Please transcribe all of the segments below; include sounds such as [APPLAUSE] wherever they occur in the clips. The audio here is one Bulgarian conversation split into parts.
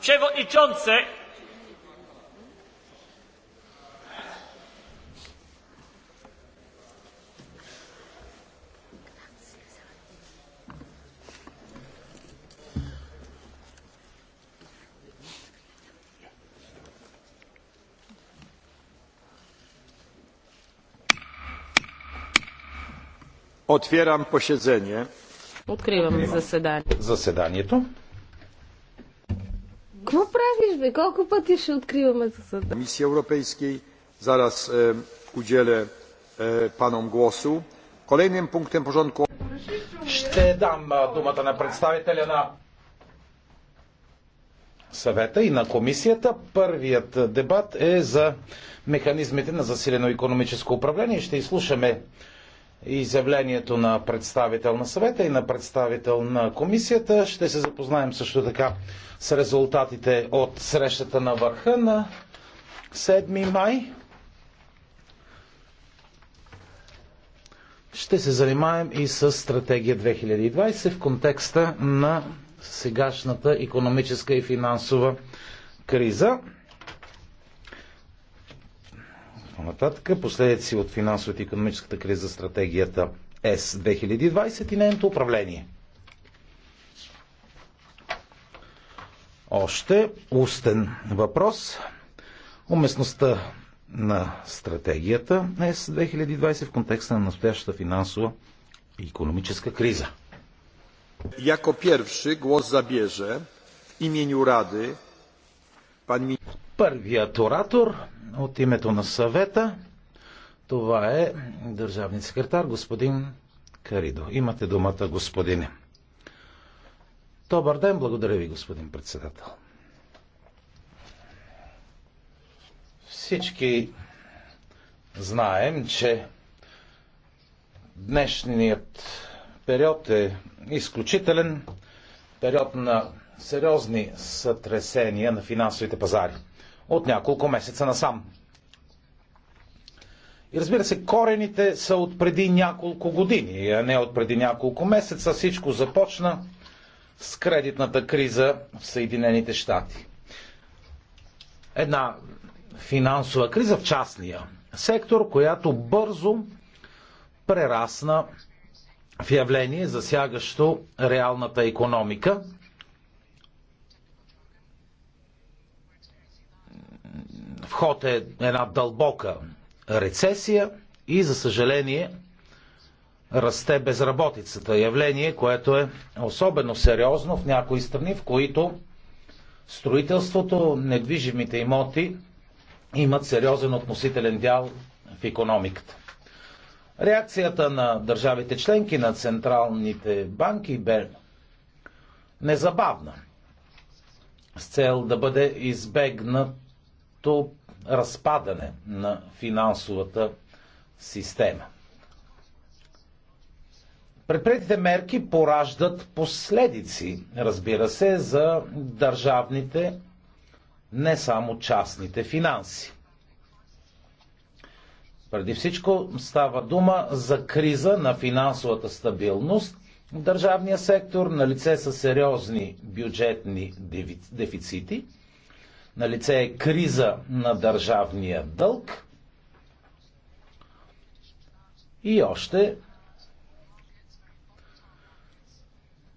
przewodniczący Otwieram posiedzenie. Откривам заседание. заседанието. Какво правиш, бе? Колко пъти ще откриваме за съда? Мисия Европейskiej. Zaraz е, уделя udzielę e, panom głosu. Kolejnym punktem porządku... Ще дам думата на представителя на съвета и на комисията. Първият дебат е за механизмите на засилено економическо управление. Ще изслушаме изявлението на представител на съвета и на представител на комисията. Ще се запознаем също така с резултатите от срещата на върха на 7 май. Ще се занимаем и с стратегия 2020 в контекста на сегашната економическа и финансова криза. По-нататък, последици от финансовата и економическата криза, стратегията С-2020 и нейното управление. Още устен въпрос. Уместността на стратегията С-2020 в контекста на настоящата финансова и економическа криза. Яко първи глас забеже имени Рады Rady pan Първият оратор от името на съвета, това е държавният секретар господин Каридо. Имате думата, господине. Добър ден, благодаря ви, господин председател. Всички знаем, че днешният период е изключителен период на сериозни сътресения на финансовите пазари от няколко месеца насам. И разбира се, корените са от преди няколко години, а не от преди няколко месеца. Всичко започна с кредитната криза в Съединените щати. Една финансова криза в частния сектор, която бързо прерасна в явление, засягащо реалната економика – в ход е една дълбока рецесия и, за съжаление, расте безработицата. Явление, което е особено сериозно в някои страни, в които строителството, недвижимите имоти имат сериозен относителен дял в економиката. Реакцията на държавите членки на централните банки бе незабавна с цел да бъде избегнат то разпадане на финансовата система. Предприятите мерки пораждат последици, разбира се, за държавните, не само частните финанси. Преди всичко става дума за криза на финансовата стабилност в държавния сектор, на лице са сериозни бюджетни дефицити – на лице е криза на държавния дълг. И още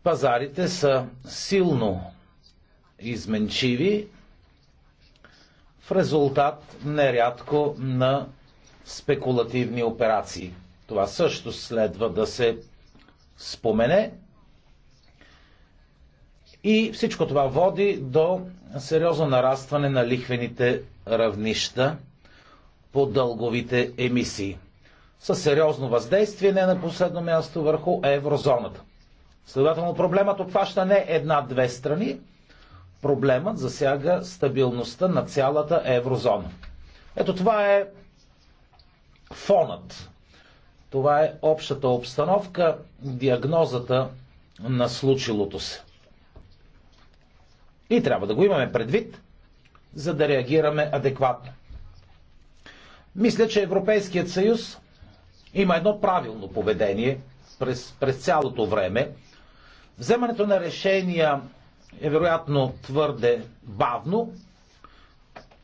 пазарите са силно изменчиви в резултат нерядко на спекулативни операции. Това също следва да се спомене. И всичко това води до сериозно нарастване на лихвените равнища по дълговите емисии с сериозно въздействие не на последно място върху еврозоната. Следователно проблемът обхваща не една-две страни, проблемът засяга стабилността на цялата еврозона. Ето това е фонът. Това е общата обстановка, диагнозата на случилото се. И трябва да го имаме предвид, за да реагираме адекватно. Мисля, че Европейският съюз има едно правилно поведение през, през цялото време. Вземането на решения е вероятно твърде бавно,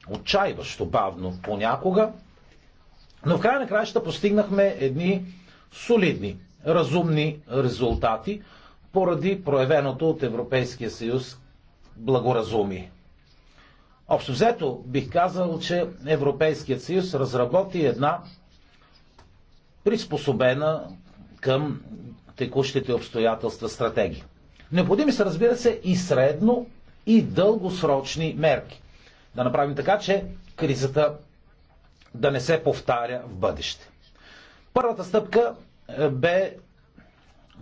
отчаиващо бавно понякога, но в края на краища постигнахме едни солидни, разумни резултати поради проявеното от Европейския съюз благоразуми. Общо взето бих казал, че Европейският съюз разработи една приспособена към текущите обстоятелства стратегия. Необходими са, разбира се, и средно, и дългосрочни мерки. Да направим така, че кризата да не се повтаря в бъдеще. Първата стъпка е, бе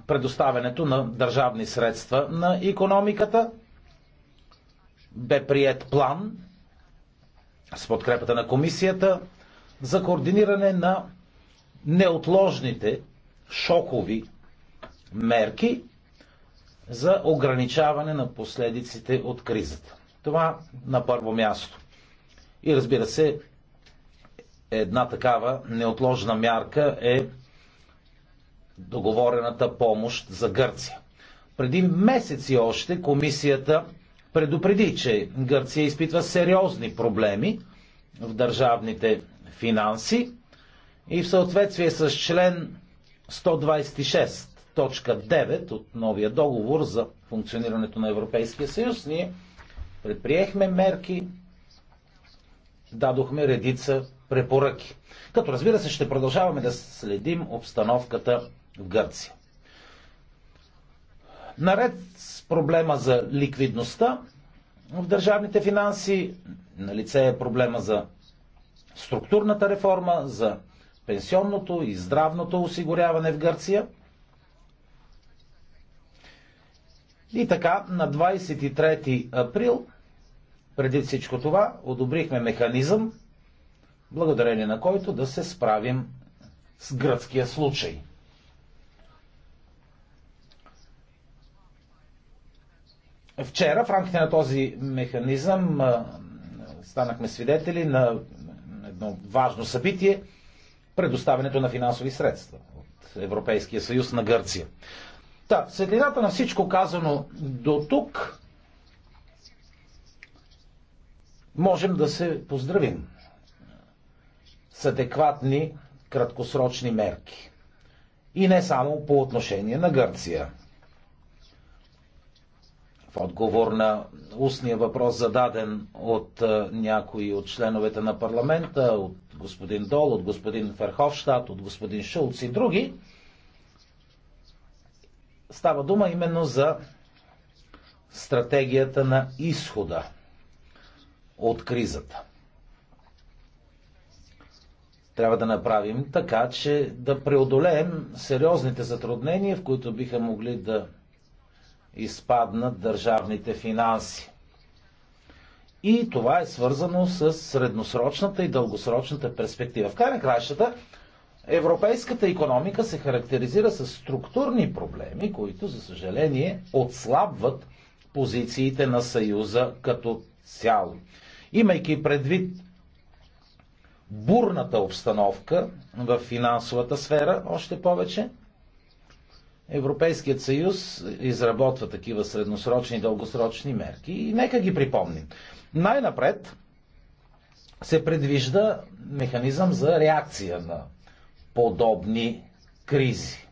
предоставянето на държавни средства на економиката – бе прият план с подкрепата на комисията за координиране на неотложните шокови мерки за ограничаване на последиците от кризата. Това на първо място. И разбира се, една такава неотложна мярка е договорената помощ за Гърция. Преди месеци още комисията предупреди, че Гърция изпитва сериозни проблеми в държавните финанси и в съответствие с член 126 точка 9 от новия договор за функционирането на Европейския съюз, ние предприехме мерки, дадохме редица препоръки. Като разбира се, ще продължаваме да следим обстановката в Гърция. Наред с проблема за ликвидността в държавните финанси, на лице е проблема за структурната реформа, за пенсионното и здравното осигуряване в Гърция. И така, на 23 април, преди всичко това, одобрихме механизъм, благодарение на който да се справим с гръцкия случай. Вчера в рамките на този механизъм станахме свидетели на едно важно събитие предоставянето на финансови средства от Европейския съюз на Гърция. Та, светлината на всичко казано до тук, можем да се поздравим с адекватни краткосрочни мерки. И не само по отношение на Гърция отговор на устния въпрос, зададен от е, някои от членовете на парламента, от господин Дол, от господин Ферховщад, от господин Шулц и други, става дума именно за стратегията на изхода от кризата. Трябва да направим така, че да преодолеем сериозните затруднения, в които биха могли да изпаднат държавните финанси. И това е свързано с средносрочната и дългосрочната перспектива. В край на краищата, европейската економика се характеризира с структурни проблеми, които, за съжаление, отслабват позициите на Съюза като цяло. Имайки предвид бурната обстановка в финансовата сфера, още повече, Европейският съюз изработва такива средносрочни и дългосрочни мерки и нека ги припомним. Най-напред се предвижда механизъм за реакция на подобни кризи,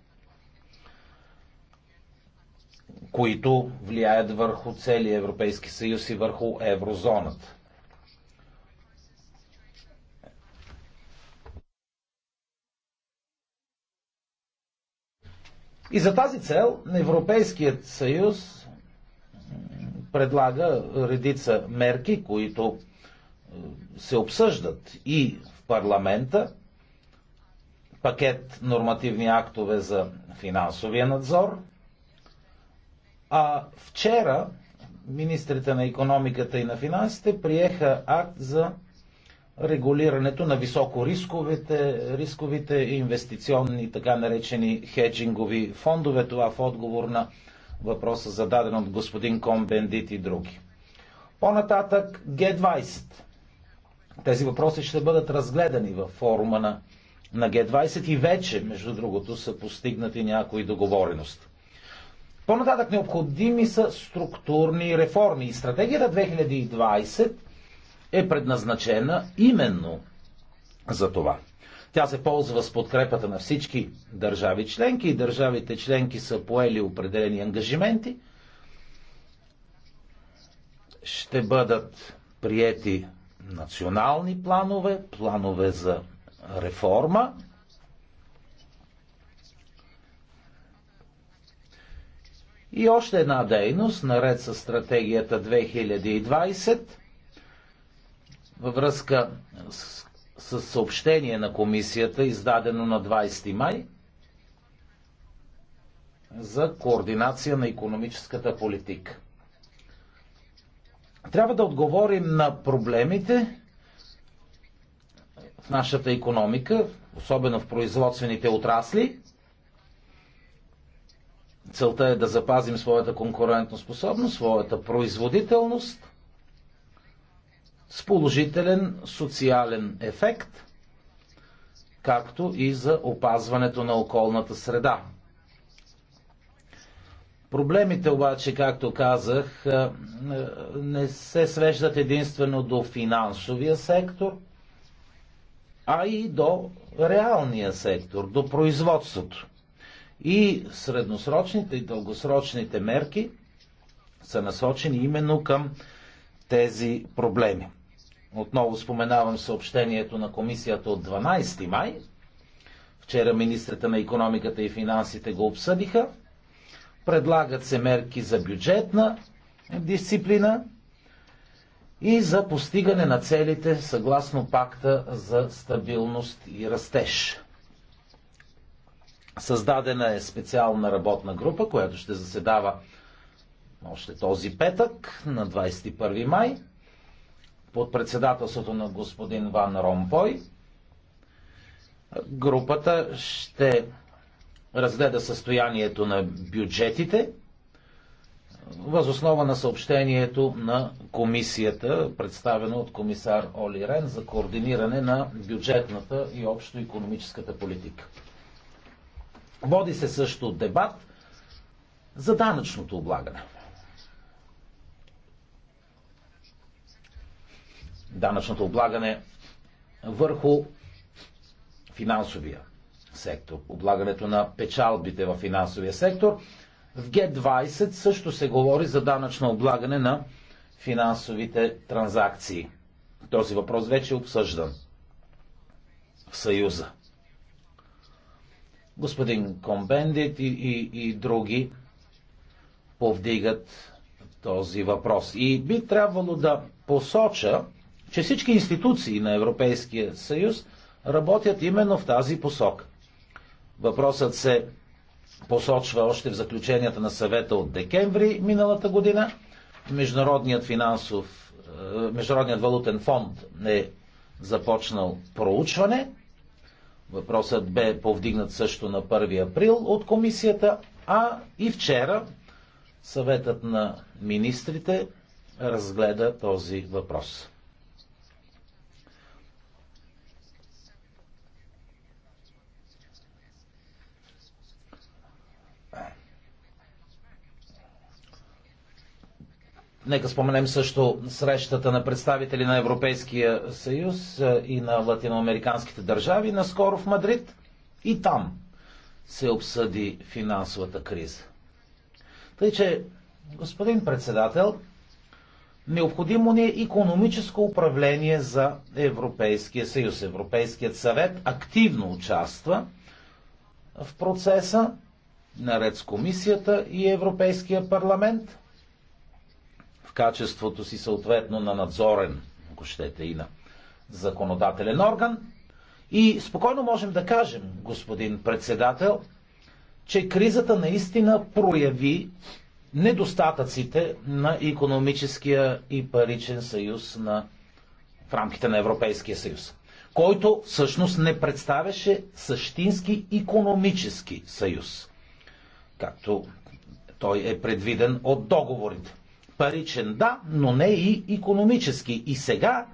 които влияят върху целия Европейски съюз и върху еврозоната. И за тази цел на Европейският съюз предлага редица мерки, които е, се обсъждат и в парламента. Пакет нормативни актове за финансовия надзор. А вчера министрите на економиката и на финансите приеха акт за регулирането на високо рисковите, рисковите инвестиционни, така наречени хеджингови фондове. Това в отговор на въпроса зададен от господин Комбендит и други. По-нататък Г20. Тези въпроси ще бъдат разгледани във форума на, на Г20 и вече, между другото, са постигнати някои договорености. По-нататък необходими са структурни реформи и стратегията 2020 е предназначена именно за това. Тя се ползва с подкрепата на всички държави членки и държавите членки са поели определени ангажименти. Ще бъдат приети национални планове, планове за реформа. И още една дейност, наред с стратегията 2020 във връзка с, с съобщение на комисията, издадено на 20 май, за координация на економическата политика. Трябва да отговорим на проблемите в нашата економика, особено в производствените отрасли. Целта е да запазим своята конкурентоспособност, своята производителност с положителен социален ефект, както и за опазването на околната среда. Проблемите обаче, както казах, е, е, не се свеждат единствено до финансовия сектор, а и до реалния сектор, до производството. И средносрочните и дългосрочните мерки са насочени именно към тези проблеми. Отново споменавам съобщението на комисията от 12 май. Вчера министрите на економиката и финансите го обсъдиха. Предлагат се мерки за бюджетна дисциплина и за постигане на целите съгласно пакта за стабилност и растеж. Създадена е специална работна група, която ще заседава още този петък, на 21 май, под председателството на господин Ван Ромпой. Групата ще разгледа състоянието на бюджетите възоснова на съобщението на комисията, представено от комисар Оли Рен за координиране на бюджетната и общо економическата политика. Води се също дебат за данъчното облагане. данъчното облагане върху финансовия сектор, облагането на печалбите в финансовия сектор. В Г20 също се говори за данъчно облагане на финансовите транзакции. Този въпрос вече е обсъждан в Съюза. Господин Комбендит и, и, и други повдигат този въпрос. И би трябвало да посоча, че всички институции на Европейския съюз работят именно в тази посока. Въпросът се посочва още в заключенията на съвета от декември миналата година. Международният финансов, е, Международният валутен фонд е започнал проучване. Въпросът бе повдигнат също на 1 април от комисията, а и вчера съветът на министрите разгледа този въпрос. Нека споменем също срещата на представители на Европейския съюз е, и на латиноамериканските държави наскоро в Мадрид. И там се обсъди финансовата криза. Тъй, че, господин председател, необходимо ни е економическо управление за Европейския съюз. Европейският съвет активно участва в процеса наред с комисията и Европейския парламент – качеството си съответно на надзорен, ако щете и на законодателен орган. И спокойно можем да кажем, господин председател, че кризата наистина прояви недостатъците на економическия и паричен съюз на, в рамките на Европейския съюз, който всъщност не представяше същински економически съюз, както той е предвиден от договорите паричен да, но не и економически. И сега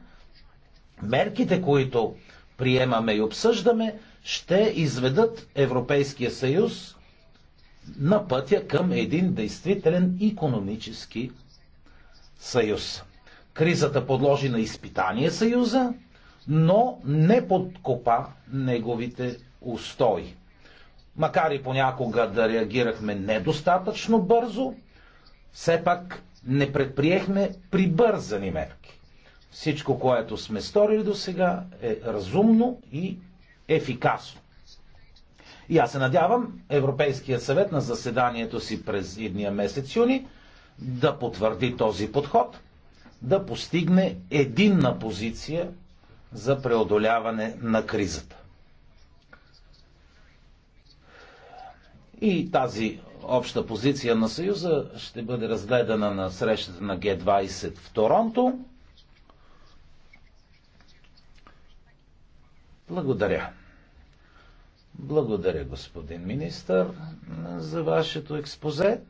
мерките, които приемаме и обсъждаме, ще изведат Европейския съюз на пътя към един действителен економически съюз. Кризата подложи на изпитание съюза, но не подкопа неговите устои. Макар и понякога да реагирахме недостатъчно бързо, все пак не предприехме прибързани мерки. Всичко, което сме сторили до сега, е разумно и ефикасно. И аз се надявам Европейския съвет на заседанието си през едния месец юни да потвърди този подход, да постигне единна позиция за преодоляване на кризата. И тази обща позиция на Съюза ще бъде разгледана на срещата на Г-20 в Торонто. Благодаря. Благодаря, господин министър, за вашето експозе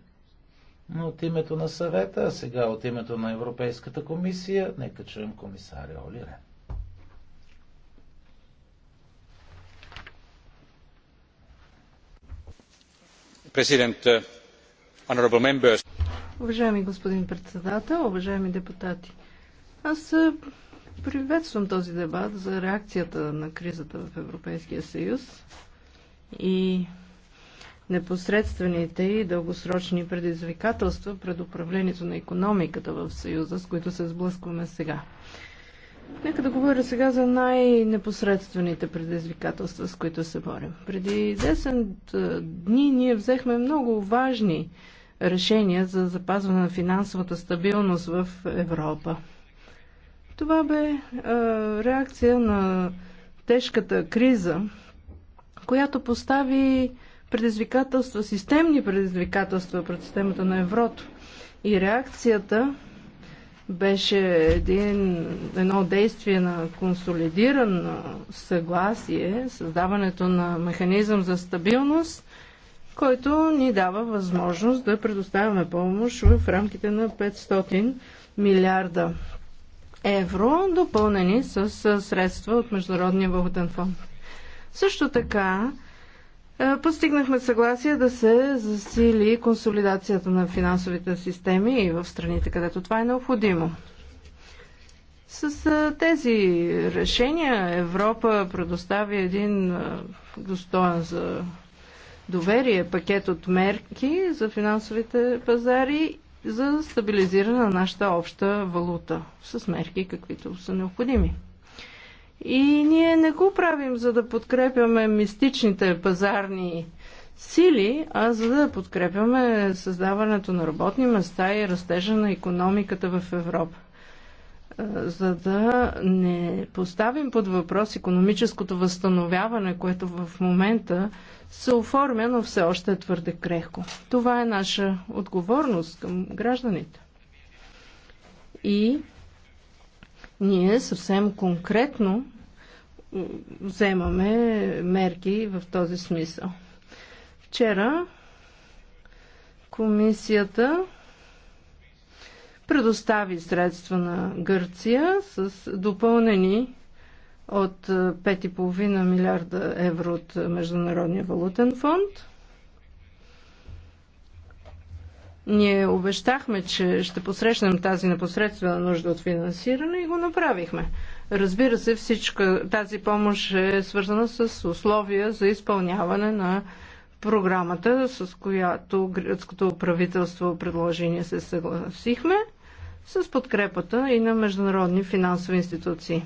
от името на съвета, а сега от името на Европейската комисия. Нека чуем комисаря Олирен. Uh, уважаеми господин председател, уважаеми депутати, аз приветствам този дебат за реакцията на кризата в Европейския съюз и непосредствените и дългосрочни предизвикателства пред управлението на економиката в Съюза, с които се сблъскваме сега. Нека да говоря сега за най-непосредствените предизвикателства, с които се борим. Преди 10 дни ние взехме много важни решения за запазване на финансовата стабилност в Европа. Това бе а, реакция на тежката криза, която постави предизвикателства, системни предизвикателства пред системата на еврото. И реакцията беше един, едно действие на консолидирано съгласие, създаването на механизъм за стабилност, който ни дава възможност да предоставяме помощ в рамките на 500 милиарда евро, допълнени с средства от Международния валутен фонд. Също така, е, постигнахме съгласие да се засили консолидацията на финансовите системи и в страните, където това е необходимо. С е, тези решения Европа предостави един е, достоен за доверие пакет от мерки за финансовите пазари за стабилизиране на нашата обща валута с мерки, каквито са необходими. И ние не го правим за да подкрепяме мистичните пазарни сили, а за да подкрепяме създаването на работни места и растежа на економиката в Европа. Е, за да не поставим под въпрос економическото възстановяване, което в момента се оформя, но все още е твърде крехко. Това е наша отговорност към гражданите. И ние съвсем конкретно вземаме мерки в този смисъл. Вчера комисията предостави средства на Гърция с допълнени от 5,5 милиарда евро от Международния валутен фонд – Ние обещахме, че ще посрещнем тази непосредствена нужда от финансиране и го направихме. Разбира се, всичка тази помощ е свързана с условия за изпълняване на програмата, с която гръцкото правителство предложение се съгласихме, с подкрепата и на международни финансови институции.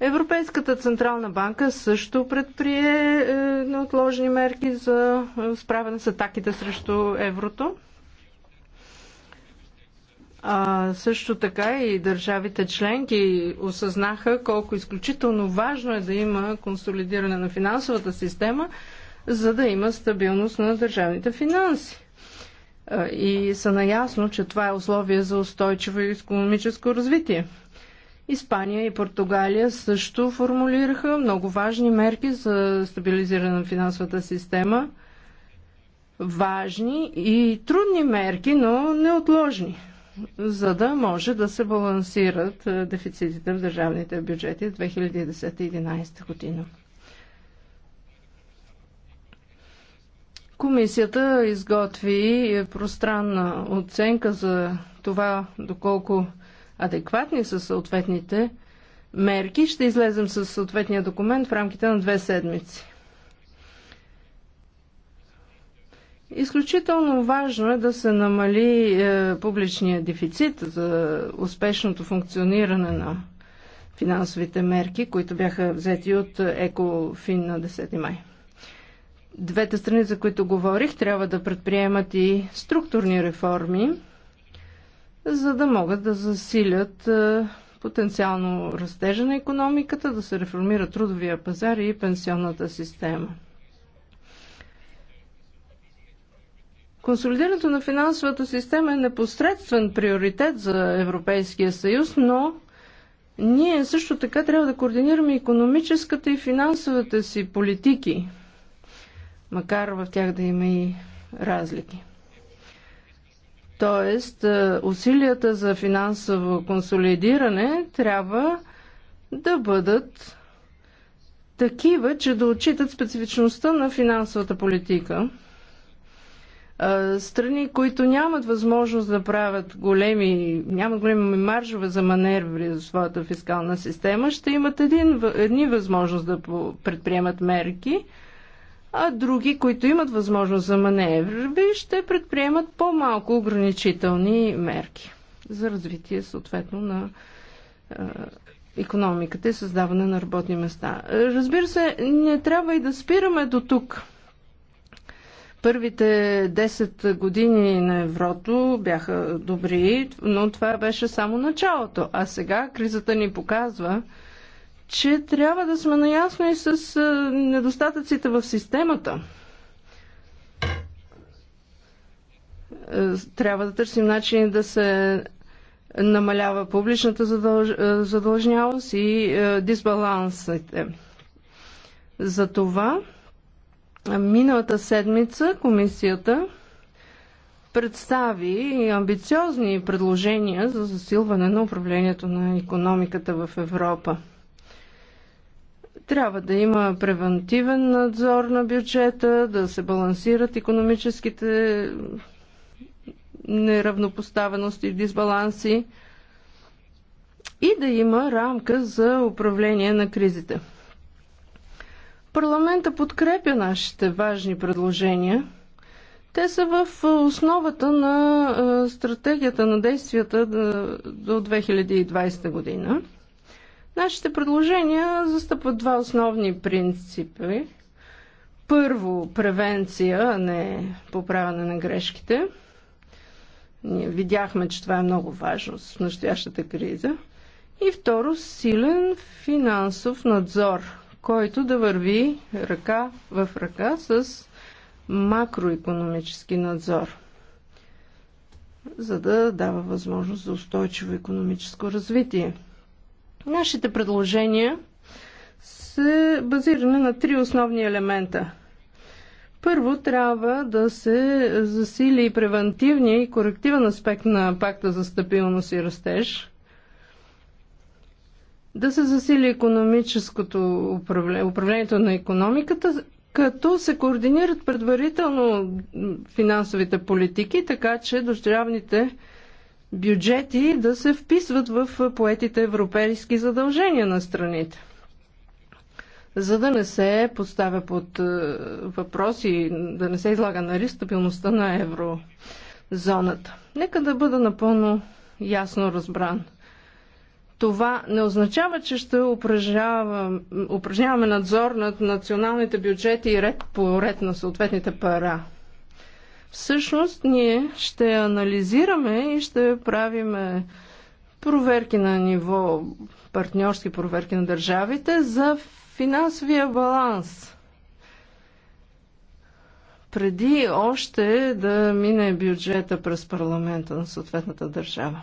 Европейската Централна банка също предприе е, неотложни мерки за е, справяне с атаките срещу еврото. А, също така и държавите членки осъзнаха колко изключително важно е да има консолидиране на финансовата система, за да има стабилност на държавните финанси. А, и са наясно, че това е условие за устойчиво и економическо развитие. Испания и Португалия също формулираха много важни мерки за стабилизиране на финансовата система. Важни и трудни мерки, но неотложни за да може да се балансират е, дефицитите в държавните бюджети 2010-2011 година. Комисията изготви е, пространна оценка за това доколко адекватни са съответните мерки. Ще излезем с съответния документ в рамките на две седмици. Изключително важно е да се намали е, публичния дефицит за успешното функциониране на финансовите мерки, които бяха взети от Екофин на 10 май. Двете страни, за които говорих, трябва да предприемат и структурни реформи, за да могат да засилят е, потенциално растежа на економиката, да се реформира трудовия пазар и пенсионната система. Консолидирането на финансовата система е непосредствен приоритет за Европейския съюз, но ние също така трябва да координираме економическата и финансовата си политики, макар в тях да има и разлики. Тоест, е, усилията за финансово консолидиране трябва да бъдат такива, че да отчитат специфичността на финансовата политика – страни, които нямат възможност да правят големи, нямат големи маржове за маневри за своята фискална система, ще имат един, едни възможност да предприемат мерки, а други, които имат възможност за маневри, ще предприемат по-малко ограничителни мерки за развитие съответно на економиката и създаване на работни места. Разбира се, не трябва и да спираме до тук. Първите 10 години на еврото бяха добри, но това беше само началото. А сега кризата ни показва, че трябва да сме наясно и с недостатъците в системата. Е, трябва да търсим начини да се намалява публичната задълж... Е, задължнявост и е, дисбалансите. Затова Миналата седмица комисията представи амбициозни предложения за засилване на управлението на економиката в Европа. Трябва да има превентивен надзор на бюджета, да се балансират економическите неравнопоставености и дисбаланси и да има рамка за управление на кризите. Парламента подкрепя нашите важни предложения. Те са в основата на стратегията на действията до 2020 година. Нашите предложения застъпват два основни принципи. Първо, превенция, а не поправяне на грешките. Ние видяхме, че това е много важно в настоящата криза. И второ, силен финансов надзор който да върви ръка в ръка с макроекономически надзор, за да дава възможност за устойчиво економическо развитие. Нашите предложения са базирани на три основни елемента. Първо трябва да се засили и превентивния и корективен аспект на пакта за стабилност и растеж – да се засили економическото управление, управлението на економиката, като се координират предварително финансовите политики, така че държавните бюджети да се вписват в поетите европейски задължения на страните. За да не се поставя под е, въпрос и да не се излага на риск стабилността на еврозоната. Нека да бъда напълно ясно разбран – това не означава, че ще упражняваме надзор над националните бюджети и ред по ред на съответните пара. Всъщност ние ще анализираме и ще правим проверки на ниво партньорски проверки на държавите за финансовия баланс. Преди още да мине бюджета през парламента на съответната държава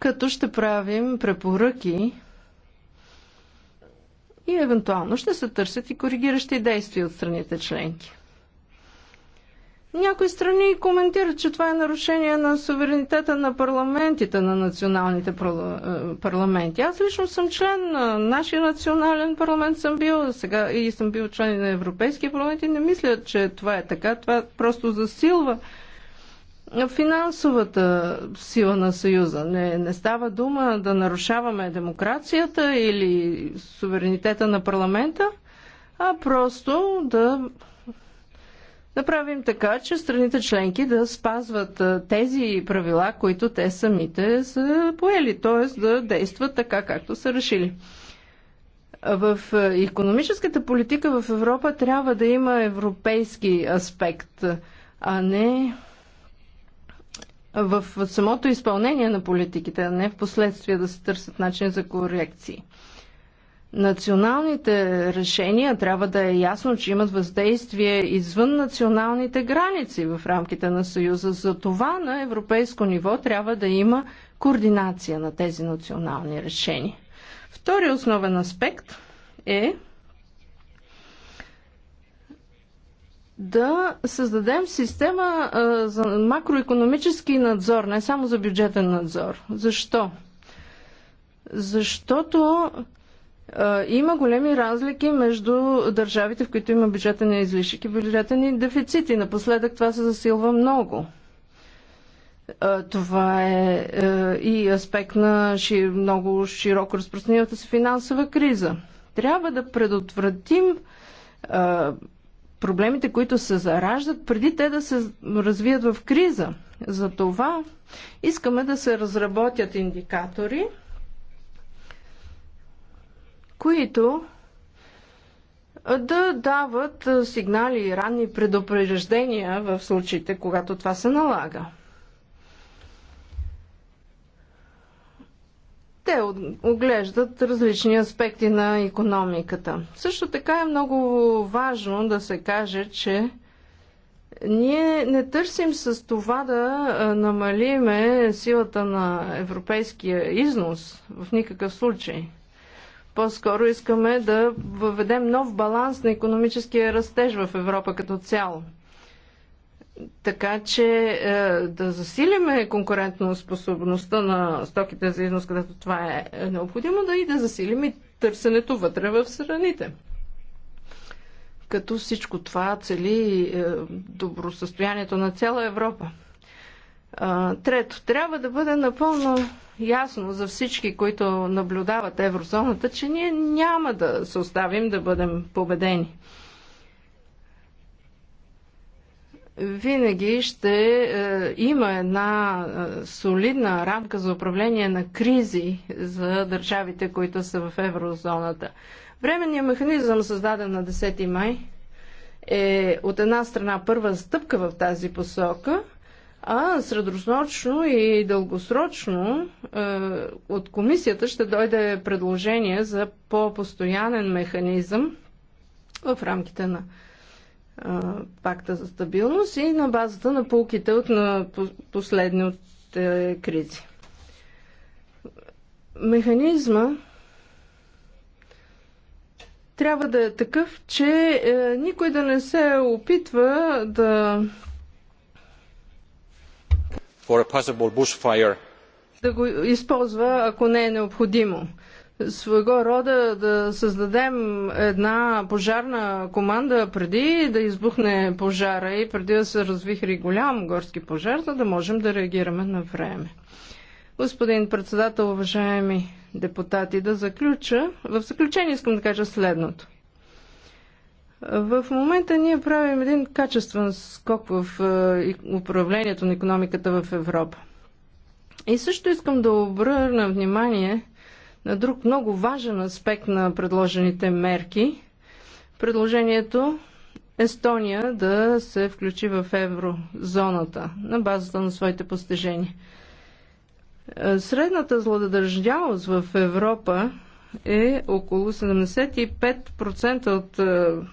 като ще правим препоръки и евентуално ще се търсят и коригиращи действия от страните членки. Някои страни коментират, че това е нарушение на суверенитета на парламентите, на националните е, парламенти. Аз лично съм член на нашия национален парламент, съм бил сега и съм бил член на Европейския парламент и не мисля, че това е така. Това просто засилва финансовата сила на Съюза. Не, не става дума да нарушаваме демокрацията или суверенитета на парламента, а просто да направим така, че страните членки да спазват тези правила, които те самите са поели, т.е. да действат така, както са решили. В економическата политика в Европа трябва да има европейски аспект, а не в самото изпълнение на политиките, а не в последствие да се търсят начини за корекции. Националните решения трябва да е ясно, че имат въздействие извън националните граници в рамките на Съюза. За това на европейско ниво трябва да има координация на тези национални решения. Втори основен аспект е да създадем система а, за макроекономически надзор, не само за бюджетен надзор. Защо? Защото а, има големи разлики между държавите, в които има бюджетен излишък и бюджетен дефицит. И напоследък това се засилва много. А, това е, е и аспект на ши, много широко разпространената се финансова криза. Трябва да предотвратим проблемите, които се зараждат, преди те да се развият в криза. Затова искаме да се разработят индикатори, които да дават сигнали и ранни предупреждения в случаите, когато това се налага. Те оглеждат различни аспекти на економиката. Също така е много важно да се каже, че ние не търсим с това да намалиме силата на европейския износ в никакъв случай. По-скоро искаме да въведем нов баланс на економическия растеж в Европа като цяло така че е, да засилиме способността на стоките за износ, където това е, е необходимо, да и да засилим и търсенето вътре в страните. Като всичко това цели е, добросъстоянието на цяла Европа. Е, трето, трябва да бъде напълно ясно за всички, които наблюдават еврозоната, че ние няма да се оставим да бъдем победени. винаги ще е, има една е, солидна рамка за управление на кризи за държавите, които са в еврозоната. Временният механизъм, създаден на 10 май, е от една страна първа стъпка в тази посока, а средосрочно и дългосрочно е, от комисията ще дойде предложение за по-постоянен механизъм в рамките на пакта за стабилност и на базата на полките от на последните кризи. Механизма трябва да е такъв, че е, никой да не се опитва да For a possible bushfire. да го използва, ако не е необходимо своего рода да създадем една пожарна команда преди да избухне пожара и преди да се развихри голям горски пожар, за да можем да реагираме на време. Господин председател, уважаеми депутати, да заключа. В заключение искам да кажа следното. В момента ние правим един качествен скок в е, управлението на економиката в Европа. И също искам да обърна внимание на друг много важен аспект на предложените мерки. Предложението Естония да се включи в еврозоната на базата на своите постижения. Е, средната злододържавост в Европа е около 75% от е,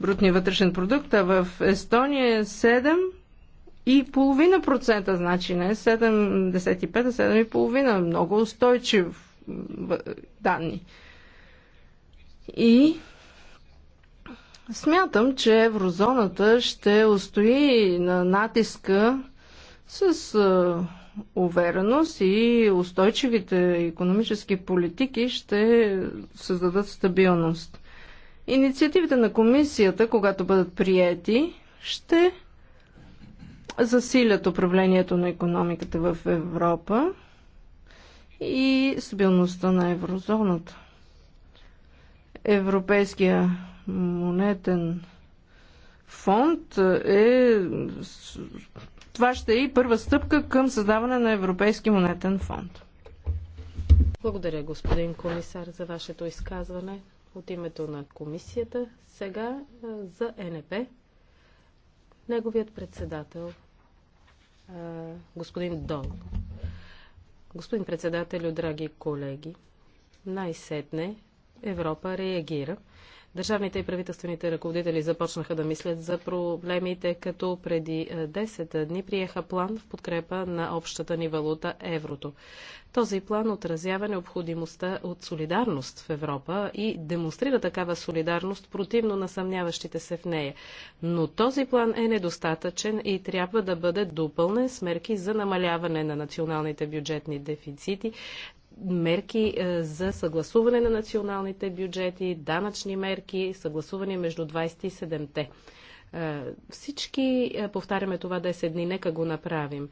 брутния вътрешен продукт, а в Естония е 7 и половина процента, значи не 75, а 7,5. Много устойчив данни. И смятам, че еврозоната ще устои на натиска с увереност и устойчивите економически политики ще създадат стабилност. Инициативите на комисията, когато бъдат приети, ще засилят управлението на економиката в Европа и стабилността на еврозоната. Европейския монетен фонд е. Това ще е и първа стъпка към създаване на Европейски монетен фонд. Благодаря, господин комисар, за вашето изказване от името на комисията. Сега за НП. Неговият председател, господин Дол. Господин председателю, драги колеги, най-сетне Европа реагира – Държавните и правителствените ръководители започнаха да мислят за проблемите, като преди 10 е, дни приеха план в подкрепа на общата ни валута еврото. Този план отразява необходимостта от солидарност в Европа и демонстрира такава солидарност противно на съмняващите се в нея. Но този план е недостатъчен и трябва да бъде допълнен с мерки за намаляване на националните бюджетни дефицити, мерки е, за съгласуване на националните бюджети, данъчни мерки, съгласуване между 27-те. Е, всички е, повтаряме това 10 дни, нека го направим.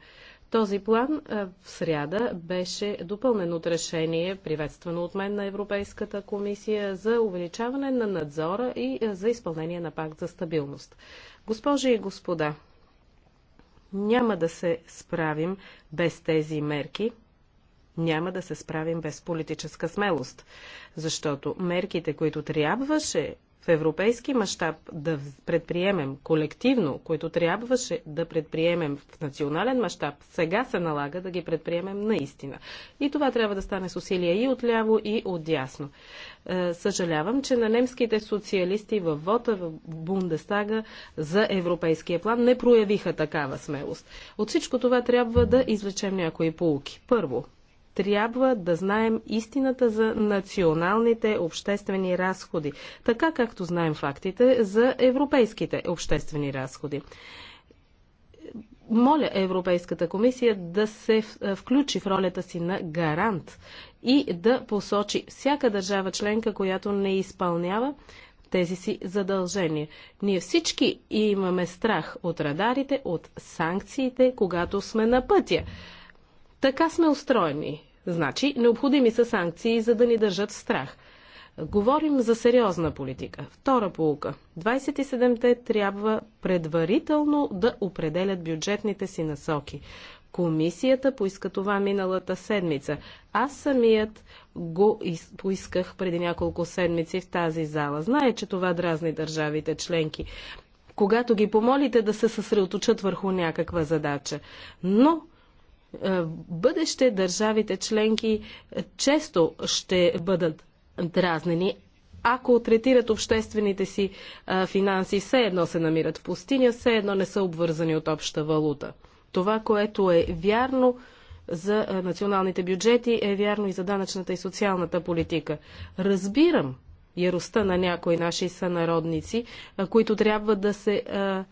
Този план в сряда беше допълнен от решение, приветствано от мен на Европейската комисия, за увеличаване на надзора и за изпълнение на пакт за стабилност. Госпожи и господа, няма да се справим без тези мерки – няма да се справим без политическа смелост, защото мерките, които трябваше в европейски мащаб да предприемем колективно, които трябваше да предприемем в национален мащаб, сега се налага да ги предприемем наистина. И това трябва да стане с усилия и отляво, и отдясно. Е, съжалявам, че на немските социалисти във вота в Бундестага за европейския план не проявиха такава смелост. От всичко това трябва да извлечем някои полуки. Първо, трябва да знаем истината за националните обществени разходи, така както знаем фактите за европейските обществени разходи. Моля Европейската комисия да се включи в ролята си на гарант и да посочи всяка държава членка, която не изпълнява тези си задължения. Ние всички имаме страх от радарите, от санкциите, когато сме на пътя. Така сме устроени. Значи, необходими са санкции, за да ни държат в страх. Говорим за сериозна политика. Втора полука. 27-те трябва предварително да определят бюджетните си насоки. Комисията поиска това миналата седмица. Аз самият го поисках преди няколко седмици в тази зала. Знае, че това дразни държавите членки, когато ги помолите да се съсредоточат върху някаква задача. Но в е, бъдеще държавите членки е, често ще бъдат дразнени, ако третират обществените си а, е, финанси, все едно се намират в пустиня, все едно не са обвързани от обща валута. Това, което е вярно за а, националните бюджети, е вярно и за данъчната и социалната политика. Разбирам яростта на някои наши сънародници, а, които трябва да се а,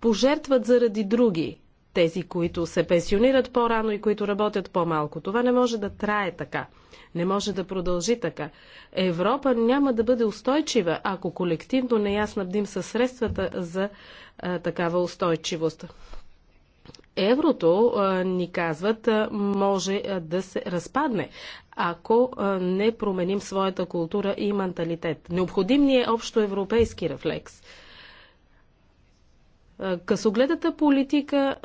пожертват заради други тези, които се пенсионират по-рано и които работят по-малко. Това не може да трае така. Не може да продължи така. Европа няма да бъде устойчива, ако колективно не я снабдим със средствата за а, такава устойчивост. Еврото, а, ни казват, а, може а, да се разпадне, ако а, не променим своята култура и менталитет. Необходим ни е общо европейски рефлекс. Късогледата политика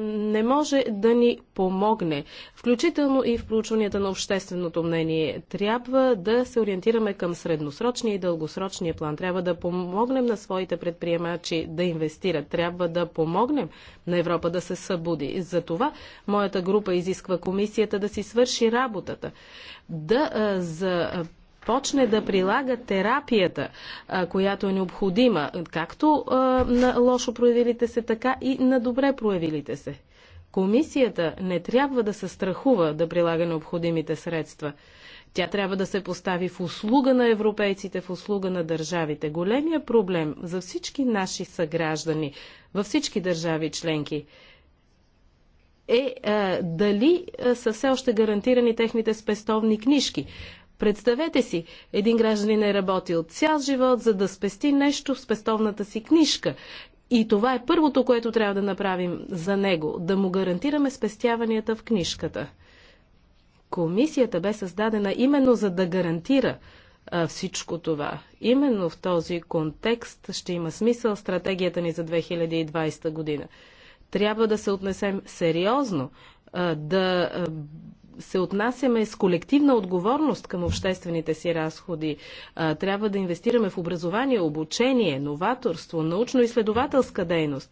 не може да ни помогне, включително и в проучванията на общественото мнение. Трябва да се ориентираме към средносрочния и дългосрочния план. Трябва да помогнем на своите предприемачи да инвестират. Трябва да помогнем на Европа да се събуди. За това моята група изисква комисията да си свърши работата, да за почне да прилага терапията, която е необходима, както на лошо проявилите се, така и на добре проявилите се. Комисията не трябва да се страхува да прилага необходимите средства. Тя трябва да се постави в услуга на европейците, в услуга на държавите. Големия проблем за всички наши съграждани във всички държави членки е е дали са все още гарантирани техните спестовни книжки. Представете си, един гражданин е работил цял живот, за да спести нещо в спестовната си книжка. И това е първото, което трябва да направим за него да му гарантираме спестяванията в книжката. Комисията бе създадена именно за да гарантира а, всичко това. Именно в този контекст ще има смисъл стратегията ни за 2020 година. Трябва да се отнесем сериозно, а, да се отнасяме с колективна отговорност към обществените си разходи. Трябва да инвестираме в образование, обучение, новаторство, научно-изследователска дейност.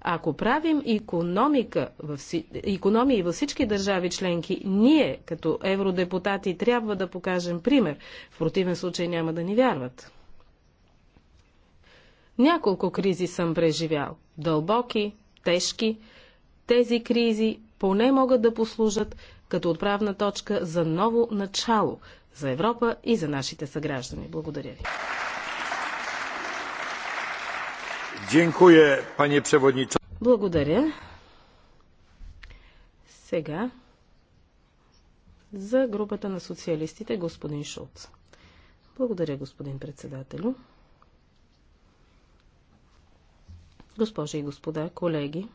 Ако правим економика в, економии във всички държави членки, ние като евродепутати трябва да покажем пример. В противен случай няма да ни вярват. Няколко кризи съм преживял. Дълбоки, тежки. Тези кризи поне могат да послужат като отправна точка за ново начало за Европа и за нашите съграждани. Благодаря ви. Благодаря. Сега за групата на социалистите господин Шулц. Благодаря, господин председателю. Госпожи и господа, колеги,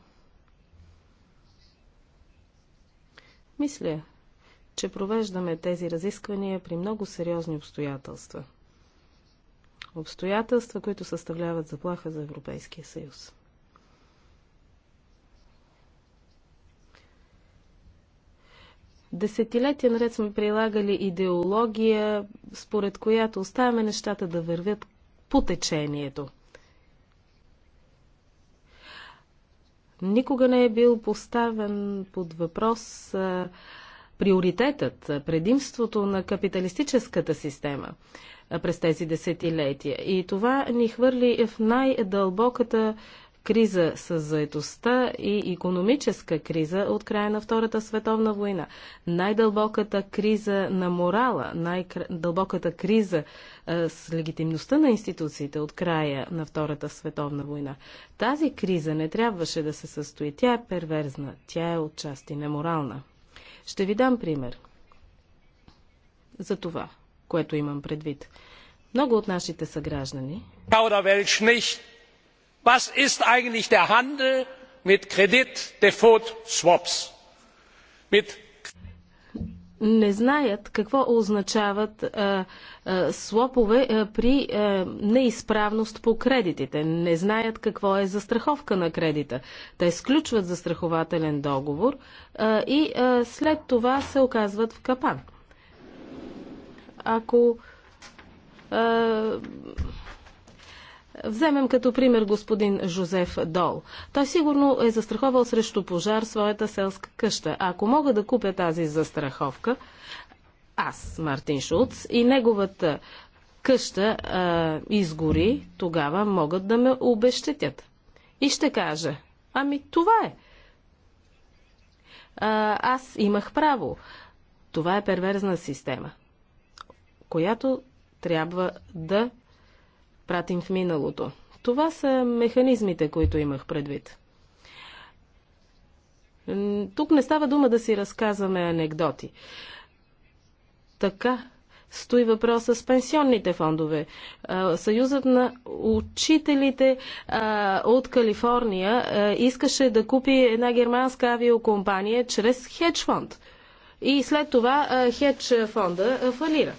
Мисля, че провеждаме тези разисквания при много сериозни обстоятелства. Обстоятелства, които съставляват заплаха за Европейския съюз. Десетилетия наред сме прилагали идеология, според която оставяме нещата да вървят по течението – Никога не е бил поставен под въпрос а, приоритетът, предимството на капиталистическата система през тези десетилетия. И това ни хвърли в най-дълбоката криза с заедостта и економическа криза от края на Втората световна война. Най-дълбоката криза на морала, най-дълбоката криза с легитимността на институциите от края на Втората световна война. Тази криза не трябваше да се състои. Тя е перверзна, тя е отчасти неморална. Ще ви дам пример за това, което имам предвид. Много от нашите съграждани was ist eigentlich der handel mit кредит-дефолт-swaps? не знаят какво означават а, а, слопове а, при а, неизправност по кредитите. Не знаят какво е застраховка на кредита. Те сключват застрахователен договор а, и а, след това се оказват в капан. Ако а, Вземем като пример господин Жозеф Дол. Той сигурно е застраховал срещу пожар своята селска къща. А ако мога да купя тази застраховка, аз, Мартин Шулц, и неговата къща а, изгори, тогава могат да ме обещетят. И ще кажа, ами това е. А, аз имах право. Това е перверзна система, която трябва да пратим в миналото. Това са механизмите, които имах предвид. Тук не става дума да си разказваме анекдоти. Така стои въпроса с пенсионните фондове. Съюзът на учителите от Калифорния искаше да купи една германска авиокомпания чрез хедж фонд. И след това хедж фонда фалира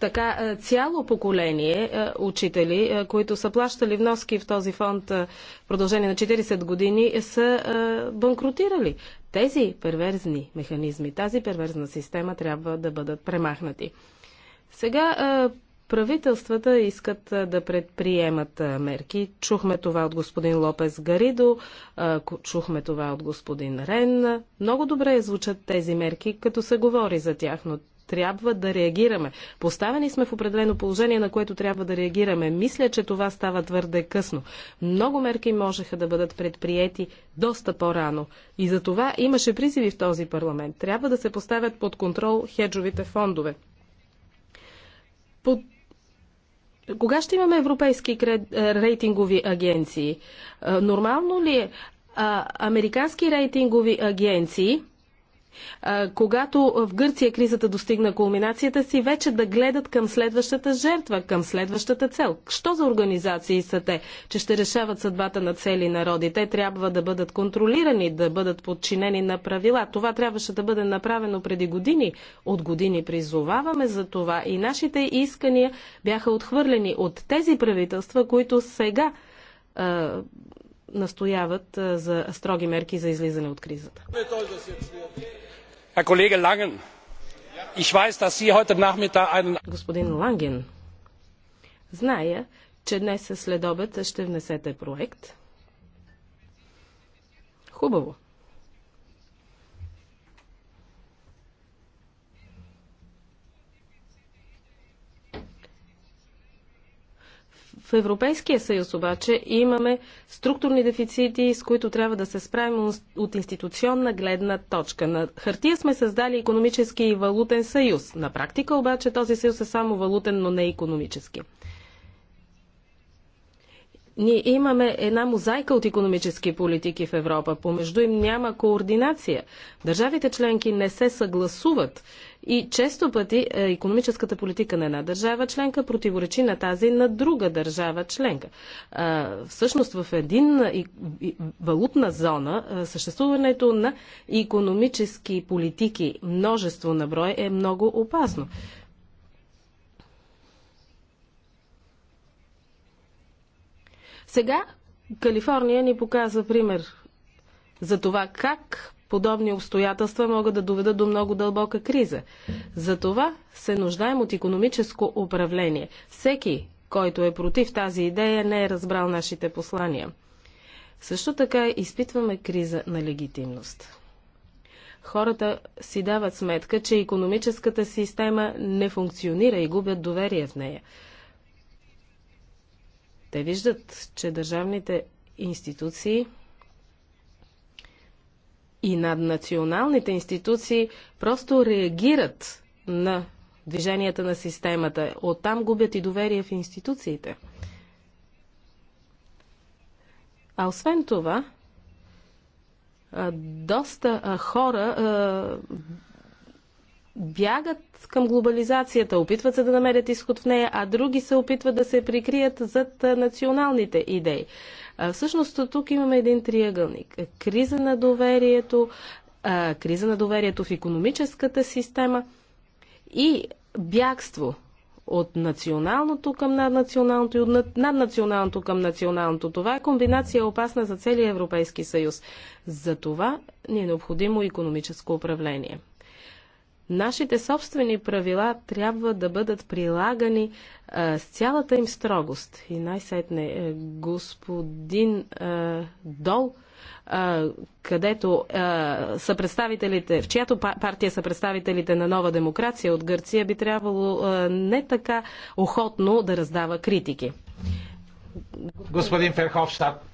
така е, цяло поколение е, учители, е, които са плащали вноски в този фонд в продължение на 40 години, са банкротирали. Тези перверзни механизми, тази перверзна система трябва да бъдат премахнати. Сега правителствата искат да предприемат мерки. Чухме това от господин Лопес Гаридо, чухме това от господин Рен. Много добре звучат тези мерки, като се говори за тях, но трябва да реагираме. Поставени сме в определено положение, на което трябва да реагираме. Мисля, че това става твърде късно. Много мерки можеха да бъдат предприети доста по-рано. И за това имаше призиви в този парламент. Трябва да се поставят под контрол хеджовите фондове. Под кога ще имаме европейски кред... Е, рейтингови агенции? Е, нормално ли е американски рейтингови агенции когато в Гърция кризата достигна кулминацията си, вече да гледат към следващата жертва, към следващата цел. Що за организации са те, че ще решават съдбата на цели народи? Те трябва да бъдат контролирани, да бъдат подчинени на правила. Това трябваше да бъде направено преди години. От години призоваваме за това и нашите искания бяха отхвърлени от тези правителства, които сега е, настояват за строги мерки за излизане от кризата herr kollege langen ich weiß dass sie heute nachmittag einen господин Ланген зная че днес следобед ще внесете проект хубаво В Европейския съюз обаче имаме структурни дефицити, с които трябва да се справим от институционна гледна точка. На хартия сме създали економически и валутен съюз. На практика обаче този съюз е само валутен, но не економически. Ние имаме една мозайка от економически политики в Европа. Помежду им няма координация. Държавите членки не се съгласуват и често пъти економическата политика на една държава членка противоречи на тази на друга държава членка. Всъщност в един валутна зона съществуването на економически политики множество на брой е много опасно. Сега Калифорния ни показва пример за това как подобни обстоятелства могат да доведат до много дълбока криза. За това се нуждаем от економическо управление. Всеки, който е против тази идея, не е разбрал нашите послания. Също така изпитваме криза на легитимност. Хората си дават сметка, че економическата система не функционира и губят доверие в нея. Те виждат, че държавните институции и наднационалните институции просто реагират на движенията на системата. Оттам губят и доверие в институциите. А освен това, доста хора бягат към глобализацията, опитват се да намерят изход в нея, а други се опитват да се прикрият зад националните идеи. Всъщност тук имаме един триъгълник. Криза на доверието, криза на доверието в економическата система и бягство от националното към наднационалното и от наднационалното към националното. Това е комбинация опасна за целия Европейски съюз. За това ни е необходимо економическо управление. Нашите собствени правила трябва да бъдат прилагани а, с цялата им строгост. И най-сетне, е, господин а, Дол, а, където а, са представителите, в чиято партия са представителите на нова демокрация от Гърция, би трябвало а, не така охотно да раздава критики. Господин Ферховщад,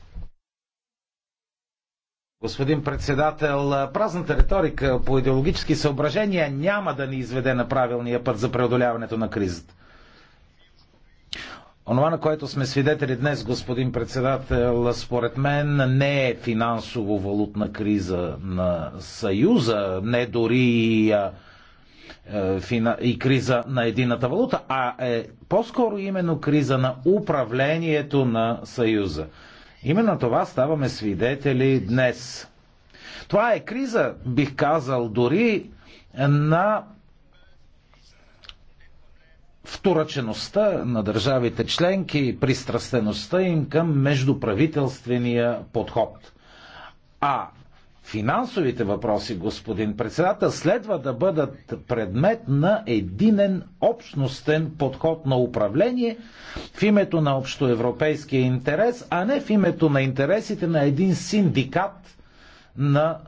Господин председател, празната риторика по идеологически съображения няма да ни изведе на правилния път за преодоляването на кризата. Онова, на което сме свидетели днес, господин председател, според мен не е финансово-валутна криза на Съюза, не дори и, е, и криза на едината валута, а е по-скоро именно криза на управлението на Съюза. Именно това ставаме свидетели днес. Това е криза, бих казал, дори на вторъчеността на държавите членки, и пристрастеността им към междуправителствения подход. А финансовите въпроси, господин председател, следва да бъдат предмет на единен общностен подход на управление в името на общоевропейския интерес, а не в името на интересите на един синдикат на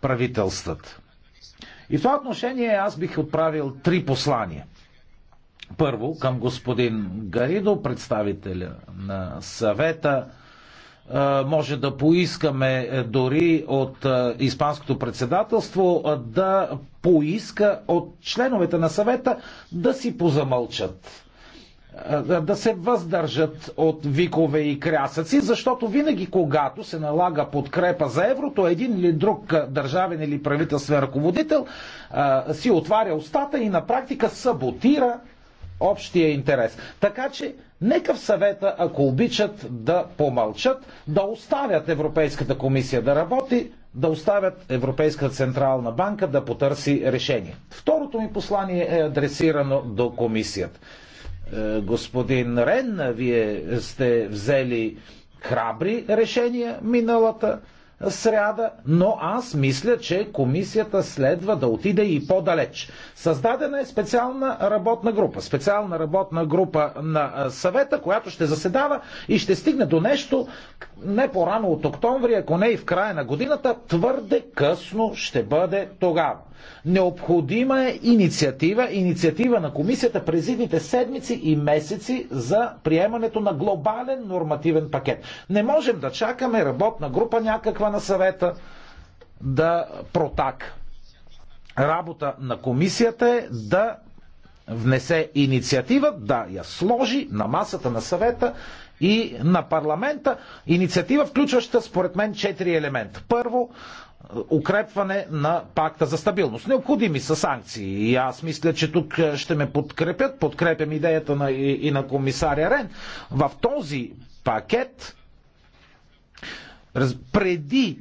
правителствата. И в това отношение аз бих отправил три послания. Първо, към господин Гаридо, представителя на съвета, може да поискаме е, дори от е, Испанското председателство е, да поиска от членовете на съвета да си позамълчат да се въздържат от викове и крясъци, защото винаги, когато се налага подкрепа за еврото, един или друг държавен или правителствен ръководител си отваря устата и на практика саботира общия интерес. Така че, нека в съвета, ако обичат да помълчат, да оставят Европейската комисия да работи, да оставят Европейската централна банка да потърси решение. Второто ми послание е адресирано до комисията. Е, господин Рен, вие сте взели храбри решения миналата сряда, но аз мисля, че комисията следва да отиде и по-далеч. Създадена е специална работна група, специална работна група на съвета, която ще заседава и ще стигне до нещо не по-рано от октомври, ако не и в края на годината, твърде късно ще бъде тогава. Необходима е инициатива, инициатива на комисията през идните седмици и месеци за приемането на глобален нормативен пакет. Не можем да чакаме работна група някаква служба на съвета да протака. Работа на комисията е да внесе инициатива, да я сложи на масата на съвета и на парламента. Инициатива, включваща според мен четири елемента. Първо, укрепване на пакта за стабилност. Необходими са санкции. И аз мисля, че тук ще ме подкрепят. Подкрепям идеята на, и, и на комисаря Рен. В този пакет преди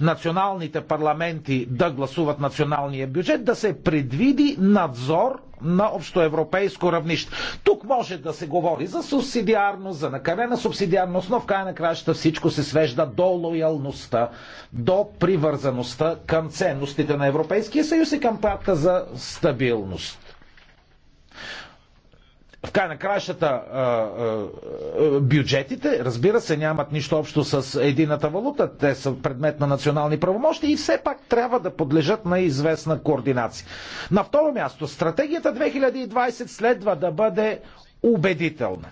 националните парламенти да гласуват националния бюджет, да се предвиди надзор на общоевропейско равнище. Тук може да се говори за субсидиарност, за накарена субсидиарност, но в края на краща всичко се свежда до лоялността, до привързаността към ценностите на Европейския съюз и към пакта за стабилност в край на краищата бюджетите, разбира се, нямат нищо общо с едината валута. Те са предмет на национални правомощи и все пак трябва да подлежат на известна координация. На второ място, стратегията 2020 следва да бъде убедителна.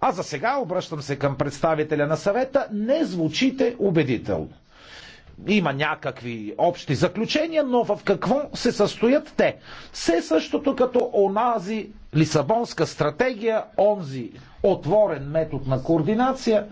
А за сега обръщам се към представителя на съвета. Не звучите убедително има някакви общи заключения, но в какво се състоят те? Все същото като онази Лисабонска стратегия, онзи отворен метод на координация,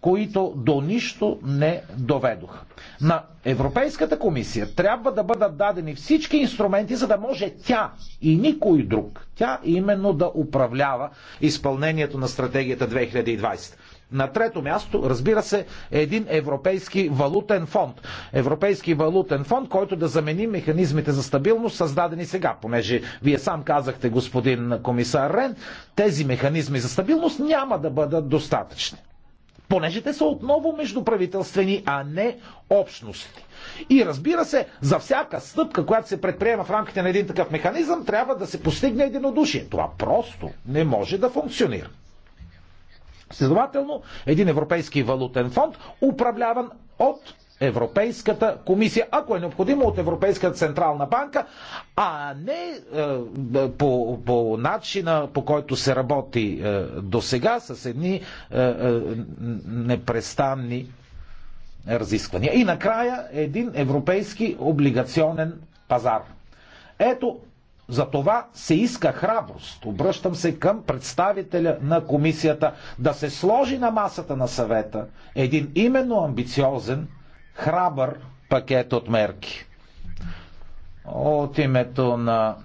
които до нищо не доведоха. На Европейската комисия трябва да бъдат дадени всички инструменти, за да може тя и никой друг, тя именно да управлява изпълнението на стратегията 2020. На трето място, разбира се, е един европейски валутен фонд. Европейски валутен фонд, който да замени механизмите за стабилност, създадени сега, понеже вие сам казахте, господин комисар Рен, тези механизми за стабилност няма да бъдат достатъчни. Понеже те са отново междуправителствени, а не общности. И разбира се, за всяка стъпка, която се предприема в рамките на един такъв механизъм, трябва да се постигне единодушие. Това просто не може да функционира. Следователно, един европейски валутен фонд, управляван от Европейската комисия, ако е необходимо от Европейската централна банка, а не е, по, по начина по който се работи е, до сега с едни е, е, непрестанни разисквания. И накрая един европейски облигационен пазар. Ето за това се иска храброст. Обръщам се към представителя на комисията да се сложи на масата на съвета един именно амбициозен, храбър пакет от мерки. От името на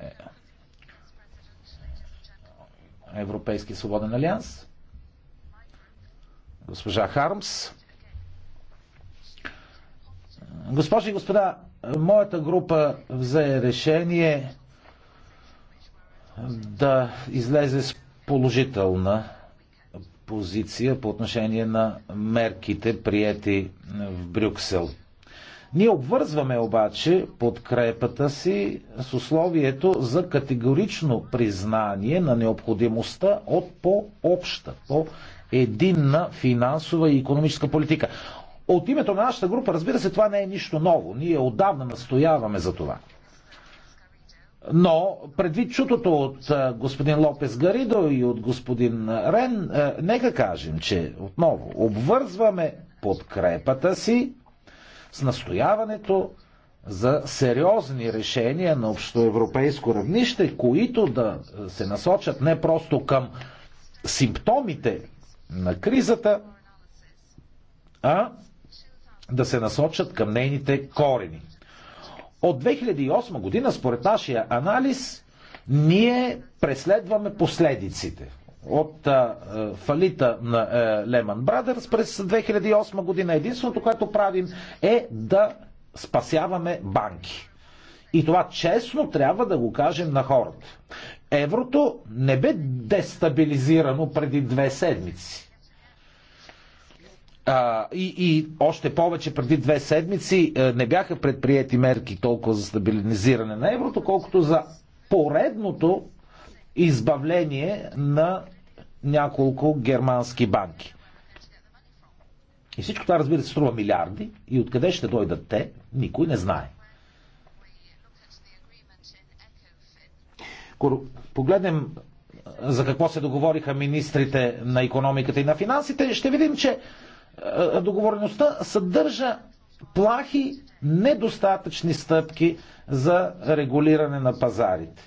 е, Европейски свободен алианс, госпожа Хармс, госпожи и господа, Моята група взе решение да излезе с положителна позиция по отношение на мерките, приети в Брюксел. Ние обвързваме обаче подкрепата си с условието за категорично признание на необходимостта от по-обща, по-единна финансова и економическа политика. От името на нашата група, разбира се, това не е нищо ново. Ние отдавна настояваме за това. Но предвид чутото от господин Лопес Гаридо и от господин Рен, нека кажем, че отново обвързваме подкрепата си с настояването за сериозни решения на общоевропейско равнище, които да се насочат не просто към симптомите на кризата, а да се насочат към нейните корени. От 2008 година, според нашия анализ, ние преследваме последиците от а, фалита на а, е, Lehman Brothers през 2008 година. Единственото, което правим е да спасяваме банки. И това честно трябва да го кажем на хората. Еврото не бе дестабилизирано преди две седмици а, и, и още повече преди две седмици а, е, не бяха предприяти мерки толкова за стабилизиране на еврото, колкото за поредното избавление на няколко германски банки. И всичко това, разбира се, струва милиарди и откъде ще дойдат те, никой не знае. погледнем е, за какво се договориха министрите на економиката и на финансите, ще видим, че е, договореността съдържа плахи недостатъчни стъпки за регулиране на пазарите.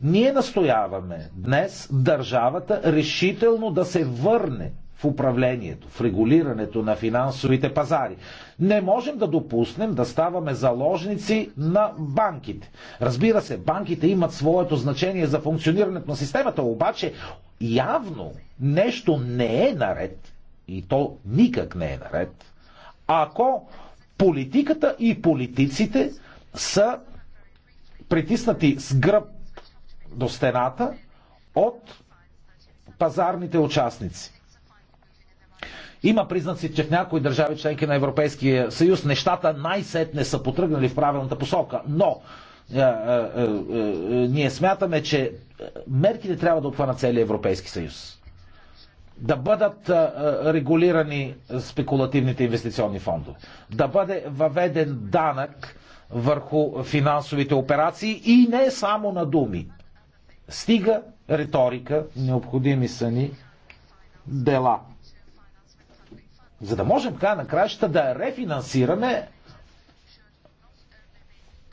Ние настояваме днес държавата решително да се върне в управлението, в регулирането на финансовите пазари. Не можем да допуснем да ставаме заложници на банките. Разбира се, банките имат своето значение за функционирането на системата, обаче явно нещо не е наред и то никак не е наред, ако политиката и политиците са притиснати с гръб до стената от пазарните участници. Има признаци, че в някои държави членки на Европейския съюз нещата най-сетне са потръгнали в правилната посока, но е, е, е, е, е ние смятаме, че мерките трябва да обхванат целия Европейски съюз да бъдат регулирани спекулативните инвестиционни фондове, да бъде въведен данък върху финансовите операции и не само на думи. Стига риторика, необходими са ни дела. За да можем края на краища да рефинансираме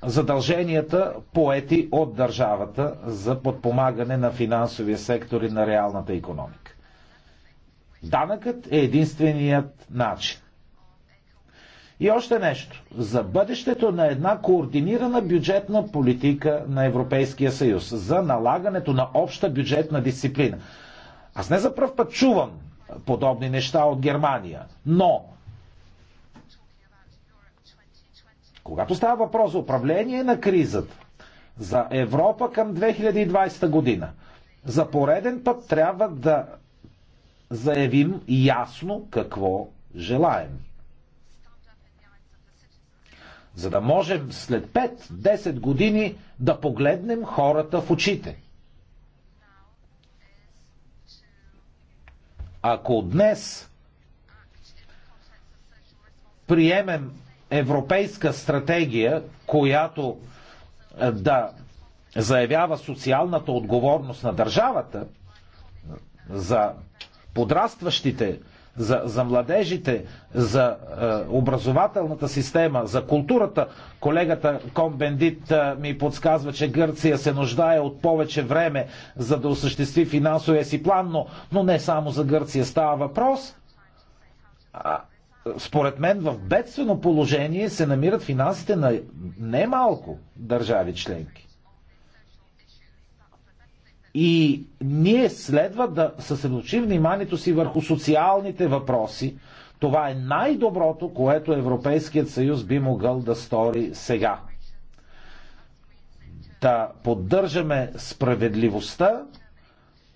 задълженията поети от държавата за подпомагане на финансовия сектор и на реалната економика. Данъкът е единственият начин. И още нещо. За бъдещето на една координирана бюджетна политика на Европейския съюз. За налагането на обща бюджетна дисциплина. Аз не за пръв път чувам подобни неща от Германия. Но Когато става въпрос за управление на кризата, за Европа към 2020 година, за пореден път трябва да заявим ясно какво желаем. За да можем след 5-10 години да погледнем хората в очите. Ако днес приемем европейска стратегия, която е, да заявява социалната отговорност на държавата за подрастващите, за, за младежите, за е, образователната система, за културата. Колегата Комбендит е, ми подсказва, че Гърция се нуждае от повече време, за да осъществи финансовия си план, но, но не само за Гърция става въпрос. А, според мен в бедствено положение се намират финансите на немалко държави членки. И ние следва да съсредоточим вниманието си върху социалните въпроси. Това е най-доброто, което Европейският съюз би могъл да стори сега. Да поддържаме справедливостта,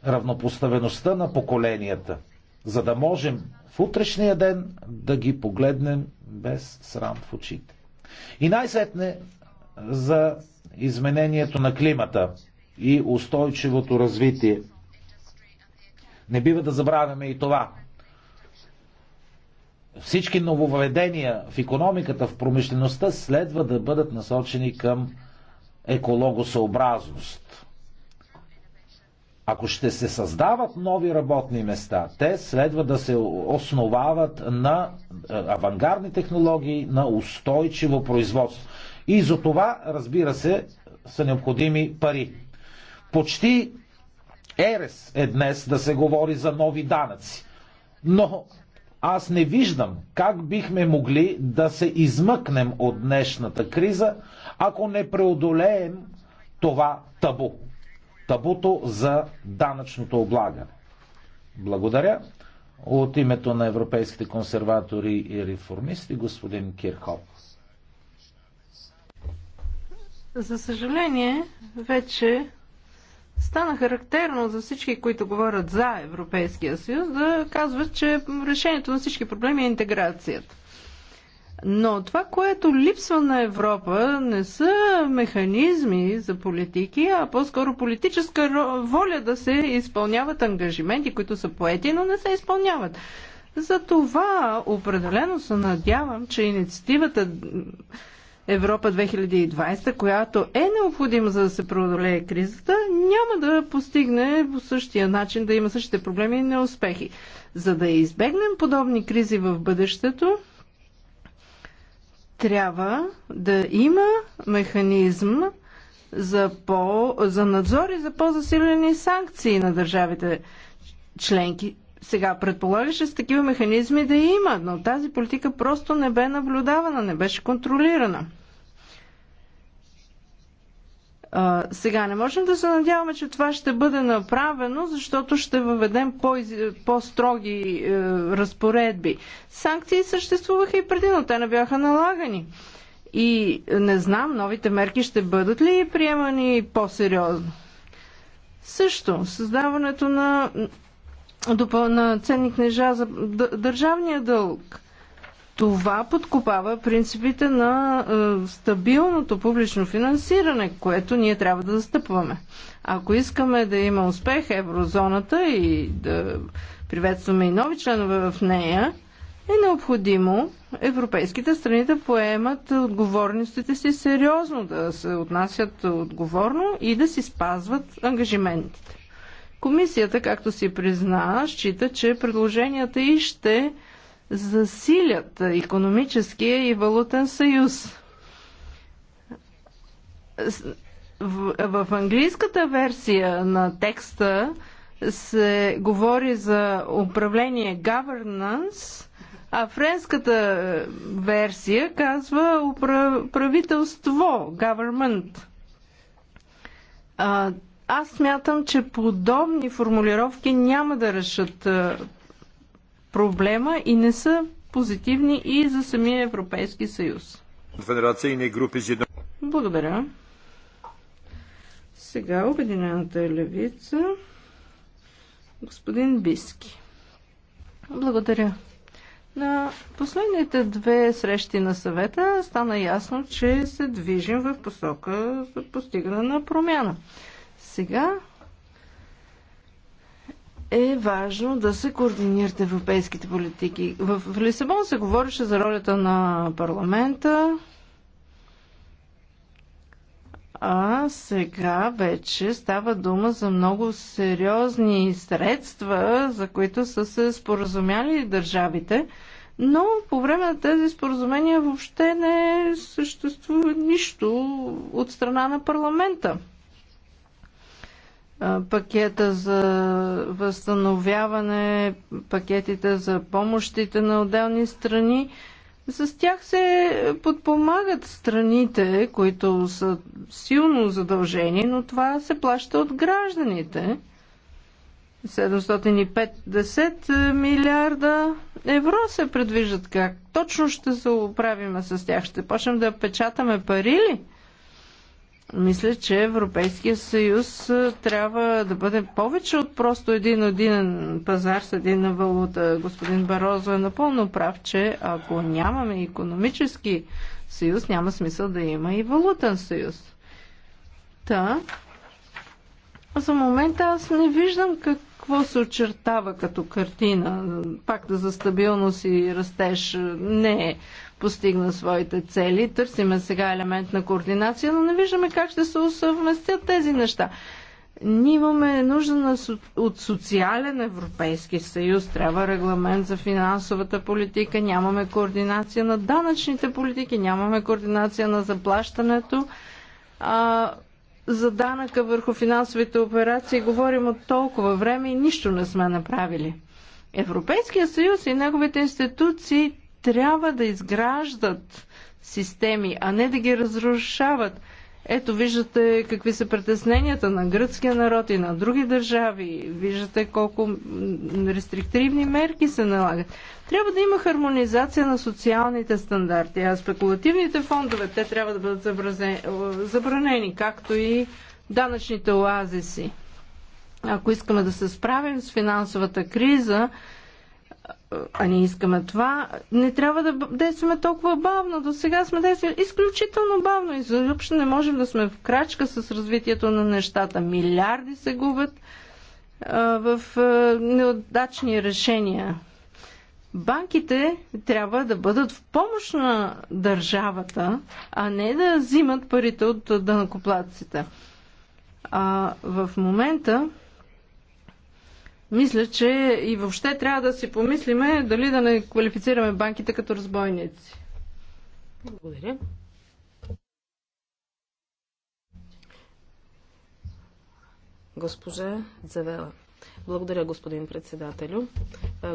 равнопоставеността на поколенията, за да можем в утрешния ден да ги погледнем без срам в очите. И най-сетне за изменението на климата и устойчивото развитие. Не бива да забравяме и това. Всички нововведения в економиката, в промишлеността следва да бъдат насочени към екологосъобразност. Ако ще се създават нови работни места, те следва да се основават на е, авангардни технологии, на устойчиво производство. И за това, разбира се, са необходими пари. Почти ерес е днес да се говори за нови данъци. Но аз не виждам как бихме могли да се измъкнем от днешната криза, ако не преодолеем това табу. Табуто за данъчното облагане. Благодаря. От името на европейските консерватори и реформисти, господин Кирхов. За съжаление, вече стана характерно за всички, които говорят за Европейския съюз, да казват, че решението на всички проблеми е интеграцията. Но това, което липсва на Европа, не са механизми за политики, а по-скоро политическа воля да се изпълняват ангажименти, които са поети, но не се изпълняват. За това определено се надявам, че инициативата Европа 2020, която е необходима за да се преодолее кризата, няма да постигне по същия начин да има същите проблеми и неуспехи. За да избегнем подобни кризи в бъдещето, трябва да има механизм за, по, за надзор и за по-засилени санкции на държавите членки. Сега предполагаше с такива механизми да има, но тази политика просто не бе наблюдавана, не беше контролирана. А, сега не можем да се надяваме, че това ще бъде направено, защото ще въведем по-строги по е, разпоредби. Санкции съществуваха и преди, но те не бяха налагани. И не знам, новите мерки ще бъдат ли приемани по-сериозно. Също, създаването на на ценни книжа за държавния дълг. Това подкопава принципите на е, стабилното публично финансиране, което ние трябва да застъпваме. Ако искаме да има успех еврозоната и да приветстваме и нови членове в нея, е необходимо европейските страни да поемат отговорностите си сериозно, да се отнасят отговорно и да си спазват ангажиментите. Комисията, както си призна, счита, че предложенията и ще засилят економическия и валутен съюз. В, в английската версия на текста се говори за управление governance, а френската версия казва правителство, government. А, аз смятам, че подобни формулировки няма да решат е, проблема и не са позитивни и за самия Европейски съюз. Федерацийни групи си... Благодаря. Сега Обединената левица. Господин Биски. Благодаря. На последните две срещи на съвета стана ясно, че се движим в посока за постигане на промяна. Сега е важно да се координират европейските политики. В, в Лисабон се говореше за ролята на парламента, а сега вече става дума за много сериозни средства, за които са се споразумяли държавите, но по време на тези споразумения въобще не съществува нищо от страна на парламента пакета за възстановяване, пакетите за помощите на отделни страни. С тях се подпомагат страните, които са силно задължени, но това се плаща от гражданите. 750 милиарда евро се предвиждат. Как точно ще се оправим с тях? Ще почнем да печатаме пари ли? Мисля, че Европейския съюз трябва да бъде повече от просто един один пазар с един валута. Господин Барозо е напълно прав, че ако нямаме економически съюз, няма смисъл да има и валутен съюз. Та, за момента аз не виждам какво се очертава като картина. Пакта за стабилност и растеж не е постигна своите цели. Търсиме сега елемент на координация, но не виждаме как ще се усъвместят тези неща. Ние имаме нужда от социален Европейски съюз, трябва регламент за финансовата политика, нямаме координация на данъчните политики, нямаме координация на заплащането. А, за данъка върху финансовите операции говорим от толкова време и нищо не сме направили. Европейския съюз и неговите институции трябва да изграждат системи, а не да ги разрушават. Ето виждате какви са притесненията на гръцкия народ и на други държави. Виждате колко рестриктивни мерки се налагат. Трябва да има хармонизация на социалните стандарти, а спекулативните фондове, те трябва да бъдат е, забранени, както и данъчните оазиси. Ако искаме да се справим с финансовата криза, а ние искаме това, не трябва да действаме толкова бавно. До сега сме действали изключително бавно и заобщо не можем да сме в крачка с развитието на нещата. Милиарди се губят а, в а, неудачни решения. Банките трябва да бъдат в помощ на държавата, а не да взимат парите от дънакоплатците. А в момента мисля, че и въобще трябва да си помислиме дали да не квалифицираме банките като разбойници. Благодаря. Госпожа Завела. Благодаря, господин председателю.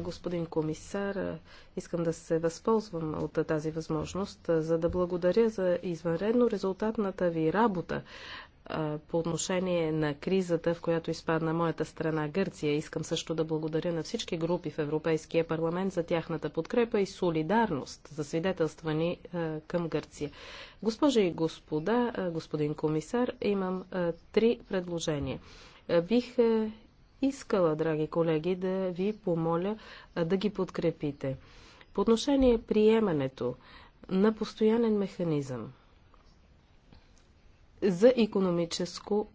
Господин комисар, искам да се възползвам от тази възможност, за да благодаря за извънредно резултатната ви работа по отношение на кризата, в която изпадна моята страна Гърция. Искам също да благодаря на всички групи в Европейския парламент за тяхната подкрепа и солидарност за свидетелствани към Гърция. Госпожи и господа, господин комисар, имам три предложения. Бих искала, драги колеги, да ви помоля да ги подкрепите. По отношение приемането на постоянен механизъм за економическо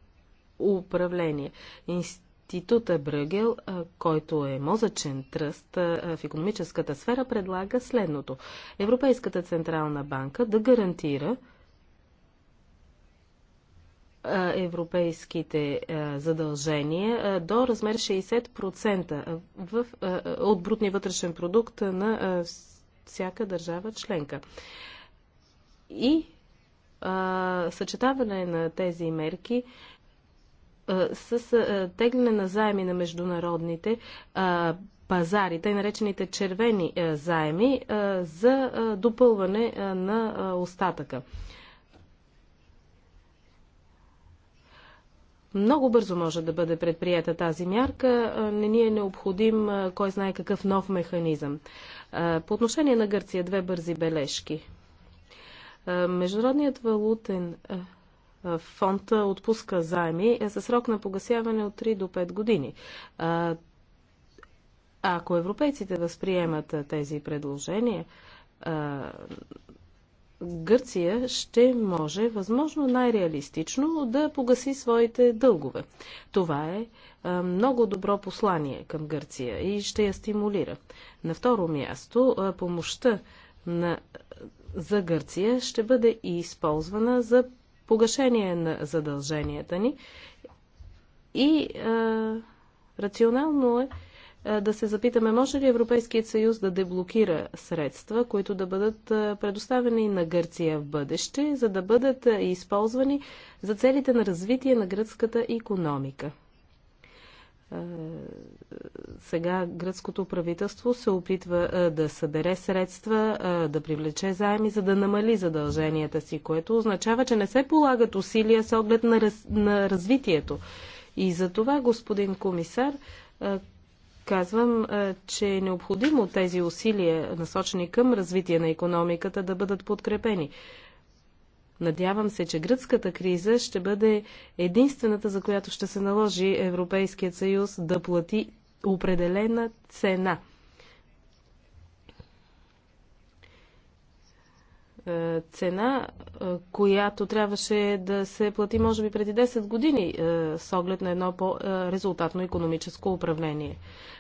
управление. Института Бръгел, който е мозъчен тръст в економическата сфера, предлага следното. Европейската централна банка да гарантира европейските задължения до размер 60% от брутния вътрешен продукт на всяка държава членка. И а, съчетаване на тези мерки а, с а, тегляне на заеми на международните а, пазари, тъй наречените червени а, заеми, а, за а, допълване а, на а, остатъка. Много бързо може да бъде предприята тази мярка. Не ни е необходим кой знае какъв нов механизъм. По отношение на Гърция, две бързи бележки. Е, Международният валутен е, е, фонд отпуска заеми със срок на погасяване от 3 до 5 години. Ако европейците възприемат тези предложения, Гърция ще може, възможно най-реалистично, да погаси своите дългове. Това е много добро послание към Гърция и ще я стимулира. На второ място, помощта на за Гърция ще бъде и използвана за погашение на задълженията ни и а, рационално е, е да се запитаме, може ли Европейският съюз да деблокира средства, които да бъдат предоставени на Гърция в бъдеще, за да бъдат използвани за целите на развитие на гръцката економика. Е, сега гръцкото правителство се опитва е, да събере средства, е, да привлече заеми, за да намали задълженията си, което означава, че не се полагат усилия с оглед на, раз, на развитието. И за това, господин комисар, казвам, че е необходимо тези усилия, насочени към развитие на економиката, да бъдат подкрепени. Надявам се, че гръцката криза ще бъде единствената, за която ще се наложи Европейският съюз да плати определена цена. Е, цена, е, която трябваше да се плати, може би, преди 10 години, е, с оглед на едно по-резултатно економическо управление.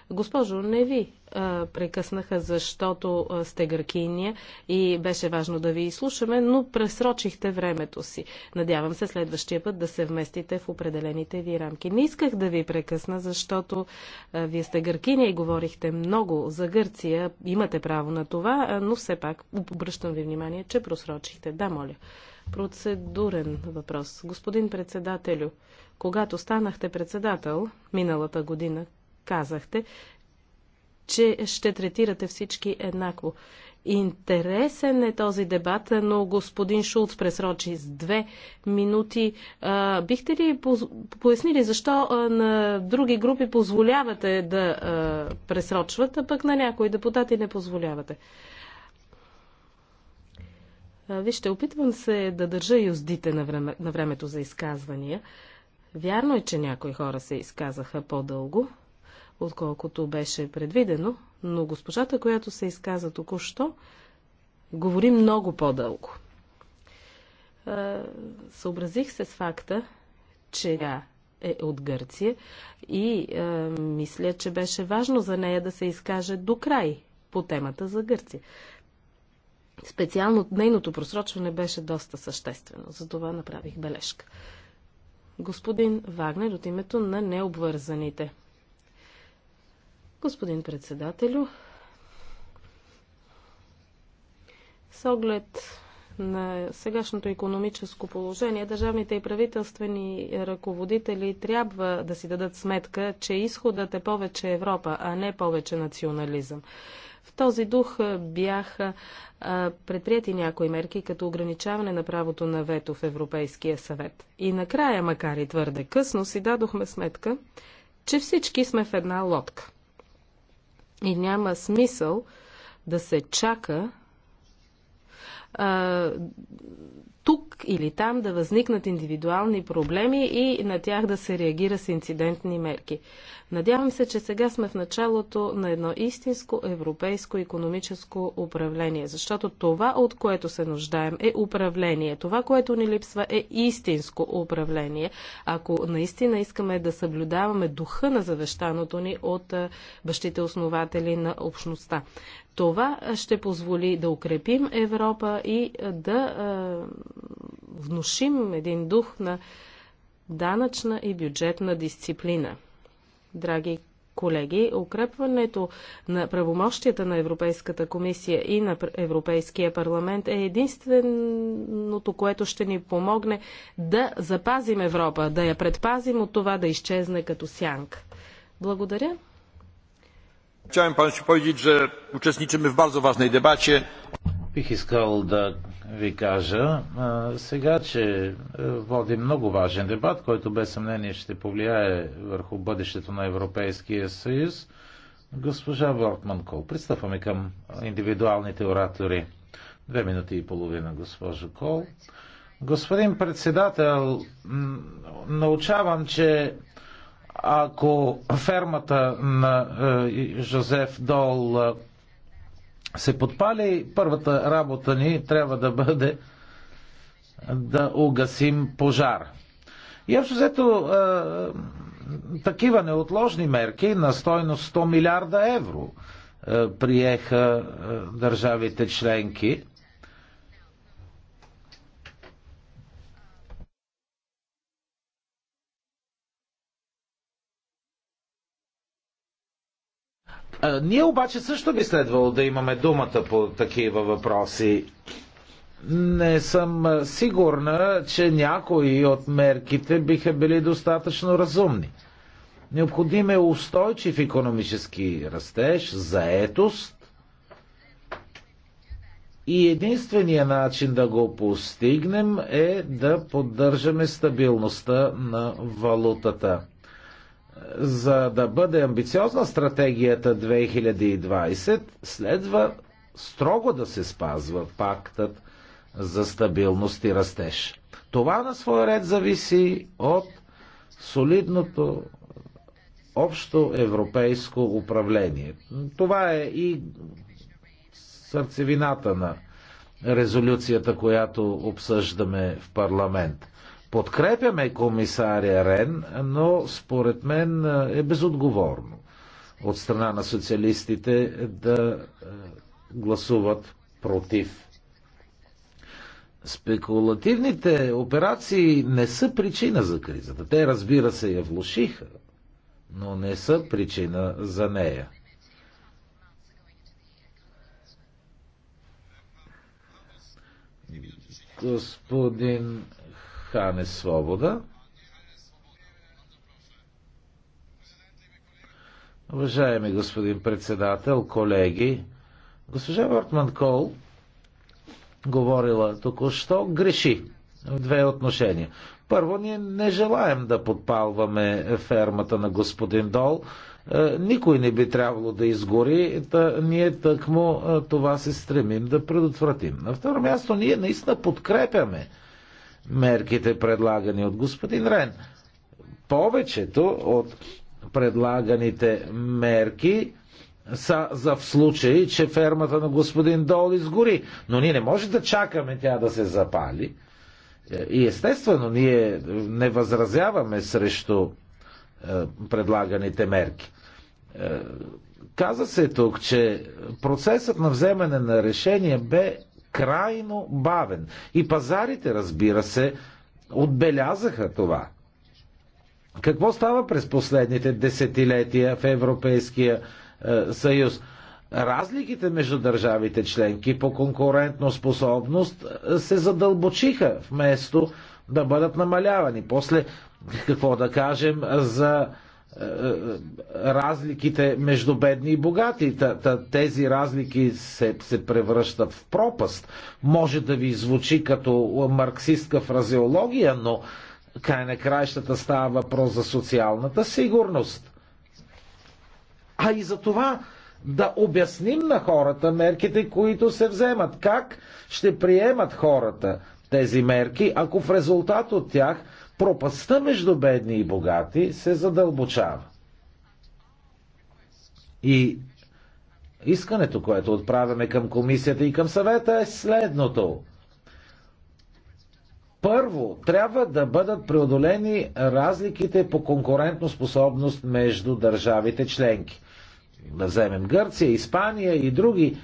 Госпожо, не ви а, прекъснаха, защото а, сте Гъркиния, и беше важно да ви изслушаме, но пресрочихте времето си. Надявам се следващия път да се вместите в определените ви рамки. Не исках да ви прекъсна, защото а, вие сте Гъркиния и говорихте много за Гърция. Имате право на това, а, но все пак обръщам ви внимание, че просрочихте. Да, моля. Процедурен въпрос. Господин председателю, когато станахте председател миналата година, казахте, че ще третирате всички еднакво. Интересен е този дебат, но господин Шулц пресрочи с две минути. А, бихте ли пояснили защо а, на други групи позволявате да а, пресрочват, а пък на някои депутати не позволявате? А, вижте, опитвам се да държа юздите на, време, на времето за изказвания. Вярно е, че някои хора се изказаха по-дълго отколкото беше предвидено, но госпожата, която се изказа току-що, говори много по-дълго. Съобразих се с факта, че тя е от Гърция и е, мисля, че беше важно за нея да се изкаже до край по темата за Гърция. Специално нейното просрочване беше доста съществено, затова направих бележка. Господин Вагнер от името на необвързаните. Господин председателю, с оглед на сегашното економическо положение, държавните и правителствени ръководители трябва да си дадат сметка, че изходът е повече Европа, а не повече национализъм. В този дух бяха предприяти някои мерки, като ограничаване на правото на вето в Европейския съвет. И накрая, макар и твърде късно, си дадохме сметка, че всички сме в една лодка. И няма смисъл да се чака а, тук или там да възникнат индивидуални проблеми и на тях да се реагира с инцидентни мерки. Надявам се, че сега сме в началото на едно истинско европейско економическо управление, защото това, от което се нуждаем, е управление. Това, което ни липсва, е истинско управление, ако наистина искаме да съблюдаваме духа на завещаното ни от бащите основатели на общността. Това ще позволи да укрепим Европа и да внушим един дух на данъчна и бюджетна дисциплина драги колеги, укрепването на правомощията на Европейската комисия и на Европейския парламент е единственото, което ще ни помогне да запазим Европа, да я предпазим от това да изчезне като сянк. Благодаря. Chciałem panu powiedzieć, że uczestniczymy w bardzo ważnej debacie. Бих искал да ви кажа сега, че е, води много важен дебат, който без съмнение ще повлияе върху бъдещето на Европейския съюз. Госпожа Бортман Кол, пристъпваме към индивидуалните оратори. Две минути и половина, госпожо Кол. Господин председател, научавам, че ако фермата на е, Жозеф Дол е, се подпали, първата работа ни трябва да бъде да угасим пожар. И общо взето е, такива неотложни мерки на стойност 100 милиарда евро е, приеха е, държавите членки Ние обаче също би следвало да имаме думата по такива въпроси. Не съм сигурна, че някои от мерките биха били достатъчно разумни. Необходим е устойчив економически растеж, заетост. И единствения начин да го постигнем е да поддържаме стабилността на валутата за да бъде амбициозна стратегията 2020, следва строго да се спазва пактът за стабилност и растеж. Това на своя ред зависи от солидното общо европейско управление. Това е и сърцевината на резолюцията, която обсъждаме в парламент. Подкрепяме комисаря Рен, но според мен е, е безотговорно от страна на социалистите да е, гласуват против. Спекулативните операции не са причина за кризата. Те, разбира се, я влушиха, но не са причина за нея. Господин Хане Свобода. Уважаеми господин председател, колеги, госпожа Вортман Кол говорила току-що, греши в две отношения. Първо, ние не желаем да подпалваме фермата на господин Дол. Е, никой не би трябвало да изгори. Та, ние тъкмо е, това се стремим да предотвратим. На второ място, ние наистина подкрепяме мерките предлагани от господин Рен. Повечето от предлаганите мерки са за в случай, че фермата на господин Дол изгори. Но ние не може да чакаме тя да се запали. И естествено, ние не възразяваме срещу е, предлаганите мерки. Е, каза се тук, че процесът на вземане на решение бе крайно бавен. И пазарите, разбира се, отбелязаха това. Какво става през последните десетилетия в Европейския е, съюз? Разликите между държавите членки по конкурентно способност е, се задълбочиха, вместо да бъдат намалявани. После, какво да кажем за е, е, разликите между бедни и богати. Тези разлики се, се превръщат в пропаст. Може да ви звучи като марксистка фразеология, но край на краищата става въпрос за социалната сигурност. А и за това да обясним на хората мерките, които се вземат. Как ще приемат хората тези мерки, ако в резултат от тях пропастта между бедни и богати се задълбочава. И искането, което отправяме към комисията и към съвета е следното. Първо, трябва да бъдат преодолени разликите по способност между държавите членки. Да вземем Гърция, Испания и други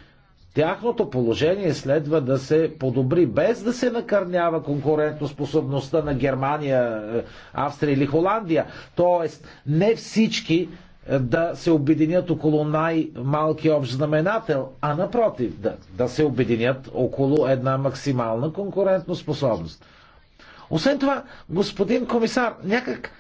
тяхното положение следва да се подобри, без да се накърнява конкурентоспособността на Германия, е, Австрия или Холандия. Тоест, не всички е, да се обединят около най-малки общ знаменател, а напротив, да, да се обединят около една максимална конкурентоспособност. Освен това, господин комисар, някак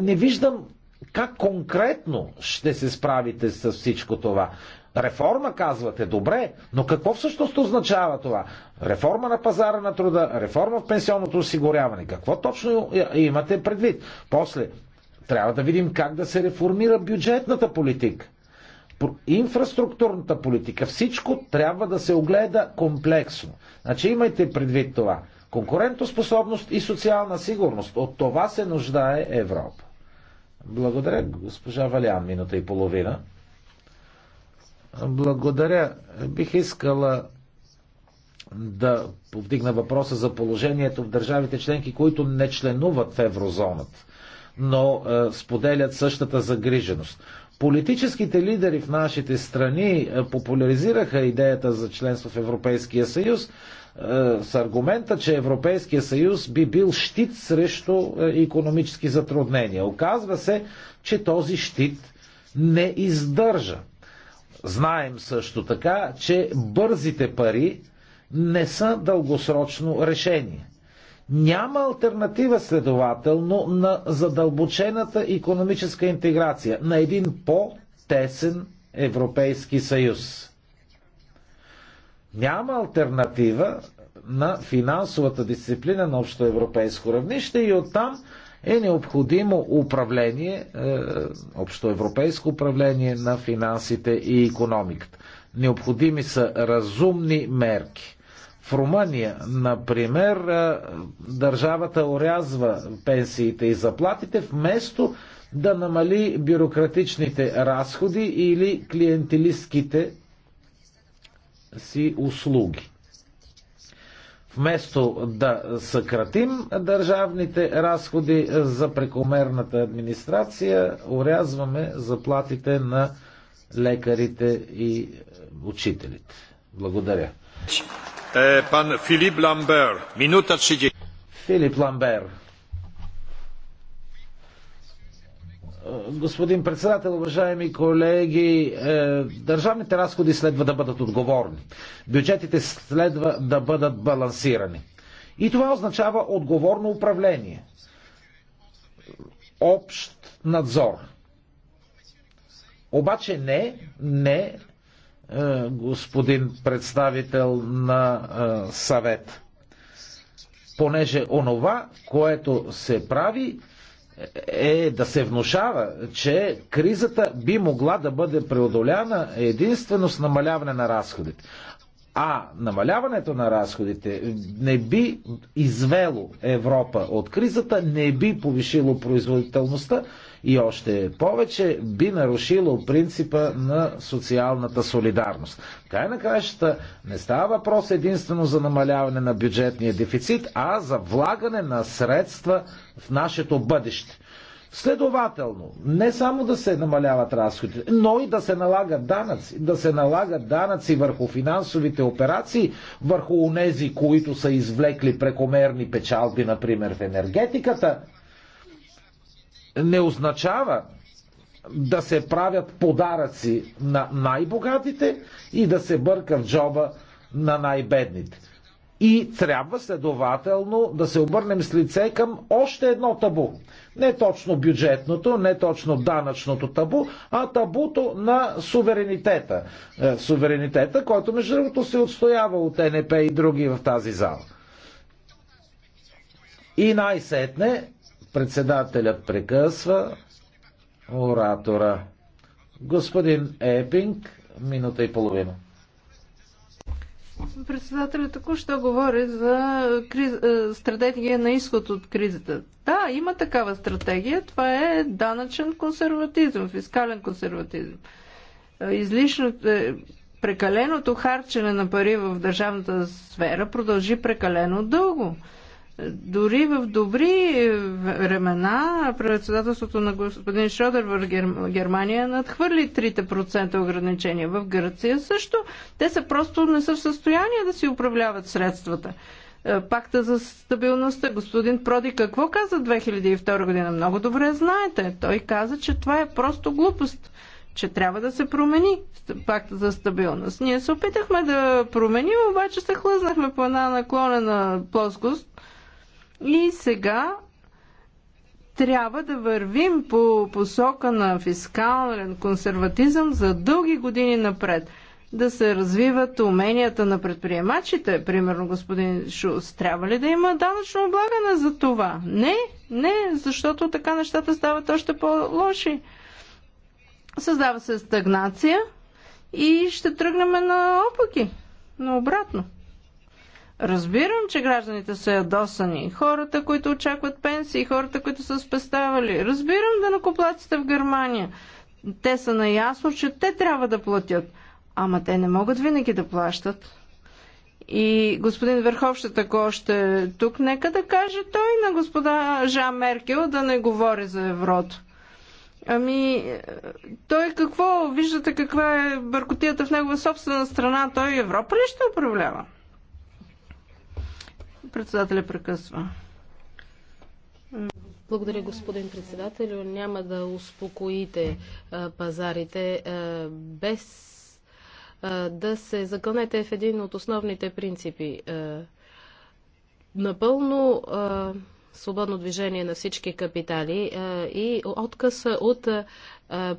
не виждам как конкретно ще се справите с всичко това? Реформа, казвате, добре, но какво всъщност означава това? Реформа на пазара на труда, реформа в пенсионното осигуряване. Какво точно имате предвид? После, трябва да видим как да се реформира бюджетната политика инфраструктурната политика, всичко трябва да се огледа комплексно. Значи имайте предвид това. Конкурентоспособност и социална сигурност. От това се нуждае Европа. Благодаря, госпожа Валян, минута и половина. Благодаря. Бих искала да повдигна въпроса за положението в държавите членки, които не членуват в еврозоната, но е, споделят същата загриженост. Политическите лидери в нашите страни е, популяризираха идеята за членство в Европейския съюз е, с аргумента, че Европейския съюз би бил щит срещу економически затруднения. Оказва се, че този щит не издържа Знаем също така, че бързите пари не са дългосрочно решение. Няма альтернатива, следователно, на задълбочената економическа интеграция, на един по-тесен Европейски съюз. Няма альтернатива на финансовата дисциплина на общоевропейско равнище и оттам е необходимо управление, е, общоевропейско управление на финансите и економиката. Необходими са разумни мерки. В Румъния, например, е, държавата орязва пенсиите и заплатите, вместо да намали бюрократичните разходи или клиентилистките си услуги вместо да съкратим държавните разходи за прекомерната администрация, урязваме заплатите на лекарите и е, учителите. Благодаря. Е, пан Филип Ламбер, минута 30. Филип Ламбер, господин председател, уважаеми колеги, е, държавните разходи следва да бъдат отговорни. Бюджетите следва да бъдат балансирани. И това означава отговорно управление. Общ надзор. Обаче не, не, е, господин представител на е, съвет. Понеже онова, което се прави, е да се внушава, че кризата би могла да бъде преодоляна единствено с намаляване на разходите. А намаляването на разходите не би извело Европа от кризата, не би повишило производителността, и още повече би нарушило принципа на социалната солидарност. Край на краищата не става въпрос единствено за намаляване на бюджетния дефицит, а за влагане на средства в нашето бъдеще. Следователно, не само да се намаляват разходите, но и да се налагат данъци, да се налагат данъци върху финансовите операции, върху онези, които са извлекли прекомерни печалби, например в енергетиката, не означава да се правят подаръци на най-богатите и да се бърка в джоба на най-бедните. И трябва следователно да се обърнем с лице към още едно табу. Не точно бюджетното, не точно данъчното табу, а табуто на суверенитета. Е, суверенитета, който между другото се отстоява от НП и други в тази зала. И най-сетне Председателят прекъсва оратора. Господин Епинг, минута и половина. Председателя току-що говори за криз, е, стратегия на изход от кризата. Да, има такава стратегия. Това е данъчен консерватизъм, фискален консерватизъм. Е, излишно, е, прекаленото харчене на пари в държавната сфера продължи прекалено дълго. Дори в добри времена председателството на господин Шодер в Германия надхвърли 3% ограничения. В Гърция също. Те са просто не са в състояние да си управляват средствата. Е, пакта за стабилността. Господин Проди какво каза 2002 година? Много добре знаете. Той каза, че това е просто глупост че трябва да се промени пакта за стабилност. Ние се опитахме да променим, обаче се хлъзнахме по една наклонена плоскост и сега трябва да вървим по посока на фискален консерватизъм за дълги години напред. Да се развиват уменията на предприемачите, примерно господин Шус. Трябва ли да има данъчно облагане за това? Не, не, защото така нещата стават още по-лоши. Създава се стагнация и ще тръгнем на опаки, на обратно. Разбирам, че гражданите са ядосани. Хората, които очакват пенсии, хората, които са спеставали. Разбирам да накоплаците в Германия. Те са наясно, че те трябва да платят. Ама те не могат винаги да плащат. И господин Верховщет, ако още е тук, нека да каже той на господа Жан Меркел да не говори за еврото. Ами, той какво, виждате каква е бъркотията в негова собствена страна, той Европа ли ще управлява? Председателя прекъсва. Благодаря, господин председател, Няма да успокоите а, пазарите а, без а, да се закълнете в един от основните принципи. Напълно свободно движение на всички капитали и отказ от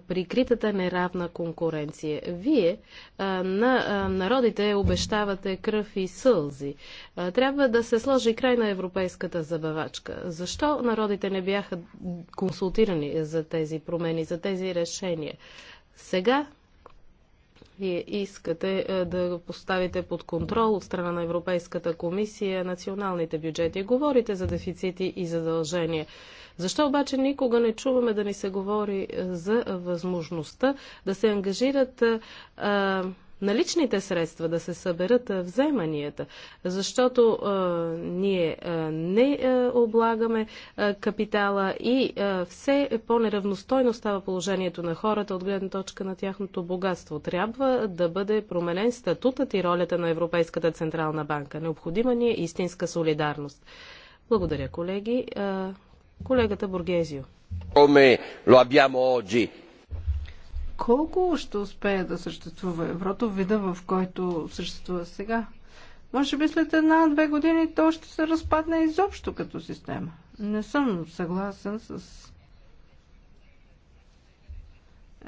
прикритата неравна конкуренция. Вие на народите обещавате кръв и сълзи. Трябва да се сложи край на европейската забавачка. Защо народите не бяха консултирани за тези промени, за тези решения? Сега вие искате да поставите под контрол от страна на Европейската комисия националните бюджети. Говорите за дефицити и задължения. Защо обаче никога не чуваме да ни се говори е, за възможността да се ангажират е, е, наличните средства, да се съберат вземанията, защото ние не облагаме капитала и все по-неравностойно става положението на хората от гледна точка на тяхното богатство. Трябва да бъде променен статутът и ролята на Европейската Централна банка. Необходима ни е истинска солидарност. Благодаря, колеги. Колегата Бургезио. Колко ще успее да съществува еврото, вида в който съществува сега? Може би след една-две години то ще се разпадне изобщо като система. Не съм съгласен с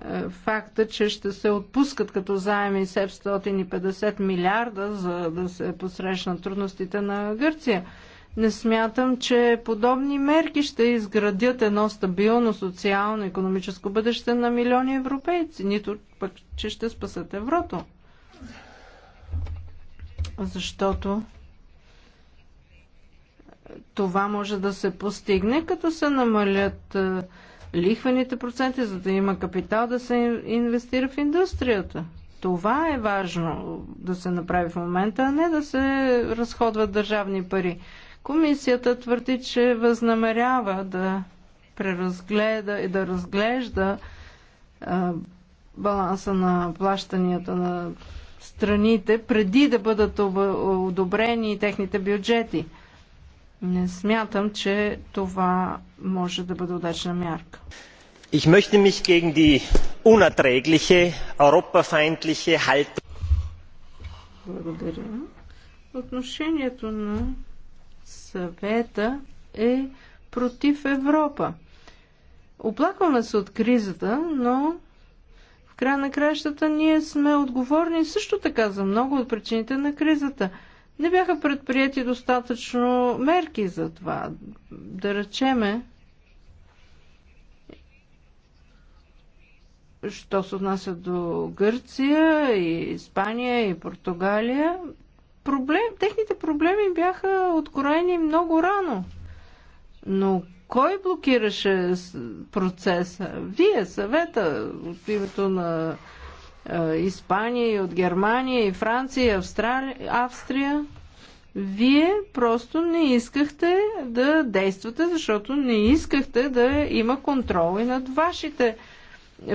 е, факта, че ще се отпускат като заеми 750 милиарда, за да се посрещнат трудностите на Гърция не смятам, че подобни мерки ще изградят едно стабилно социално-економическо бъдеще на милиони европейци, нито пък, че ще спасат еврото. Защото това може да се постигне, като се намалят е, лихвените проценти, за да има капитал да се инвестира в индустрията. Това е важно да се направи в момента, а не да се разходват държавни пари. Комисията твърди, че възнамерява да преразгледа и да разглежда баланса на плащанията на страните преди да бъдат одобрени техните бюджети. Не смятам, че това може да бъде удачна мярка. Ich möchte mich gegen die unerträgliche, europafeindliche Haltung. Благодаря. Отношението на съвета е против Европа. Оплакваме се от кризата, но в края на краищата ние сме отговорни също така за много от причините на кризата. Не бяха предприяти достатъчно мерки за това. Да речеме, що се отнася до Гърция и Испания и Португалия, проблем, техните проблеми бяха откроени много рано. Но кой блокираше процеса? Вие, съвета от името на е, Испания и от Германия и Франция и Австрали... Австрия. Вие просто не искахте да действате, защото не искахте да има контрол и над вашите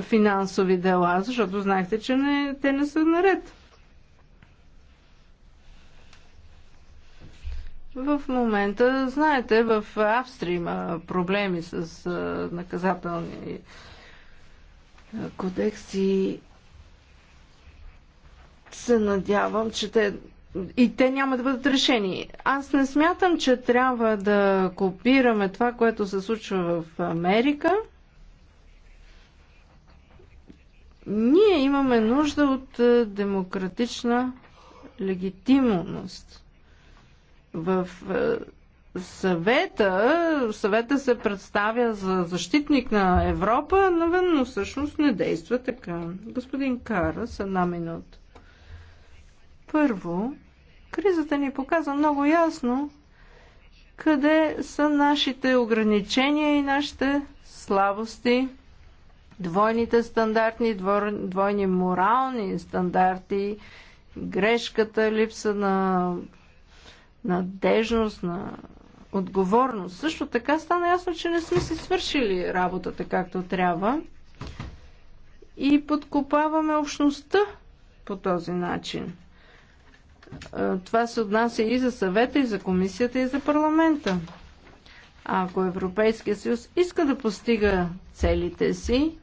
финансови дела, защото знаехте, че не, те не са наред. В момента, знаете, в Австрия има проблеми с наказателни кодекси. Се надявам, че те и те няма да бъдат решени. Аз не смятам, че трябва да копираме това, което се случва в Америка. Ние имаме нужда от демократична легитимност. В е, съвета, съвета се представя за защитник на Европа, но всъщност не действа така. Господин Карас, една минута. Първо, кризата ни показа много ясно къде са нашите ограничения и нашите слабости, двойните стандарти, двойни морални стандарти, грешката, липса на надежност, на отговорност. Също така стана ясно, че не сме си свършили работата както трябва и подкопаваме общността по този начин. Това се отнася и за съвета, и за комисията, и за парламента. А ако Европейския съюз иска да постига целите си,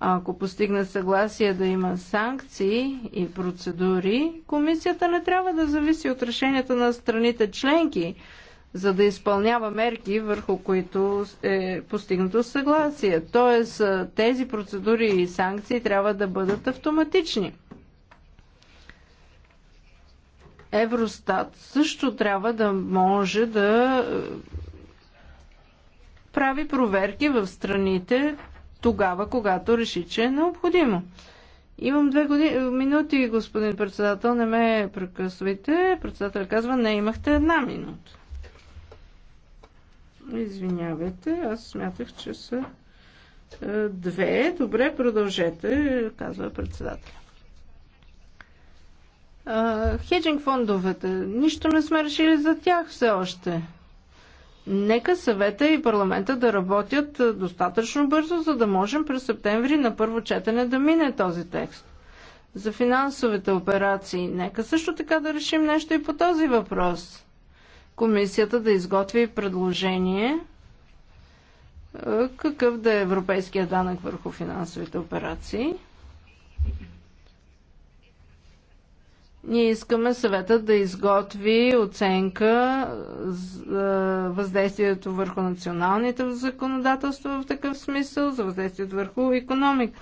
ако постигне съгласие да има санкции и процедури, комисията не трябва да зависи от решенията на страните членки, за да изпълнява мерки, върху които е постигнато съгласие. Тоест, тези процедури и санкции трябва да бъдат автоматични. Евростат също трябва да може да прави проверки в страните тогава, когато реши, че е необходимо. Имам две години, минути, господин председател, не ме прекъсвайте. Председател казва, не имахте една минута. Извинявайте, аз смятах, че са е, две. Добре, продължете, казва председател. Е, хеджинг фондовете. Нищо не сме решили за тях все още. Нека съвета и парламента да работят достатъчно бързо, за да можем през септември на първо четене да мине този текст. За финансовите операции, нека също така да решим нещо и по този въпрос. Комисията да изготви предложение какъв да е европейския данък върху финансовите операции – Ние искаме съвета да изготви оценка за е, въздействието върху националните законодателства в такъв смисъл, за въздействието върху економик.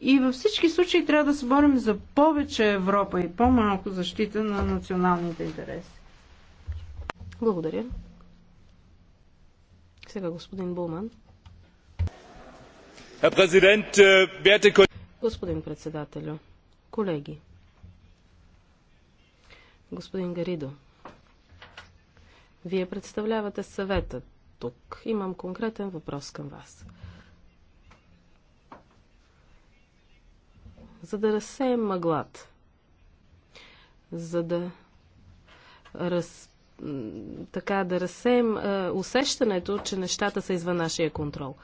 И във всички случаи трябва да се борим за повече Европа и по-малко защита на националните интереси. Благодаря. Сега господин Булман. Äh, господин председателю, колеги, Господин Гаридо, вие представлявате съвета тук. Имам конкретен въпрос към вас. За да разсеем мъглат, за да раз, така да разсеем е, усещането, че нещата са извън нашия контрол.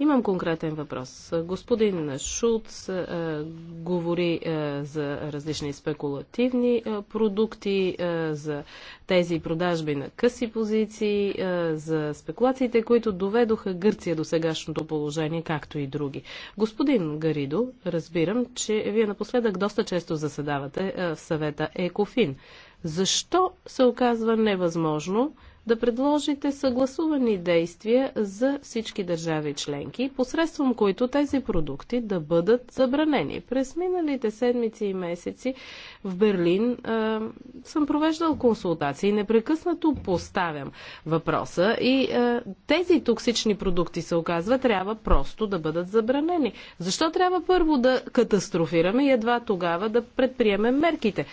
Имам конкретен въпрос. Господин Шулц а, е, говори а, е, за различни спекулативни а, е, продукти, а, за тези продажби на къси позиции, а, за спекулациите, които доведоха Гърция до сегашното положение, както и други. Господин Гаридо, разбирам, че вие напоследък доста често заседавате а, в съвета ЕКОФИН. Защо се оказва невъзможно да предложите съгласувани действия за всички държави членки, посредством които тези продукти да бъдат забранени. През миналите седмици и месеци в Берлин а, съм провеждал консултации и непрекъснато поставям въпроса и а, тези токсични продукти се оказва трябва просто да бъдат забранени. Защо трябва първо да катастрофираме и едва тогава да предприемем мерките?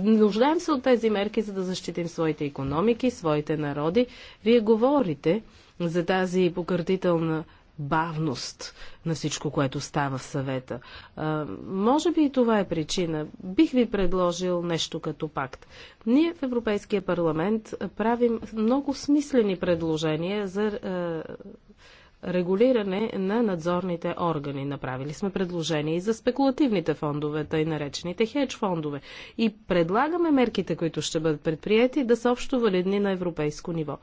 Нуждаем се от тези мерки, за да защитим своите економики, своите народи народи, вие говорите за тази покъртителна бавност на всичко, което става в съвета. А, може би и това е причина. Бих ви предложил нещо като пакт. Ние в Европейския парламент правим много смислени предложения за а, регулиране на надзорните органи. Направили сме предложение и за спекулативните фондове, тъй наречените хедж фондове. И предлагаме мерките, които ще бъдат предприяти, да са общо валидни на европейско ниво.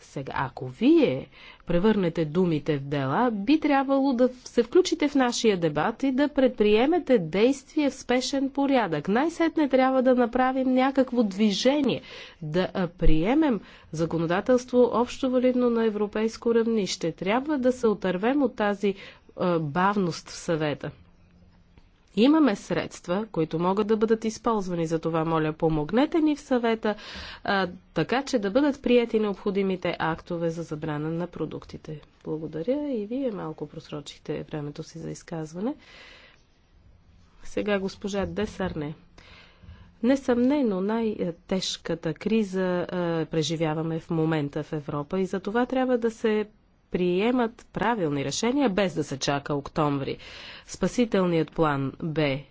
Сега, ако вие превърнете думите в дела, би трябвало да се включите в нашия дебат и да предприемете действие в спешен порядък. Най-сетне трябва да направим някакво движение, да приемем законодателство общо валидно на европейско равнище. Трябва да се отървем от тази бавност в съвета. Имаме средства, които могат да бъдат използвани. За това, моля, помогнете ни в съвета, а, така че да бъдат прияти необходимите актове за забрана на продуктите. Благодаря и вие малко просрочихте времето си за изказване. Сега госпожа Десарне. Несъмнено най-тежката криза а, преживяваме в момента в Европа и за това трябва да се приемат правилни решения, без да се чака октомври. Спасителният план бе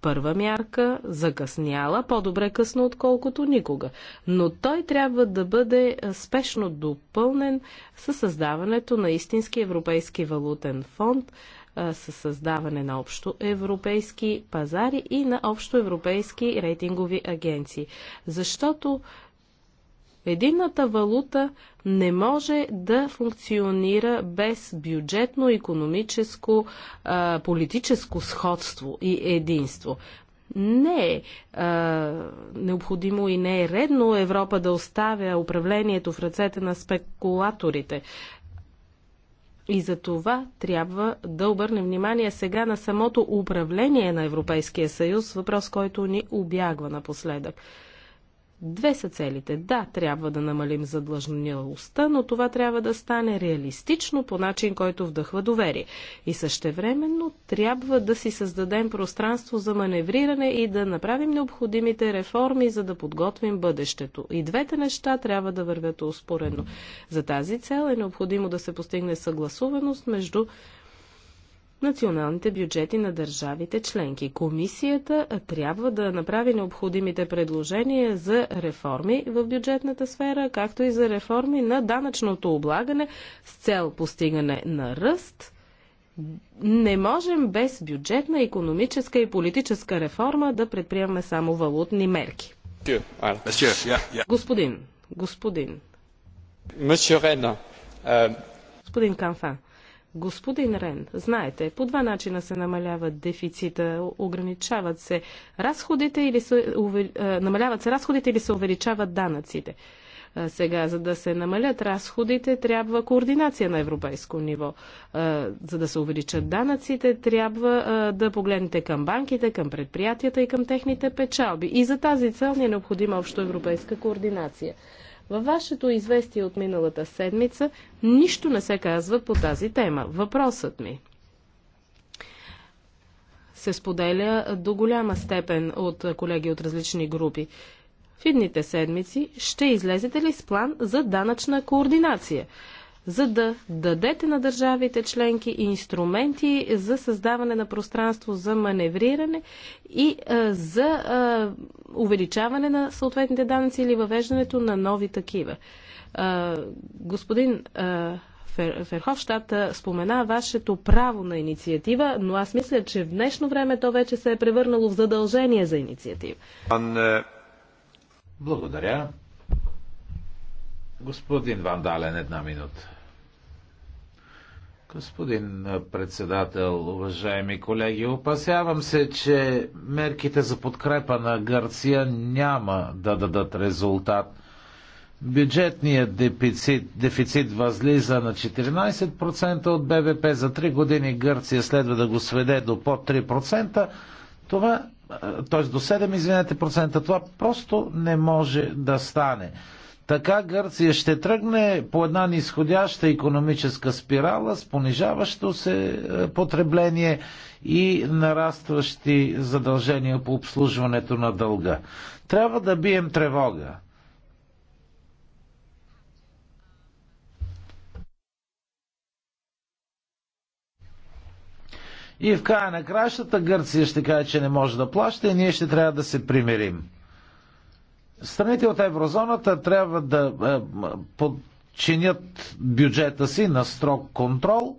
първа мярка, закъсняла, по-добре късно, отколкото никога. Но той трябва да бъде спешно допълнен със създаването на истински европейски валутен фонд, със създаване на общо европейски пазари и на общо европейски рейтингови агенции. Защото Единната валута не може да функционира без бюджетно, економическо, политическо сходство и единство. Не е необходимо и не е редно Европа да оставя управлението в ръцете на спекулаторите. И за това трябва да обърнем внимание сега на самото управление на Европейския съюз, въпрос, който ни обягва напоследък. Две са целите. Да, трябва да намалим задлъжнялостта, но това трябва да стане реалистично по начин, който вдъхва доверие. И същевременно трябва да си създадем пространство за маневриране и да направим необходимите реформи, за да подготвим бъдещето. И двете неща трябва да вървят успоредно. За тази цел е необходимо да се постигне съгласуваност между националните бюджети на държавите членки. Комисията трябва да направи необходимите предложения за реформи в бюджетната сфера, както и за реформи на данъчното облагане с цел постигане на ръст. Не можем без бюджетна, економическа и политическа реформа да предприемаме само валутни мерки. Господин, господин. Господин Канфа. Господин Рен, знаете, по два начина се намалява дефицита. Ограничават се разходите или се, намаляват се разходите или се увеличават данъците. Сега, за да се намалят разходите, трябва координация на европейско ниво. За да се увеличат данъците, трябва да погледнете към банките, към предприятията и към техните печалби. И за тази цел ни е необходима общоевропейска координация. Във вашето известие от миналата седмица нищо не се казва по тази тема. Въпросът ми се споделя до голяма степен от колеги от различни групи. В идните седмици ще излезете ли с план за данъчна координация? за да дадете на държавите членки инструменти за създаване на пространство за маневриране и за увеличаване на съответните данъци или въвеждането на нови такива. господин Ферховщата спомена вашето право на инициатива, но аз мисля, че в днешно време то вече се е превърнало в задължение за инициатива. Е, Благодаря. Господин Вандален, една минута. Господин председател, уважаеми колеги, опасявам се, че мерките за подкрепа на Гърция няма да дадат резултат. Бюджетният дефицит, дефицит възлиза на 14% от БВП. За 3 години Гърция следва да го сведе до под 3%. Това, т.е. до 7, извинете, процента. Това просто не може да стане. Така Гърция ще тръгне по една нисходяща економическа спирала с понижаващо се е, потребление и нарастващи задължения по обслужването на дълга. Трябва да бием тревога. И в края на кращата Гърция ще каже, че не може да плаща и ние ще трябва да се примирим. Страните от еврозоната трябва да е, подчинят бюджета си на строг контрол,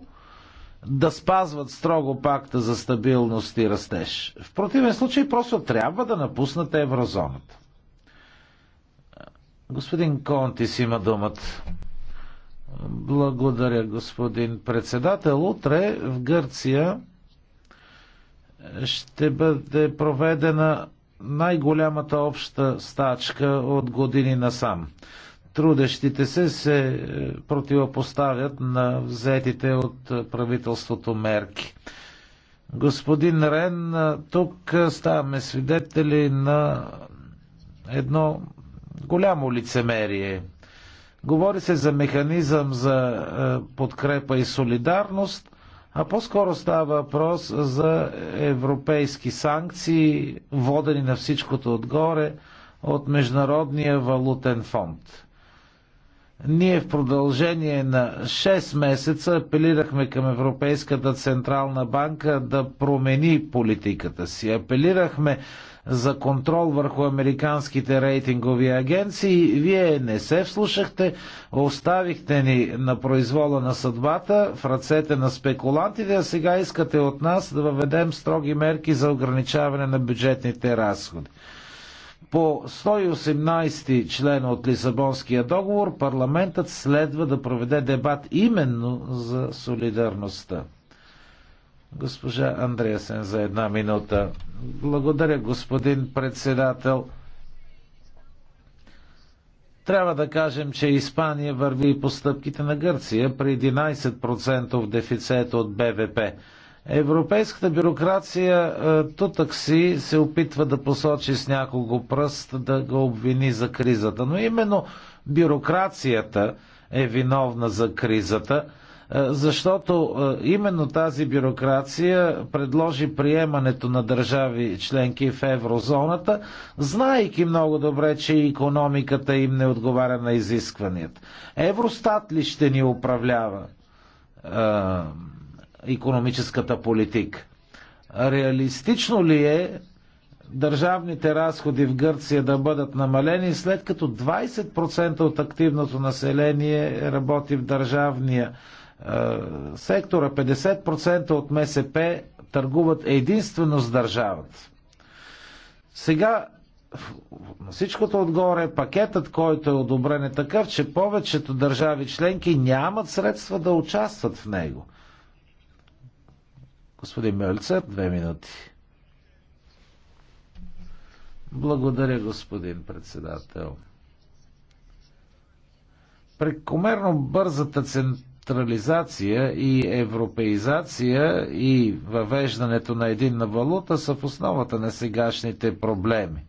да спазват строго пакта за стабилност и растеж. В противен случай просто трябва да напуснат еврозоната. Господин Контис има думата. Благодаря, господин председател. Утре в Гърция ще бъде проведена най-голямата обща стачка от години насам. Трудещите се се е, противопоставят на взетите от правителството мерки. Господин Рен, е, тук ставаме свидетели на едно голямо лицемерие. Говори се за механизъм за е, подкрепа и солидарност – а по-скоро става въпрос за европейски санкции, водени на всичкото отгоре от Международния валутен фонд. Ние в продължение на 6 месеца апелирахме към Европейската Централна банка да промени политиката си. Апелирахме за контрол върху американските рейтингови агенции. Вие не се вслушахте, оставихте ни на произвола на съдбата, в ръцете на спекулантите, а сега искате от нас да въведем строги мерки за ограничаване на бюджетните разходи. По 118 член от Лисабонския договор парламентът следва да проведе дебат именно за солидарността. Госпожа Андреасен за една минута. Благодаря, господин председател. Трябва да кажем, че Испания върви по стъпките на Гърция при 11% дефицит от БВП. Европейската бюрокрация е, тутък си се опитва да посочи с няколко пръст да го обвини за кризата. Но именно бюрокрацията е виновна за кризата – е, защото е, именно тази бюрокрация предложи приемането на държави членки в еврозоната, знаейки много добре, че економиката им не отговаря на изискванията. Евростат ли ще ни управлява е, економическата политика? Реалистично ли е държавните разходи в Гърция да бъдат намалени, след като 20% от активното население работи в държавния е, сектора 50% от МСП търгуват единствено с държавата. Сега на всичкото отгоре пакетът, който е одобрен е такъв, че повечето държави членки нямат средства да участват в него. Господин Мелцер, две минути. Благодаря, господин председател. Прекомерно бързата цен централизация и европеизация и въвеждането на единна валута са в основата на сегашните проблеми.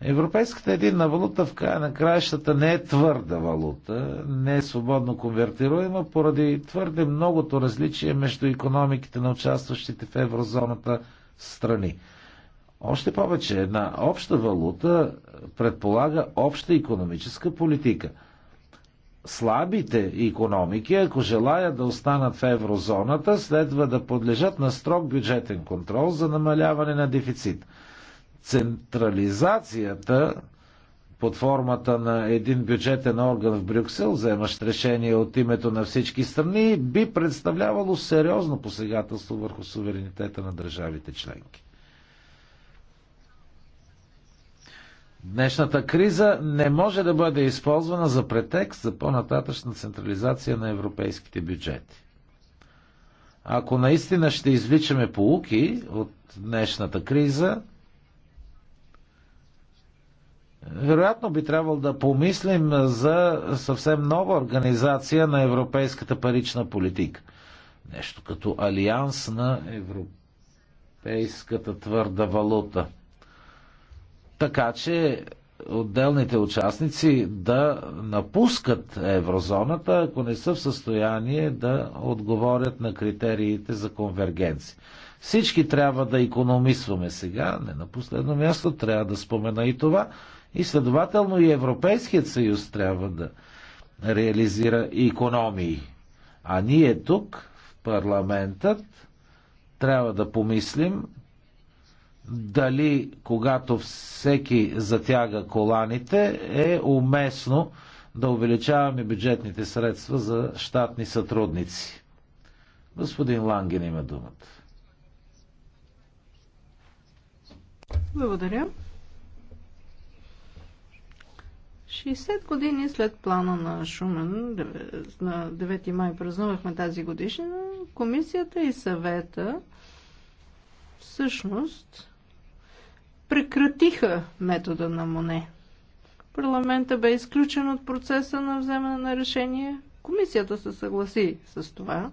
Европейската единна валута в края на краищата не е твърда валута, не е свободно конвертируема поради твърде многото различие между економиките на участващите в еврозоната страни. Още повече една обща валута предполага обща економическа политика – слабите економики, ако желаят да останат в еврозоната, следва да подлежат на строг бюджетен контрол за намаляване на дефицит. Централизацията под формата на един бюджетен орган в Брюксел, вземащ решение от името на всички страни, би представлявало сериозно посегателство върху суверенитета на държавите членки. Днешната криза не може да бъде използвана за претекст за по-нататъчна централизация на европейските бюджети. Ако наистина ще извличаме полуки от днешната криза, вероятно би трябвало да помислим за съвсем нова организация на европейската парична политика. Нещо като алианс на европейската твърда валута – така че отделните участници да напускат еврозоната, ако не са в състояние да отговорят на критериите за конвергенция. Всички трябва да економисваме сега, не на последно място, трябва да спомена и това. И следователно и Европейският съюз трябва да реализира економии. А ние тук, в парламентът, трябва да помислим дали когато всеки затяга коланите е уместно да увеличаваме бюджетните средства за щатни сътрудници. Господин Ланген има думата. Благодаря. 60 години след плана на Шумен, на 9 май празнувахме тази годишна, комисията и съвета всъщност прекратиха метода на Моне. Парламента бе изключен от процеса на вземане на решение. Комисията се съгласи с това.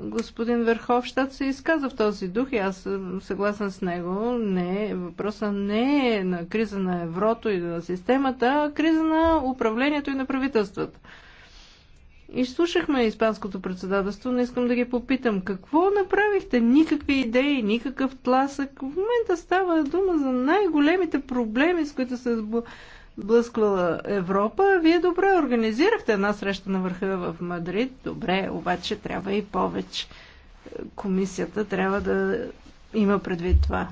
Господин Верховщад се изказа в този дух и аз съм съгласен с него. Не, въпросът не е на криза на еврото и на системата, а криза на управлението и на правителствата. Изслушахме Испанското председателство, не искам да ги попитам. Какво направихте? Никакви идеи, никакъв тласък. В момента става дума за най-големите проблеми, с които се блъсквала Европа. Вие добре организирахте една среща на върха в Мадрид. Добре, обаче трябва и повече. Комисията трябва да има предвид това.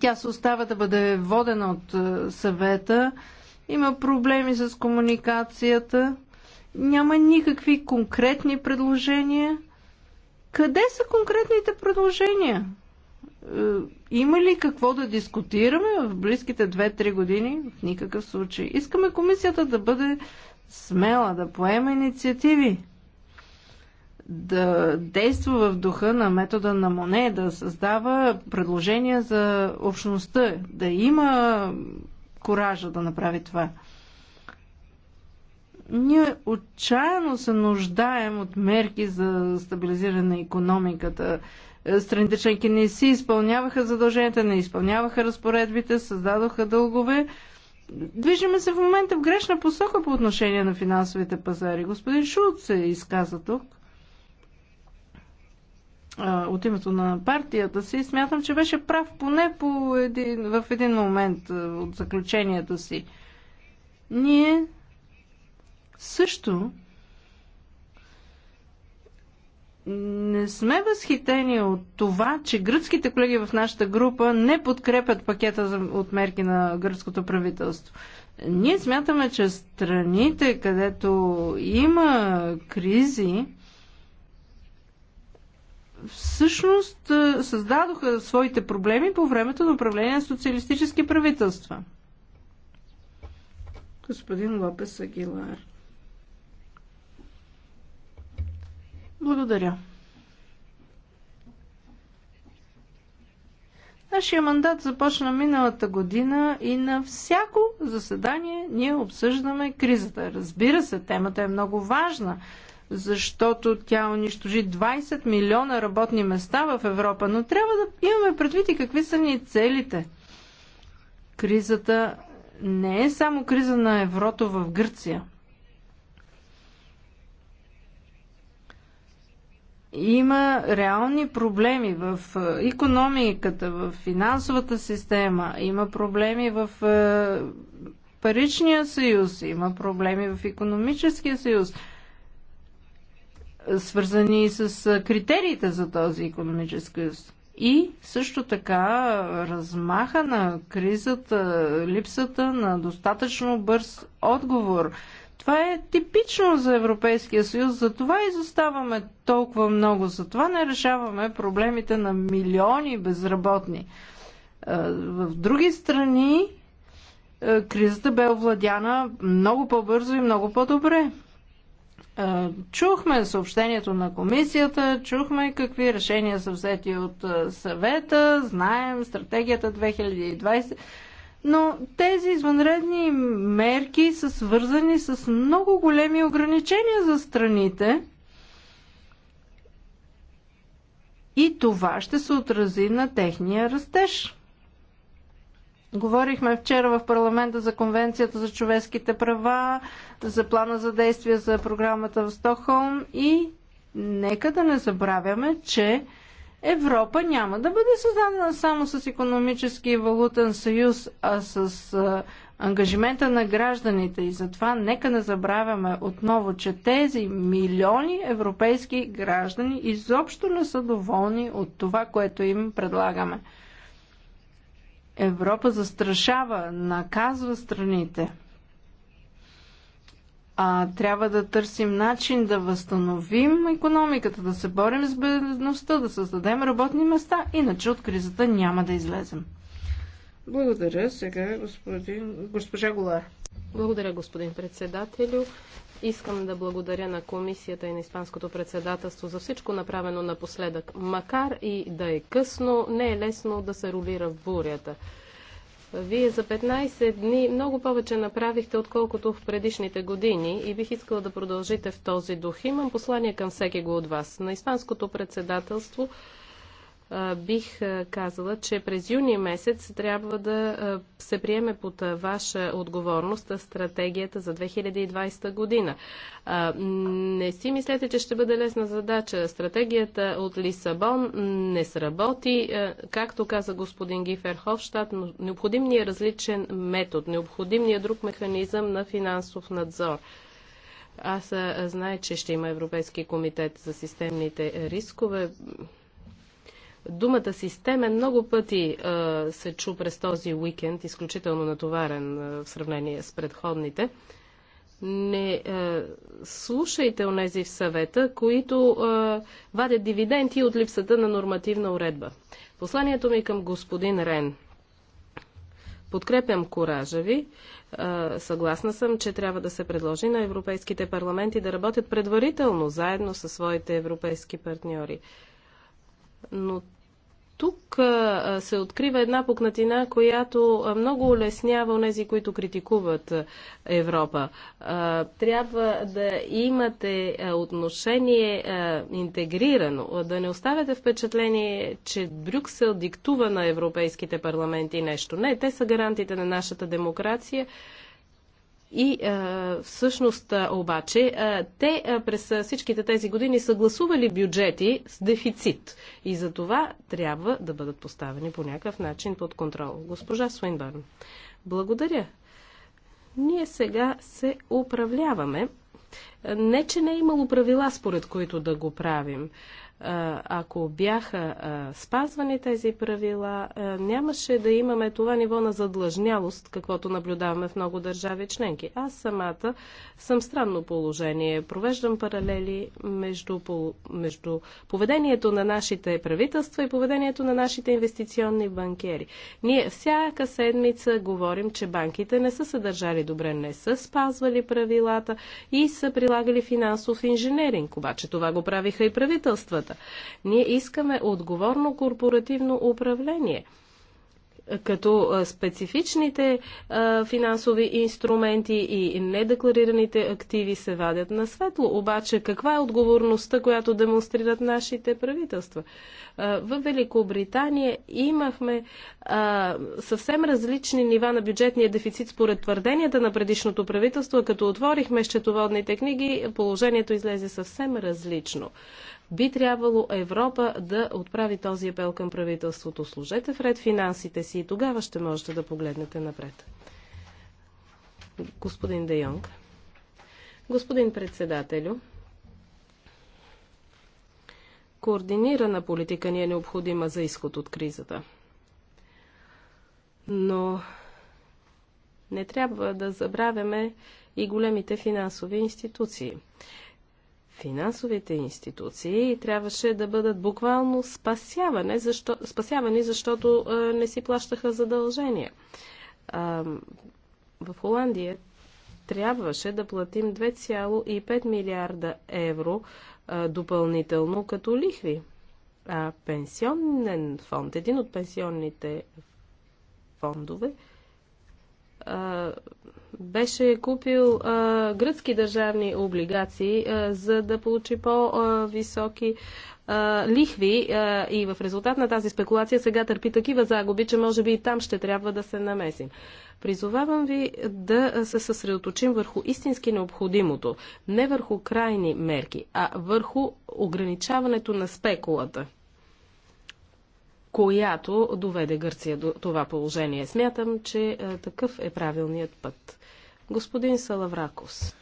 Тя се остава да бъде водена от е, съвета. Има проблеми с комуникацията няма никакви конкретни предложения. Къде са конкретните предложения? Е, има ли какво да дискутираме в близките 2-3 години? В никакъв случай. Искаме комисията да бъде смела, да поема инициативи, да действа в духа на метода на Моне, да създава предложения за общността, да има коража да направи това. Ние отчаяно се нуждаем от мерки за стабилизиране на економиката. Е, страните членки не си изпълняваха задълженията, не изпълняваха разпоредбите, създадоха дългове. Движиме се в момента в грешна посока по отношение на финансовите пазари. Господин Шулт се изказа тук от името на партията си. Смятам, че беше прав поне по един, в един момент е, от заключението си. Ние също не сме възхитени от това, че гръцките колеги в нашата група не подкрепят пакета от мерки на гръцкото правителство. Ние смятаме, че страните, където има кризи, всъщност създадоха своите проблеми по времето на управление на социалистически правителства. Господин Лопес Агилар. Благодаря. Нашия мандат започна миналата година и на всяко заседание ние обсъждаме кризата. Разбира се, темата е много важна, защото тя унищожи 20 милиона работни места в Европа, но трябва да имаме предвид и какви са ни целите. Кризата не е само криза на еврото в Гърция. има реални проблеми в економиката, в финансовата система, има проблеми в е, паричния съюз, има проблеми в економическия съюз, свързани с е, критериите за този економически съюз. И също така е, размаха на кризата, липсата на достатъчно бърз отговор – това е типично за Европейския съюз, за това изоставаме толкова много, за това не решаваме проблемите на милиони безработни. Е, в други страни е, кризата бе овладяна много по-бързо и много по-добре. Е, чухме съобщението на комисията, чухме какви решения са взети от съвета, знаем стратегията 2020 но тези извънредни мерки са свързани с много големи ограничения за страните. И това ще се отрази на техния растеж. Говорихме вчера в парламента за Конвенцията за човешките права, за плана за действие за програмата в Стокхолм и нека да не забравяме, че Европа няма да бъде създадена само с економически и валутен съюз, а с а, ангажимента на гражданите. И затова нека не забравяме отново, че тези милиони европейски граждани изобщо не са доволни от това, което им предлагаме. Европа застрашава, наказва страните а, трябва да търсим начин да възстановим економиката, да се борим с бедността, да създадем работни места, иначе от кризата няма да излезем. Благодаря. Сега господин, госпожа Голар. Благодаря, господин председателю. Искам да благодаря на комисията и на Испанското председателство за всичко направено напоследък. Макар и да е късно, не е лесно да се рулира в бурята. Вие за 15 дни много повече направихте, отколкото в предишните години и бих искала да продължите в този дух. Имам послание към всеки го от вас. На Испанското председателство бих казала, че през юни месец трябва да се приеме под ваша отговорност стратегията за 2020 година. Не си мислете, че ще бъде лесна задача. Стратегията от Лисабон не сработи. Както каза господин Гифер Хофштадт, необходим ни е различен метод, необходим ни е друг механизъм на финансов надзор. Аз знае, че ще има Европейски комитет за системните рискове. Думата системен много пъти а, се чу през този уикенд, изключително натоварен а, в сравнение с предходните. Не а, слушайте онези в съвета, които а, вадят дивиденти от липсата на нормативна уредба. Посланието ми към господин Рен. Подкрепям коража ви. Съгласна съм, че трябва да се предложи на европейските парламенти да работят предварително, заедно със своите европейски партньори. Но тук се открива една пукнатина, която много улеснява онези, които критикуват Европа. Трябва да имате отношение интегрирано, да не оставяте впечатление, че Брюксел диктува на европейските парламенти нещо. Не, те са гарантите на нашата демокрация и а, е, всъщност а, е, обаче а, е, те а, през всичките тези години са гласували бюджети с дефицит и за това трябва да бъдат поставени по някакъв начин под контрол. Госпожа Суинбърн, благодаря. Ние сега се управляваме. Не, че не е имало правила, според които да го правим. Ако бяха спазвани тези правила, нямаше да имаме това ниво на задлъжнялост, каквото наблюдаваме в много държави членки. Аз самата съм странно положение. Провеждам паралели между, между поведението на нашите правителства и поведението на нашите инвестиционни банкери. Ние всяка седмица говорим, че банките не са съдържали добре, не са спазвали правилата и са прилагали финансов инженеринг. Обаче това го правиха и правителствата хората. Ние искаме отговорно корпоративно управление като специфичните а, финансови инструменти и недекларираните активи се вадят на светло. Обаче каква е отговорността, която демонстрират нашите правителства? в Великобритания имахме а, съвсем различни нива на бюджетния дефицит според твърденията на предишното правителство. Като отворихме счетоводните книги, положението излезе съвсем различно. Би трябвало Европа да отправи този апел към правителството. Служете вред финансите си и тогава ще можете да погледнете напред. Господин Де Йонг. Господин председателю, координирана политика ни е необходима за изход от кризата. Но не трябва да забравяме и големите финансови институции финансовите институции трябваше да бъдат буквално спасяване, защо, спасявани, защото а, не си плащаха задължения. А, в Холандия трябваше да платим 2,5 милиарда евро а, допълнително като лихви. А пенсионен фонд, един от пенсионните фондове, а, беше купил а, гръцки държавни облигации, а, за да получи по-високи лихви а, и в резултат на тази спекулация сега търпи такива загуби, че може би и там ще трябва да се намесим. Призовавам ви да се съсредоточим върху истински необходимото, не върху крайни мерки, а върху ограничаването на спекулата която доведе Гърция до това положение. Смятам, че е, такъв е правилният път. Господин Салавракос.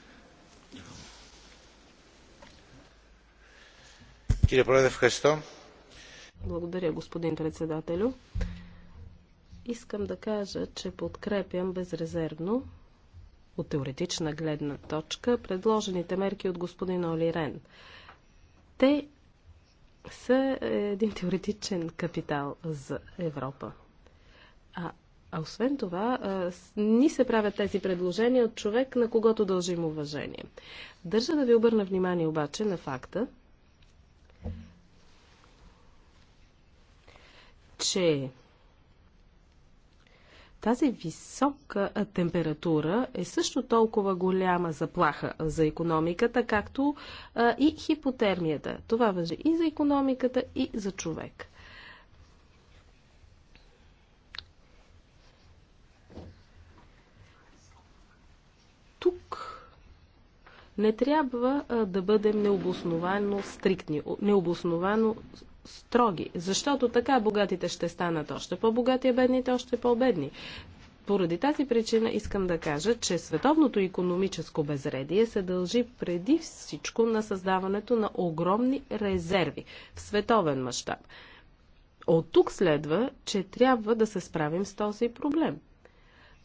Кире Проедев, Христо. Благодаря, господин председателю. Искам да кажа, че подкрепям безрезервно от теоретична гледна точка предложените мерки от господин Оли Рен. Те са е, един теоретичен капитал за Европа. А, а освен това, а, ни се правят тези предложения от човек, на когото дължим уважение. Държа да ви обърна внимание обаче на факта, че тази висока температура е също толкова голяма заплаха за економиката, както и хипотермията. Това въжи и за економиката, и за човек. Тук не трябва да бъдем необосновано стриктни, необосновано строги, защото така богатите ще станат още по-богати, а бедните още по-бедни. Поради тази причина искам да кажа, че световното економическо безредие се дължи преди всичко на създаването на огромни резерви в световен мащаб. От тук следва, че трябва да се справим с този проблем,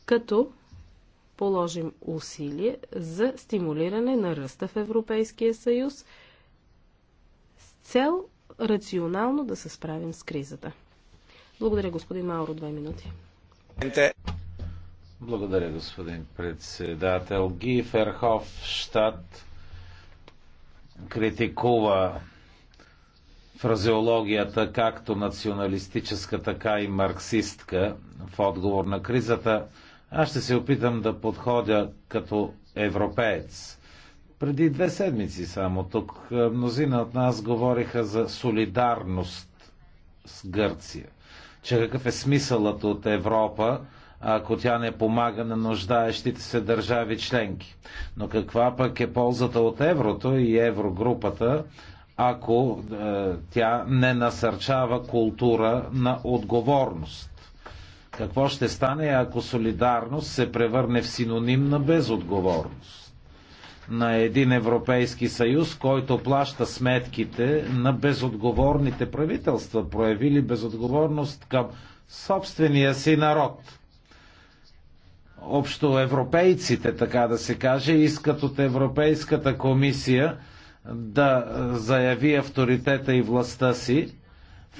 като положим усилие за стимулиране на ръста в Европейския съюз с цел рационално да се справим с кризата. Благодаря, господин Мауро. Две минути. Благодаря, господин председател. Ги Ферхов, щат, критикува фразеологията както националистическа, така и марксистка в отговор на кризата. Аз ще се опитам да подходя като европеец. Преди две седмици само тук мнозина от нас говориха за солидарност с Гърция. Че какъв е смисълът от Европа, ако тя не помага на нуждаещите се държави членки. Но каква пък е ползата от еврото и еврогрупата, ако е, тя не насърчава култура на отговорност? Какво ще стане, ако солидарност се превърне в синоним на безотговорност? на един Европейски съюз, който плаща сметките на безотговорните правителства, проявили безотговорност към собствения си народ. Общо европейците, така да се каже, искат от Европейската комисия да заяви авторитета и властта си,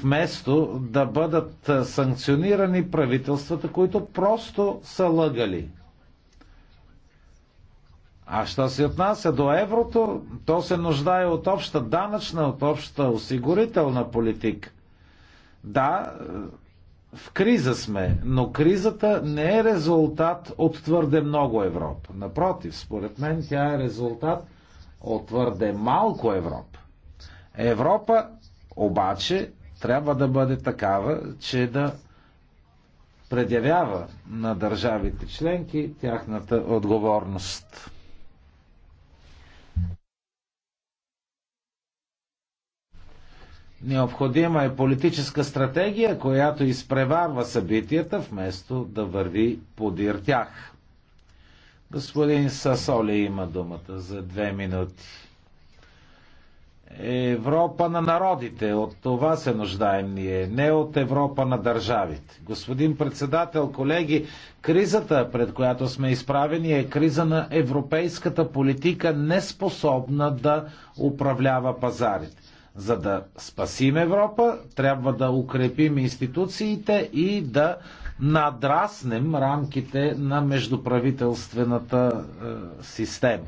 вместо да бъдат санкционирани правителствата, които просто са лъгали. А що се отнася до еврото, то се нуждае от обща данъчна, от обща осигурителна политика. Да, в криза сме, но кризата не е резултат от твърде много Европа. Напротив, според мен тя е резултат от твърде малко Европа. Европа обаче трябва да бъде такава, че да предявява на държавите членки тяхната отговорност. Необходима е политическа стратегия, която изпреварва събитията, вместо да върви подир тях. Господин Сасоли има думата за две минути. Европа на народите, от това се нуждаем ние, не от Европа на държавите. Господин председател, колеги, кризата, пред която сме изправени, е криза на европейската политика, неспособна да управлява пазарите. За да спасим Европа, трябва да укрепим институциите и да надраснем рамките на междуправителствената е, система.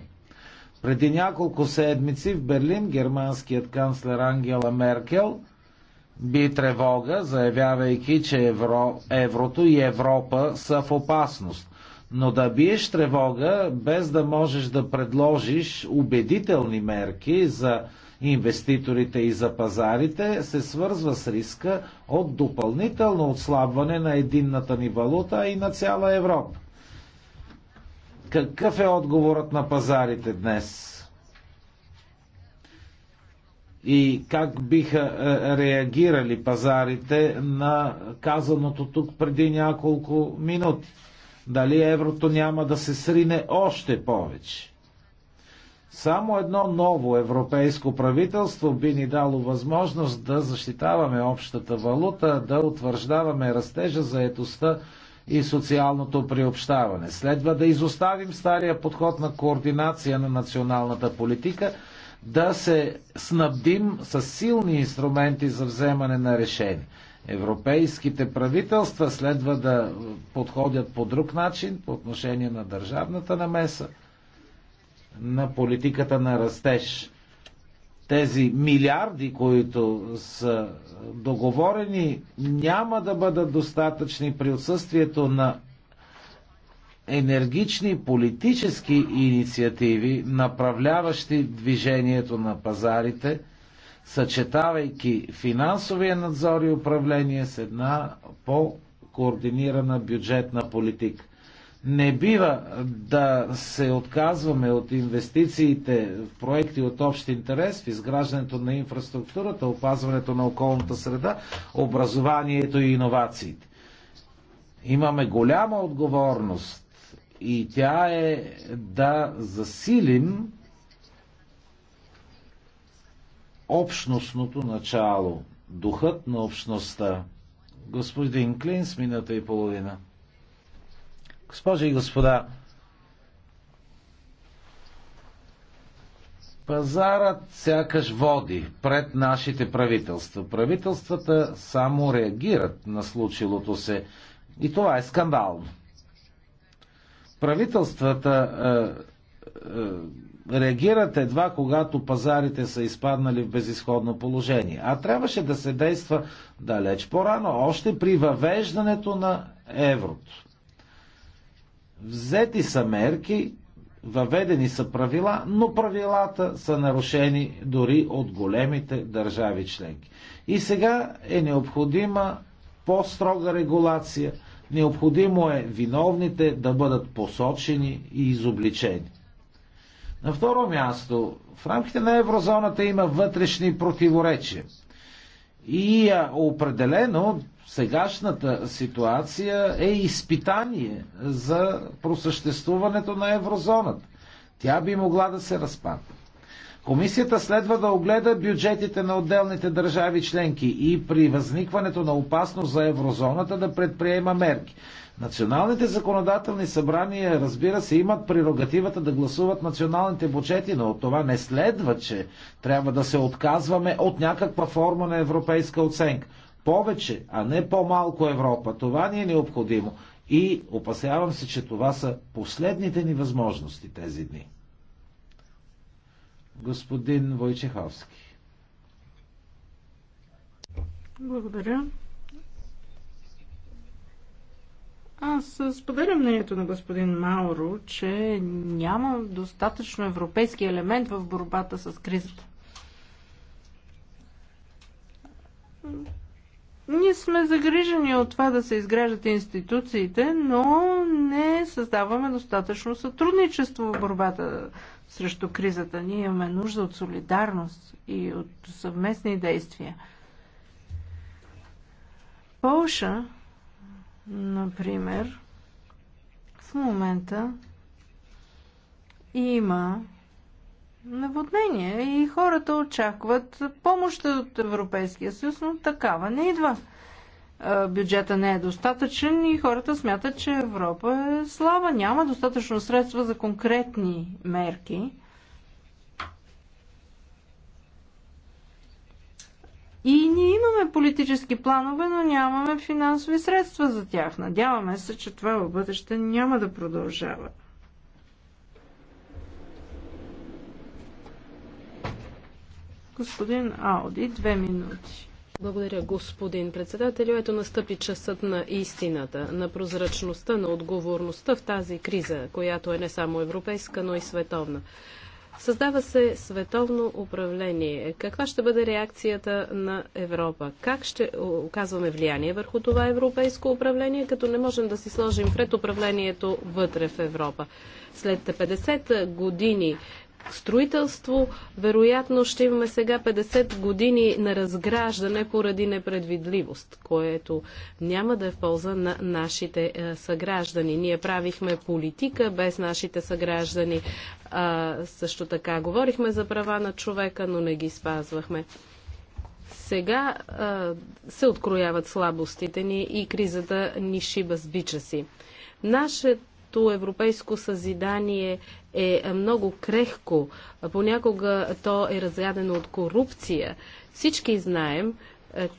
Преди няколко седмици в Берлин германският канцлер Ангела Меркел би тревога, заявявайки, че евро, еврото и Европа са в опасност. Но да биеш тревога, без да можеш да предложиш убедителни мерки за инвеститорите и за пазарите, се свързва с риска от допълнително отслабване на единната ни валута и на цяла Европа. Какъв е отговорът на пазарите днес? И как биха е, реагирали пазарите на казаното тук преди няколко минути? Дали еврото няма да се срине още повече? Само едно ново европейско правителство би ни дало възможност да защитаваме общата валута, да утвърждаваме растежа, заетостта и социалното приобщаване. Следва да изоставим стария подход на координация на националната политика, да се снабдим с силни инструменти за вземане на решения. Европейските правителства следва да подходят по друг начин по отношение на държавната намеса на политиката на растеж. Тези милиарди, които са договорени, няма да бъдат достатъчни при отсъствието на енергични политически инициативи, направляващи движението на пазарите, съчетавайки финансовия надзор и управление с една по-координирана бюджетна политика. Не бива да се отказваме от инвестициите в проекти от общ интерес, в изграждането на инфраструктурата, опазването на околната среда, образованието и иновациите. Имаме голяма отговорност и тя е да засилим общностното начало, духът на общността. Господин Клинс, мината и половина. Госпожи и господа, пазарът сякаш води пред нашите правителства. Правителствата само реагират на случилото се. И това е скандално. Правителствата е, е, е реагират едва когато пазарите са изпаднали в безисходно положение. А трябваше да се действа далеч по-рано, още при въвеждането на еврото. Взети са мерки, въведени са правила, но правилата са нарушени дори от големите държави членки. И сега е необходима по-строга регулация, необходимо е виновните да бъдат посочени и изобличени. На второ място, в рамките на еврозоната има вътрешни противоречия. И определено сегашната ситуация е изпитание за просъществуването на еврозоната. Тя би могла да се разпадне. Комисията следва да огледа бюджетите на отделните държави членки и при възникването на опасност за еврозоната да предприема мерки. Националните законодателни събрания, разбира се, имат прерогативата да гласуват националните бюджети, но от това не следва, че трябва да се отказваме от някаква форма на европейска оценка повече, а не по-малко Европа. Това ни е необходимо. И опасявам се, че това са последните ни възможности тези дни. Господин Войчеховски. Благодаря. Аз споделям мнението на господин Мауро, че няма достатъчно европейски елемент в борбата с кризата ние сме загрижени от това да се изграждат институциите, но не създаваме достатъчно сътрудничество в борбата срещу кризата. Ние имаме нужда от солидарност и от съвместни действия. Полша, например, в момента има наводнение и хората очакват помощ от Европейския съюз, но такава не идва. Бюджета не е достатъчен и хората смятат, че Европа е слаба. Няма достатъчно средства за конкретни мерки. И ние имаме политически планове, но нямаме финансови средства за тях. Надяваме се, че това в бъдеще няма да продължава. Господин Ауди, две минути. Благодаря, господин председател. Ето настъпи часът на истината, на прозрачността, на отговорността в тази криза, която е не само европейска, но и световна. Създава се световно управление. Каква ще бъде реакцията на Европа? Как ще оказваме влияние върху това европейско управление, като не можем да си сложим пред управлението вътре в Европа? След 50 години строителство, вероятно ще имаме сега 50 години на разграждане поради непредвидливост, което няма да е в полза на нашите е, съграждани. Ние правихме политика без нашите съграждани. А, също така говорихме за права на човека, но не ги спазвахме. Сега а, се открояват слабостите ни и кризата ни шиба с бича си. Нашето нашето европейско съзидание е много крехко. Понякога то е разрядено от корупция. Всички знаем, е,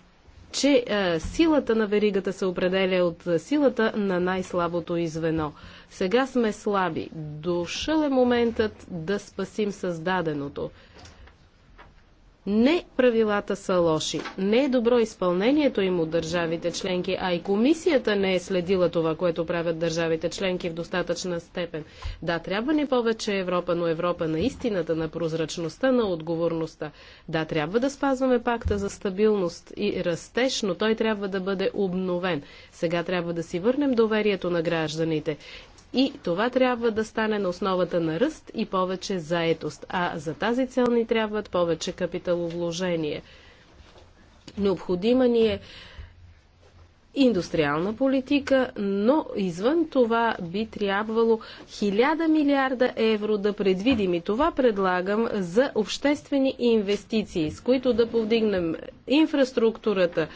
че е, силата на веригата се определя от силата на най-слабото извено. Сега сме слаби. Дошъл е моментът да спасим създаденото. Не правилата са лоши, не е добро изпълнението им от държавите членки, а и комисията не е следила това, което правят държавите членки в достатъчна степен. Да, трябва ни повече Европа, но Европа на истината, на прозрачността, на отговорността. Да, трябва да спазваме пакта за стабилност и растеж, но той трябва да бъде обновен. Сега трябва да си върнем доверието на гражданите и това трябва да стане на основата на ръст и повече заетост. А за тази цел ни трябват повече капиталовложение. Необходима ни е индустриална политика, но извън това би трябвало 1000 милиарда евро да предвидим и това предлагам за обществени инвестиции, с които да повдигнем инфраструктурата,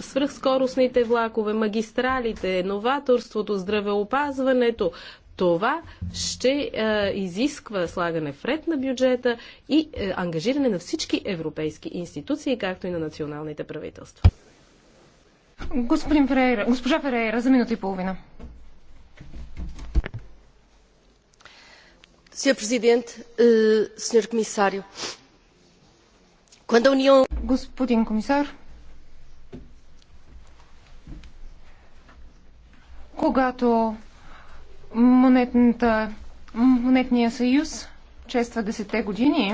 свръхскоростните влакове, магистралите, новаторството, здравеопазването, това ще е, изисква слагане в ред на бюджета и е, ангажиране на всички европейски институции, както и на националните правителства. Господин Ферейра, госпожа Ферейра, за минута и половина. Сър президент, е, сър комисарио, когато Унион... Господин комисар, когато монетната, монетния съюз чества 10 те години,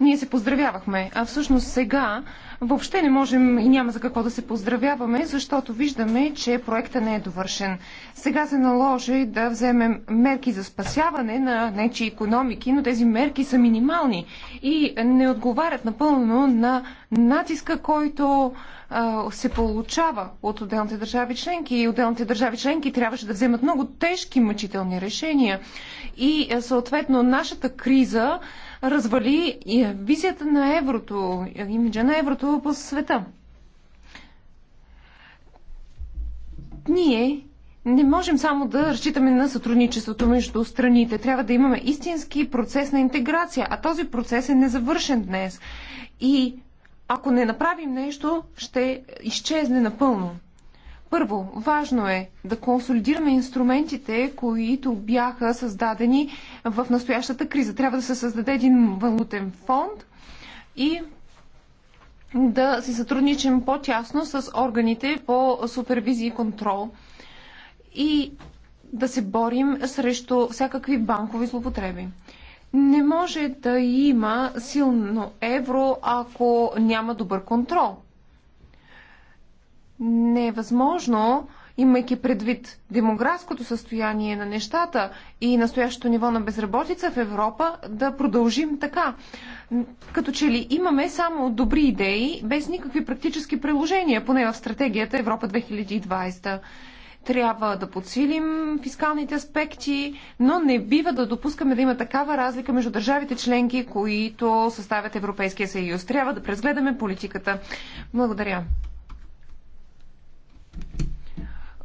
ние се поздравявахме, а всъщност сега Въобще не можем и няма за какво да се поздравяваме, защото виждаме, че проекта не е довършен. Сега се наложи да вземем мерки за спасяване на нечи економики, но тези мерки са минимални и не отговарят напълно на натиска, който а, се получава от отделните държави членки. И отделните държави членки трябваше да вземат много тежки мъчителни решения. И съответно нашата криза развали визията на еврото, имиджа на еврото по света. Ние не можем само да разчитаме на сътрудничеството между страните. Трябва да имаме истински процес на интеграция, а този процес е незавършен днес. И ако не направим нещо, ще изчезне напълно. Първо, важно е да консолидираме инструментите, които бяха създадени в настоящата криза. Трябва да се създаде един валутен фонд и да си сътрудничим по-тясно с органите по супервизия и контрол и да се борим срещу всякакви банкови злопотреби. Не може да има силно евро, ако няма добър контрол не е възможно, имайки предвид демографското състояние на нещата и настоящото ниво на безработица в Европа, да продължим така. Като че ли имаме само добри идеи, без никакви практически приложения, поне в стратегията Европа 2020 трябва да подсилим фискалните аспекти, но не бива да допускаме да има такава разлика между държавите членки, които съставят Европейския съюз. Трябва да презгледаме политиката. Благодаря.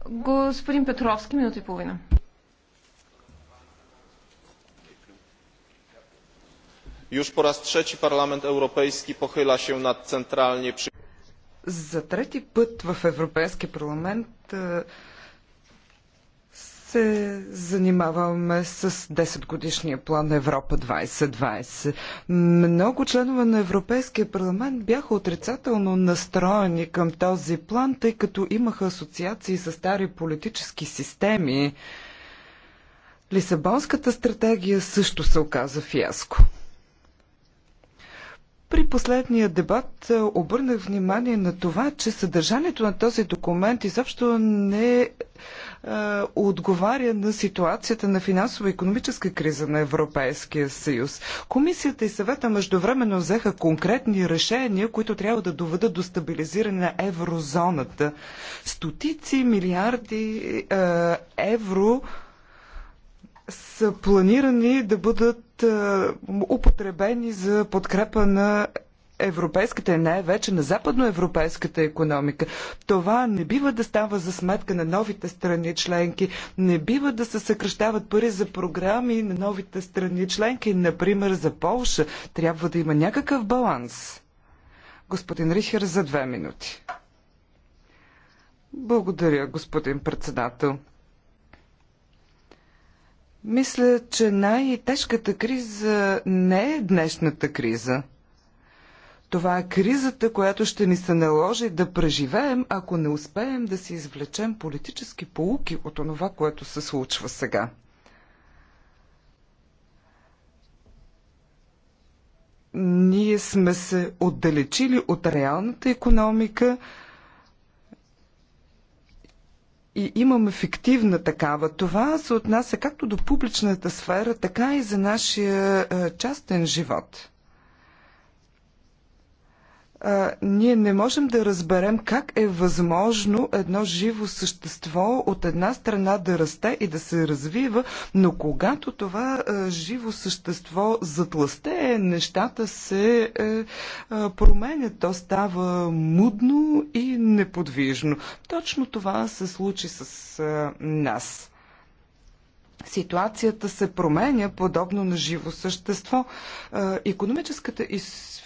Господин Петровски, минута и половина. Już po raz trzeci Parlament Europejski pochyla się nad centralnie przy... За трети път в Европейския парламент е, се занимаваме с 10 годишния план на Европа 2020. Много членове на Европейския парламент бяха отрицателно настроени към този план, тъй като имаха асоциации с стари политически системи. Лисабонската стратегия също се оказа фиаско. При последния дебат е, обърнах внимание на това, че съдържанието на този документ изобщо не е, отговаря на ситуацията на финансово-економическа криза на Европейския съюз. Комисията и съвета междувременно взеха конкретни решения, които трябва да доведат до стабилизиране на еврозоната. Стотици милиарди е, евро са планирани да бъдат е, употребени за подкрепа на европейската и най-вече на западноевропейската економика. Това не бива да става за сметка на новите страни членки, не бива да се съкръщават пари за програми на новите страни членки, например за Полша. Трябва да има някакъв баланс. Господин Рихер, за две минути. Благодаря, господин председател. Мисля, че най-тежката криза не е днешната криза. Това е кризата, която ще ни се наложи да преживеем, ако не успеем да си извлечем политически полуки от това, което се случва сега. Ние сме се отдалечили от реалната економика, и имаме фиктивна такава. Това се отнася както до публичната сфера, така и за нашия е, частен живот а, ние не можем да разберем как е възможно едно живо същество от една страна да расте и да се развива, но когато това а, живо същество затласте, нещата се е, променят. То става мудно и неподвижно. Точно това се случи с а, нас. Ситуацията се променя подобно на живо същество. Економическата и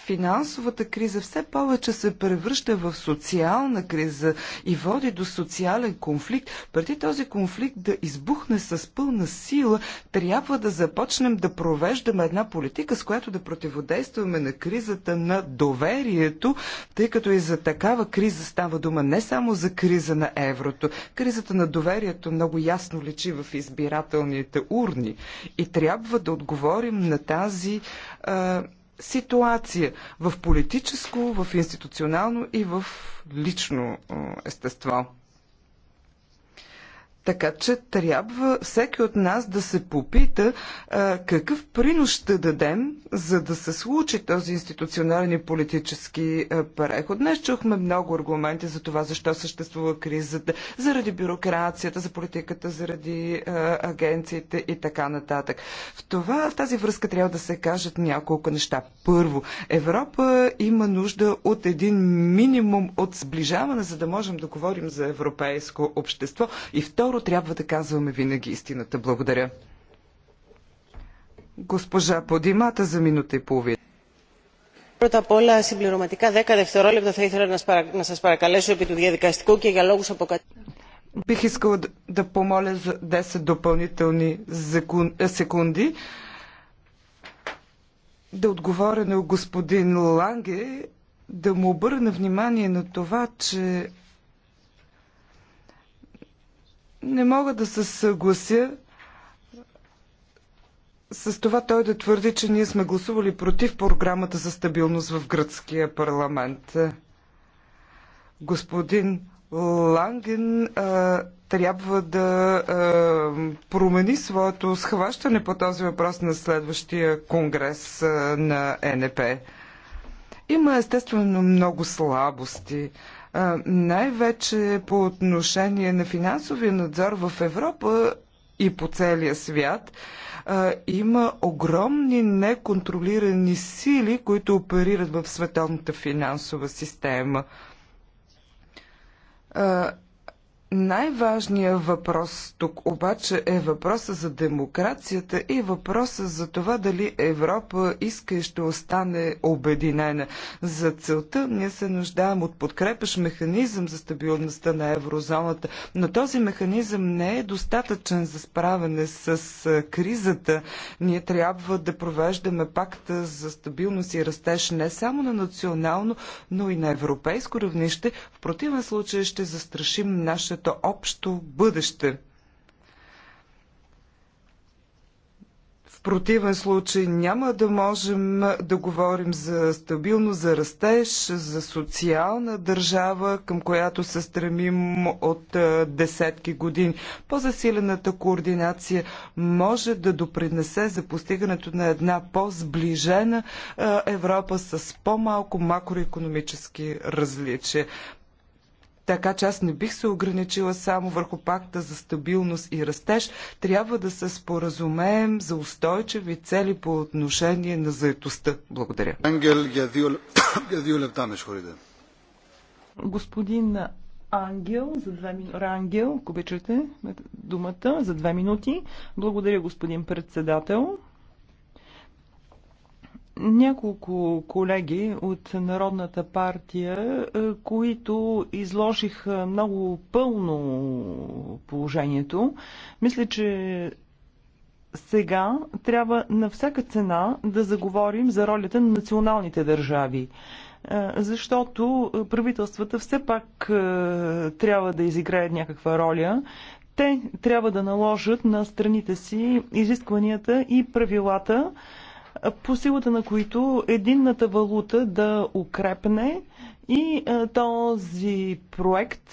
финансовата криза все повече се превръща в социална криза и води до социален конфликт. Преди този конфликт да избухне с пълна сила, трябва да започнем да провеждаме една политика, с която да противодействаме на кризата на доверието, тъй като и за такава криза става дума не само за криза на еврото. Кризата на доверието много ясно лечи в избирателните урни и трябва да отговорим на тази ситуация в политическо, в институционално и в лично естество. Така че трябва всеки от нас да се попита а, какъв принос ще дадем, за да се случи този институционален и политически а, преход. Днес чухме много аргументи за това, защо съществува кризата, заради бюрокрацията, за политиката, заради а, агенциите и така нататък. В, това, в тази връзка трябва да се кажат няколко неща. Първо, Европа има нужда от един минимум от сближаване, за да можем да говорим за европейско общество. И второ, по-скоро трябва да казваме винаги истината. Благодаря. Госпожа Подимата за минута и половина. Πρώτα απ' όλα, συμπληρωματικά 10 δευτερόλεπτα θα ήθελα να σας παρακαλέσω επί του διαδικαστικού και για λόγους αποκατάστασης. Бих искала да, да помоля за 10 допълнителни е, секунди да отговоря на господин Ланге, да му обърна внимание на това, че не мога да се съглася с това той да твърди, че ние сме гласували против програмата за стабилност в гръцкия парламент. Господин Ланген а, трябва да а, промени своето схващане по този въпрос на следващия конгрес а, на НП. Има естествено много слабости най-вече по отношение на финансовия надзор в Европа и по целия свят, има огромни неконтролирани сили, които оперират в световната финансова система най-важният въпрос тук обаче е въпроса за демокрацията и въпроса за това дали Европа иска и ще остане обединена. За целта ние се нуждаем от подкрепаш механизъм за стабилността на еврозоната, но този механизъм не е достатъчен за справяне с кризата. Ние трябва да провеждаме пакта за стабилност и растеж не само на национално, но и на европейско равнище. В противен случай ще застрашим нашата нашето общо бъдеще. В противен случай няма да можем да говорим за стабилност, за растеж, за социална държава, към която се стремим от десетки години. По-засилената координация може да допринесе за постигането на една по-сближена Европа с по-малко макроекономически различия. Така че аз не бих се ограничила само върху пакта за стабилност и растеж. Трябва да се споразумеем за устойчиви цели по отношение на заетостта. Благодаря. Ангел [COUGHS] е Господин Ангел, за две минути. Рангел, ако обичате думата, за две минути. Благодаря, господин председател няколко колеги от Народната партия, е, които изложиха много пълно положението. Мисля, че сега трябва на всяка цена да заговорим за ролята на националните държави е, защото правителствата все пак е, трябва да изиграят някаква роля. Те трябва да наложат на страните си изискванията и правилата, по силата на които единната валута да укрепне и този проект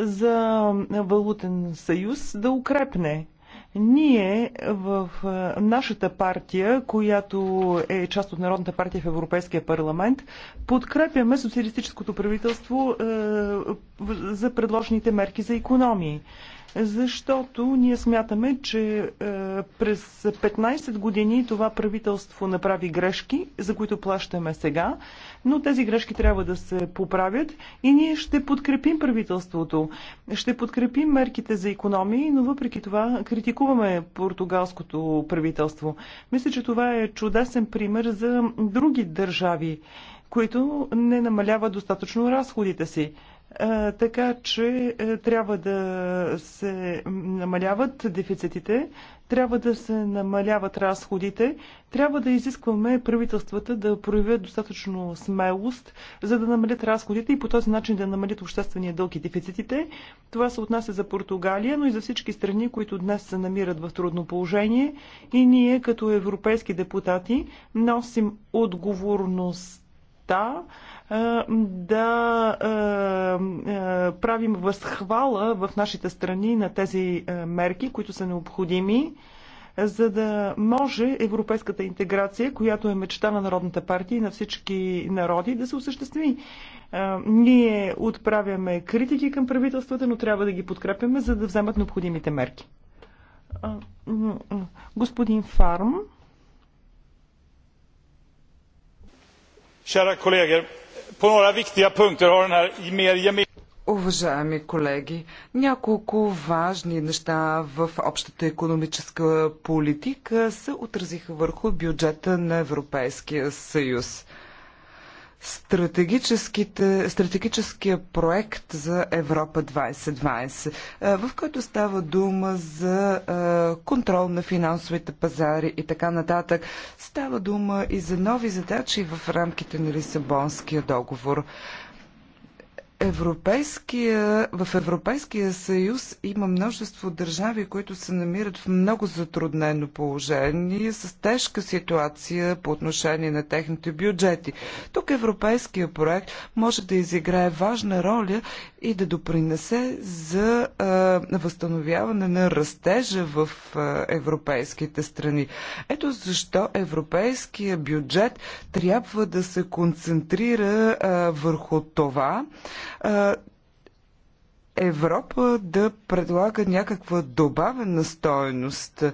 за валутен съюз да укрепне. Ние в нашата партия, която е част от Народната партия в Европейския парламент, подкрепяме социалистическото правителство за предложените мерки за економии защото ние смятаме, че е, през 15 години това правителство направи грешки, за които плащаме сега, но тези грешки трябва да се поправят и ние ще подкрепим правителството. Ще подкрепим мерките за економии, но въпреки това критикуваме португалското правителство. Мисля, че това е чудесен пример за други държави, които не намаляват достатъчно разходите си така че е, трябва да се намаляват дефицитите, трябва да се намаляват разходите, трябва да изискваме правителствата да проявят достатъчно смелост, за да намалят разходите и по този начин да намалят обществения дълг и дефицитите. Това се отнася за Португалия, но и за всички страни, които днес се намират в трудно положение. И ние, като европейски депутати, носим отговорност възможността е, да е, е, правим възхвала в нашите страни на тези мерки, които са необходими, за да може европейската интеграция, която е мечта на Народната партия и на всички народи, да се осъществи. Ние отправяме критики към правителствата, но трябва да ги подкрепяме, за да вземат необходимите мерки. Господин Фарм. Kära kollegor, på några viktiga punkter har den här mer gemensamma Уважаеми колеги, няколко важни неща в общата економическа политика се отразиха върху бюджета на Европейския съюз стратегическия проект за Европа 2020, в който става дума за контрол на финансовите пазари и така нататък. Става дума и за нови задачи в рамките на Лисабонския договор. Европейския, в Европейския съюз има множество държави, които се намират в много затруднено положение, с тежка ситуация по отношение на техните бюджети. Тук Европейския проект може да изиграе важна роля и да допринесе за а, възстановяване на растежа в а, европейските страни. Ето защо европейския бюджет трябва да се концентрира а, върху това, Европа да предлага някаква добавена стоеност.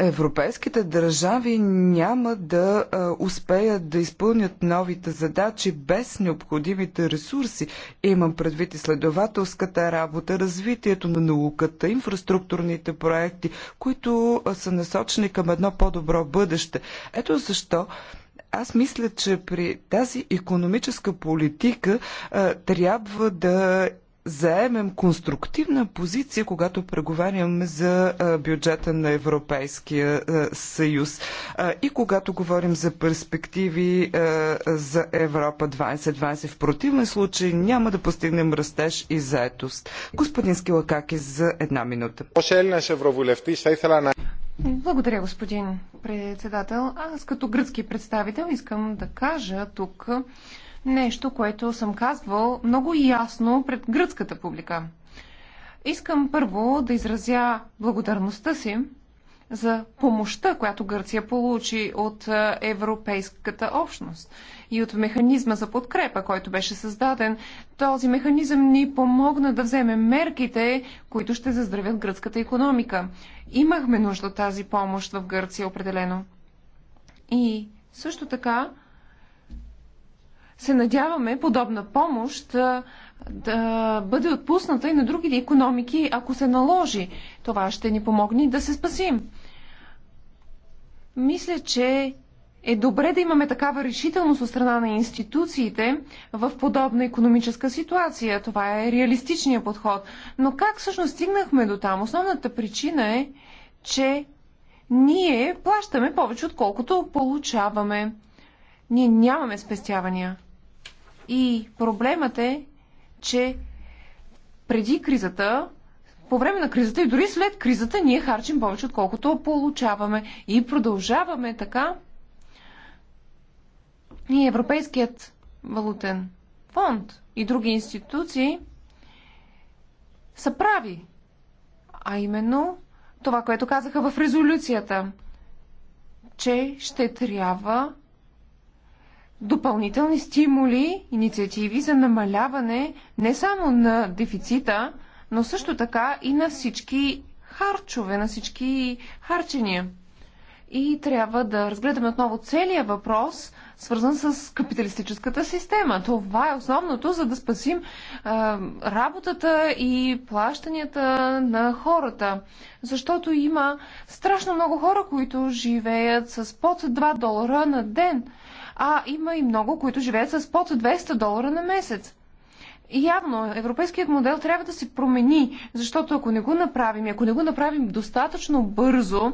Европейските държави няма да а, успеят да изпълнят новите задачи без необходимите ресурси. Имам предвид изследователската работа, развитието на науката, инфраструктурните проекти, които а, са насочени към едно по-добро бъдеще. Ето защо аз мисля, че при тази економическа политика а, трябва да заемем конструктивна позиция, когато преговаряме за бюджета на Европейския съюз и когато говорим за перспективи за Европа 2020. В противен случай няма да постигнем растеж и заетост. Господин Скилакаки, за една минута. Благодаря, господин председател. Аз като гръцки представител искам да кажа тук нещо, което съм казвал много ясно пред гръцката публика. Искам първо да изразя благодарността си за помощта, която Гърция получи от е, Европейската общност и от механизма за подкрепа, който беше създаден. Този механизъм ни помогна да вземем мерките, които ще заздравят гръцката економика. Имахме нужда тази помощ в Гърция определено. И също така се надяваме подобна помощ да бъде отпусната и на другите економики, ако се наложи. Това ще ни помогне да се спасим. Мисля, че е добре да имаме такава решителност от страна на институциите в подобна економическа ситуация. Това е реалистичният подход. Но как всъщност стигнахме до там? Основната причина е, че ние плащаме повече, отколкото получаваме. Ние нямаме спестявания. И проблемът е, че преди кризата по време на кризата и дори след кризата ние харчим повече, отколкото получаваме. И продължаваме така. И Европейският валутен фонд и други институции са прави. А именно това, което казаха в резолюцията, че ще трябва допълнителни стимули, инициативи за намаляване не само на дефицита, но също така и на всички харчове, на всички харчения. И трябва да разгледаме отново целият въпрос, свързан с капиталистическата система. Това е основното, за да спасим а, е, работата и плащанията на хората. Защото има страшно много хора, които живеят с под 2 долара на ден, а има и много, които живеят с под 200 долара на месец. Явно, европейският модел трябва да се промени, защото ако не го направим, ако не го направим достатъчно бързо,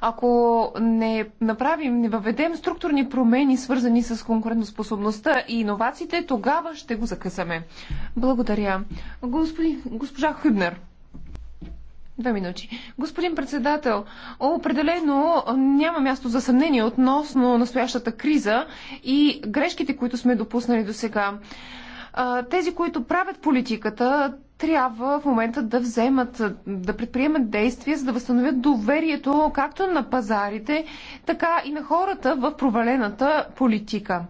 ако не направим, не въведем структурни промени, свързани с конкурентоспособността и иновациите, тогава ще го закъсаме. Благодаря. Господи, госпожа Хюбнер. Две минути. Господин председател, определено няма място за съмнение относно настоящата криза и грешките, които сме допуснали до сега тези, които правят политиката, трябва в момента да вземат, да предприемат действия, за да възстановят доверието както на пазарите, така и на хората в провалената политика.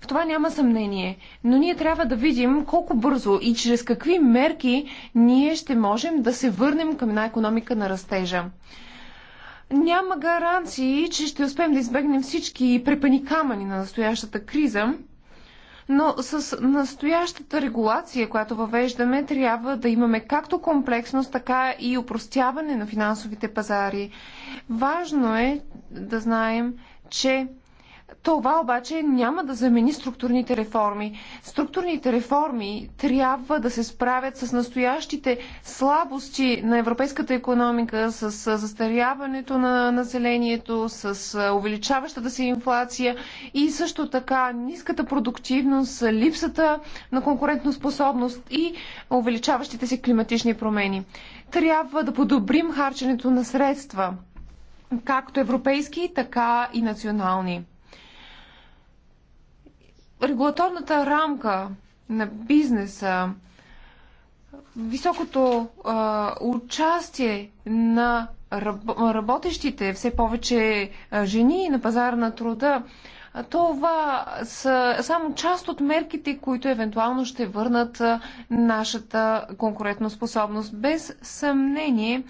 В това няма съмнение, но ние трябва да видим колко бързо и чрез какви мерки ние ще можем да се върнем към една економика на растежа. Няма гаранции, че ще успеем да избегнем всички камъни на настоящата криза – но с настоящата регулация, която въвеждаме, трябва да имаме както комплексност, така и упростяване на финансовите пазари. Важно е да знаем, че това обаче няма да замени структурните реформи. Структурните реформи трябва да се справят с настоящите слабости на европейската економика, с застаряването на населението, с увеличаващата се инфлация и също така ниската продуктивност, липсата на конкурентоспособност и увеличаващите се климатични промени. Трябва да подобрим харченето на средства, както европейски, така и национални регулаторната рамка на бизнеса, високото а, участие на работещите, все повече жени на пазара на труда, това са само част от мерките, които евентуално ще върнат нашата конкурентоспособност. Без съмнение,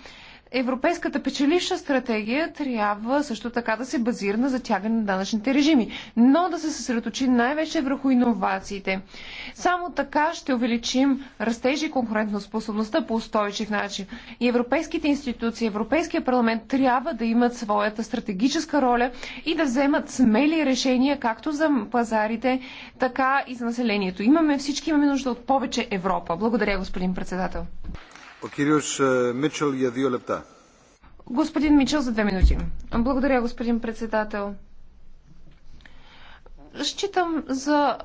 Европейската печеливша стратегия трябва също така да се базира на затягане на данъчните режими, но да се съсредоточи най-вече върху иновациите. Само така ще увеличим растежи и конкурентоспособността по устойчив начин. И европейските институции, Европейския парламент трябва да имат своята стратегическа роля и да вземат смели решения както за пазарите, така и за населението. Имаме всички, имаме нужда от повече Европа. Благодаря, господин председател. Господин Мичел за две минути. Благодаря, господин председател. Считам за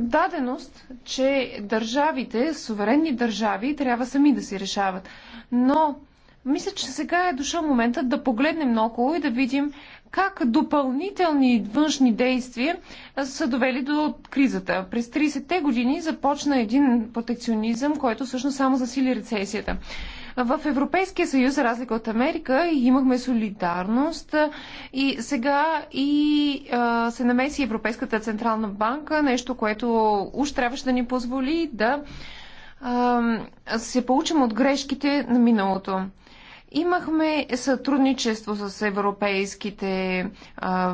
даденост, че държавите, суверенни държави, трябва сами да си решават. Но мисля, че сега е дошъл моментът да погледнем наоколо и да видим как допълнителни външни действия са довели до кризата. През 30-те години започна един протекционизъм, който всъщност само засили рецесията. В Европейския съюз, за разлика от Америка, имахме солидарност и сега и а, се намеси Европейската централна банка, нещо, което уж трябваше да ни позволи да а, се получим от грешките на миналото. Имахме сътрудничество с европейските,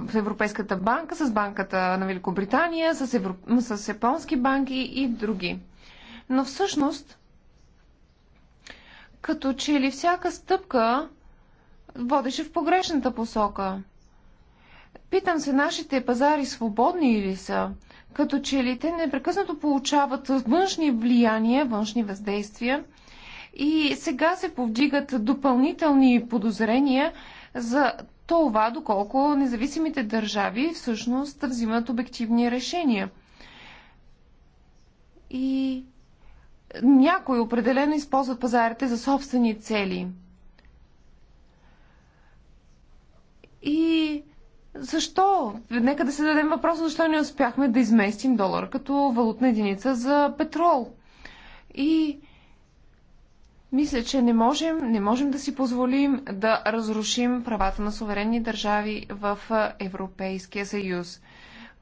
в Европейската банка, с банката на Великобритания, с, европ... с японски банки и други. Но всъщност, като че ли всяка стъпка водеше в погрешната посока. Питам се, нашите пазари свободни ли са? Като че ли те непрекъснато получават външни влияния, външни въздействия – и сега се повдигат допълнителни подозрения за това, доколко независимите държави всъщност взимат обективни решения. И някои определено използват пазарите за собствени цели. И защо? Нека да се дадем въпроса, защо не успяхме да изместим долар като валутна единица за петрол. И мисля, че не можем, не можем да си позволим да разрушим правата на суверенни държави в Европейския съюз.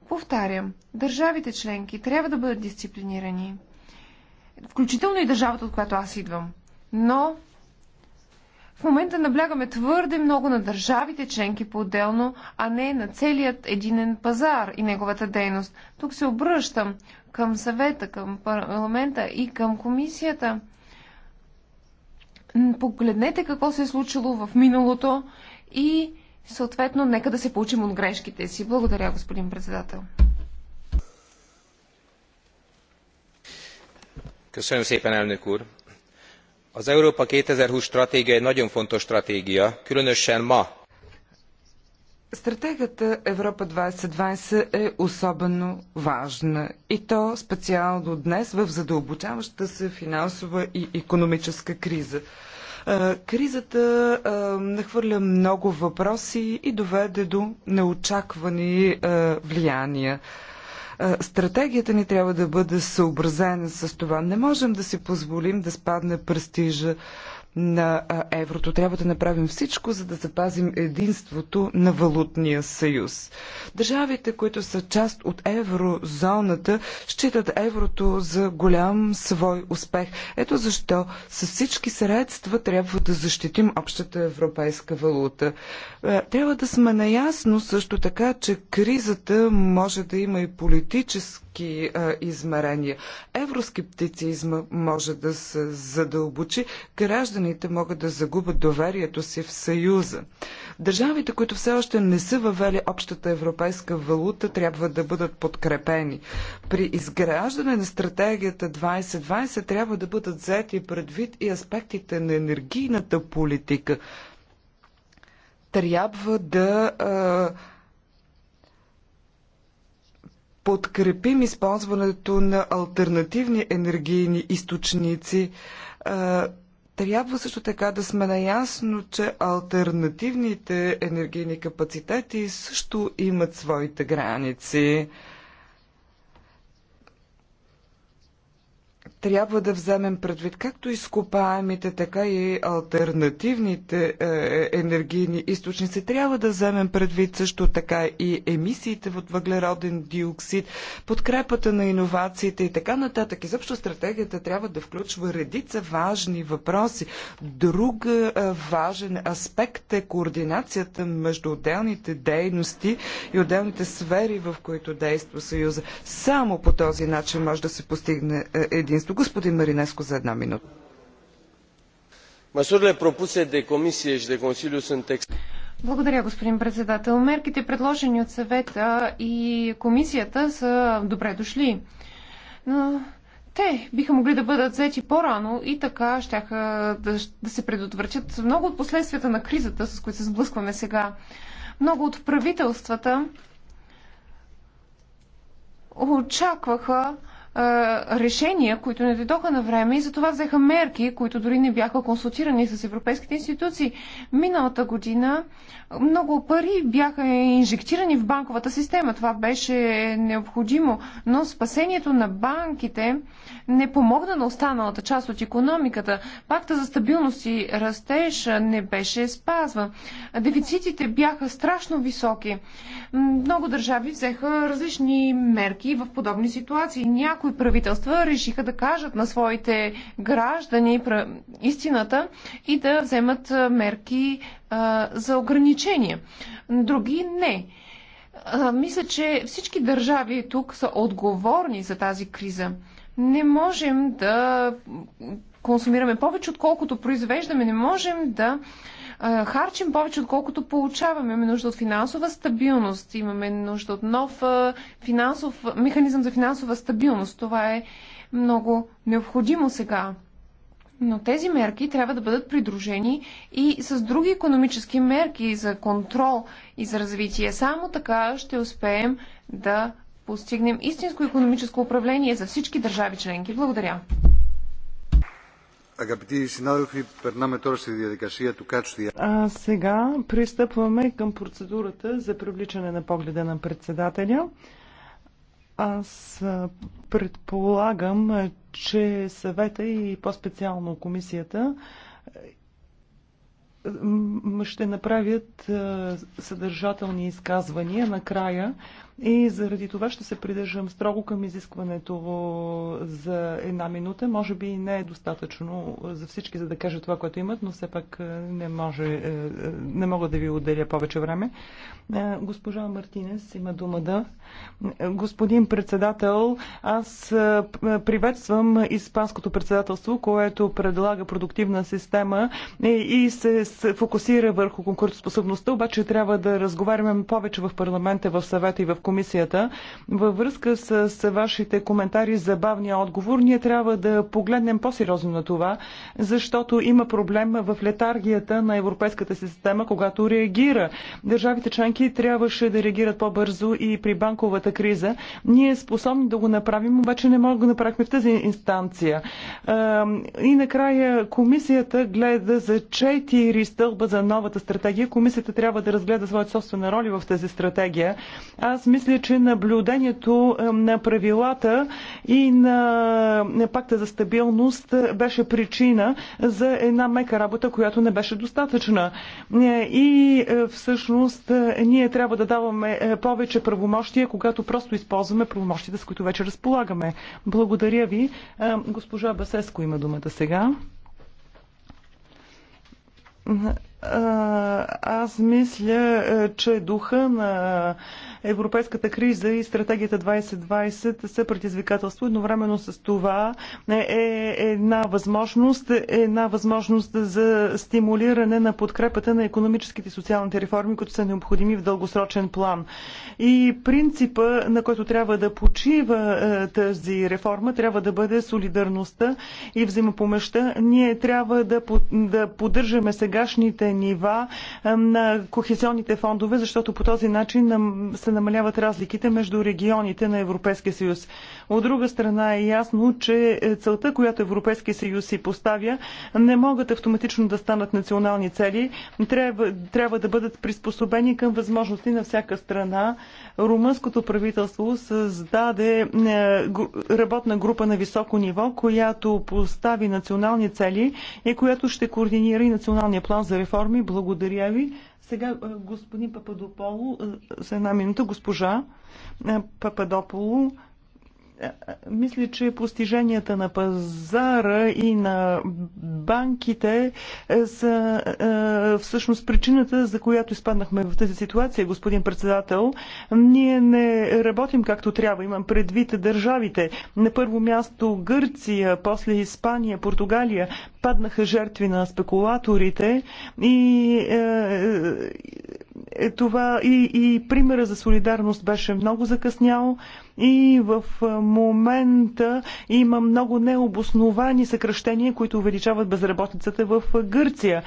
Повтарям, държавите членки трябва да бъдат дисциплинирани. Включително и държавата, от която аз идвам. Но в момента наблягаме твърде много на държавите членки по-отделно, а не на целият единен пазар и неговата дейност. Тук се обръщам към съвета, към парламента и към комисията – погледнете какво се е случило в миналото и съответно нека да се получим от грешките си. Благодаря, господин председател. Köszönöm szépen, elnök úr! Az Európa 2020 stratégia egy nagyon fontos stratégia, különösen ma, Стратегията Европа 2020 е особено важна и то специално днес в задълбочаваща се финансова и економическа криза. Е, кризата е, нахвърля много въпроси и доведе до неочаквани е, влияния. Стратегията ни трябва да бъде съобразена с това. Не можем да си позволим да спадне престижа на еврото. Трябва да направим всичко, за да запазим единството на валутния съюз. Държавите, които са част от еврозоната, считат еврото за голям свой успех. Ето защо с всички средства трябва да защитим общата европейска валута. Е, трябва да сме наясно също така, че кризата може да има и политически измерения. Евроскептицизма може да се задълбочи. Граждани гражданите могат да загубят доверието си в Съюза. Държавите, които все още не са въвели общата европейска валута, трябва да бъдат подкрепени. При изграждане на стратегията 2020 трябва да бъдат взети предвид и аспектите на енергийната политика. Трябва да. А, подкрепим използването на альтернативни енергийни източници, трябва също така да сме наясно, че альтернативните енергийни капацитети също имат своите граници. трябва да вземем предвид както изкопаемите, така и альтернативните е, е, енергийни източници. Трябва да вземем предвид също така и емисиите от въглероден диоксид, подкрепата на иновациите и така нататък. Изобщо стратегията трябва да включва редица важни въпроси. Друг е, важен аспект е координацията между отделните дейности и отделните сфери, в които действа Съюза. Само по този начин може да се постигне единство Господин Маринеско за една минута. Măsurile propuse de Comisie și de Consiliu sunt благодаря, господин председател. Мерките, предложени от съвета и комисията, са добре дошли. Но те биха могли да бъдат взети по-рано и така щяха да, да се предотвратят много от последствията на кризата, с които се сблъскваме сега. Много от правителствата очакваха решения, които не дойдоха на време и затова взеха мерки, които дори не бяха консултирани с европейските институции. Миналата година много пари бяха инжектирани в банковата система. Това беше необходимо, но спасението на банките не помогна на останалата част от економиката. Пакта за стабилност и растеж не беше спазван. Дефицитите бяха страшно високи. Много държави взеха различни мерки в подобни ситуации. Някои правителства решиха да кажат на своите граждани истината и да вземат мерки за ограничения. Други не. Мисля, че всички държави тук са отговорни за тази криза не можем да консумираме повече, отколкото произвеждаме, не можем да харчим повече, отколкото получаваме. Имаме нужда от финансова стабилност, имаме нужда от нов финансов, механизъм за финансова стабилност. Това е много необходимо сега. Но тези мерки трябва да бъдат придружени и с други економически мерки за контрол и за развитие. Само така ще успеем да постигнем истинско економическо управление за всички държави членки. Благодаря. А сега пристъпваме към процедурата за привличане на погледа на председателя. Аз предполагам, че съвета и по-специално комисията ще направят съдържателни изказвания накрая и заради това ще се придържам строго към изискването за една минута. Може би не е достатъчно за всички, за да кажа това, което имат, но все пак е, не, може, е, е, не мога да ви отделя повече време. Госпожа Мартинес има дума да. Господин председател, аз приветствам Испанското председателство, което предлага продуктивна система и се фокусира върху конкурентоспособността, обаче трябва да разговаряме повече в парламента, в съвета и в комисията. Във връзка с, с вашите коментари за бавния отговор, ние трябва да погледнем по-сериозно на това, защото има проблем в летаргията на европейската система, когато реагира. Държавите членки трябваше да реагират по-бързо и при банковата криза. Ние способни да го направим, обаче не можем да го направихме в тази инстанция. И накрая комисията гледа за четири стълба за новата стратегия. Комисията трябва да разгледа своята собствена роля в тази стратегия. Аз мисля, че наблюдението е, на правилата и на пакта за стабилност беше причина за една мека работа, която не беше достатъчна. Е, и е, всъщност ние трябва да даваме повече правомощия, когато просто използваме правомощите, с които вече разполагаме. Благодаря ви. Госпожа Басеско има думата сега. Аз мисля, е, че духа на европейската криза и стратегията 2020 са предизвикателство. Едновременно с това е, е една възможност, е една възможност за стимулиране на подкрепата на економическите и социалните реформи, които са необходими в дългосрочен план. И принципа, на който трябва да почива е, тази реформа, трябва да бъде солидарността и взаимопомеща. Ние трябва да поддържаме сегашните нива на кохезионните фондове, защото по този начин се намаляват разликите между регионите на Европейския съюз. От друга страна е ясно, че е, целта, която Европейския съюз си поставя, не могат автоматично да станат национални цели. Трябва, трябва да бъдат приспособени към възможности на всяка страна. Румънското правителство създаде е, работна група на високо ниво, която постави национални цели и която ще координира и националния план за реформа реформи. Благодаря ви. Сега е, господин Пападополо, е, за една минута, госпожа е, Пападополо, мисля, че постиженията на пазара и на банките е, са е, всъщност причината, за която изпаднахме в тази ситуация, господин председател. Ние не работим както трябва. Имам предвид държавите. На първо място Гърция, после Испания, Португалия паднаха жертви на спекулаторите и е, е, е това и, и примера за солидарност беше много закъснял и в момента има много необосновани съкръщения, които увеличават безработицата в Гърция.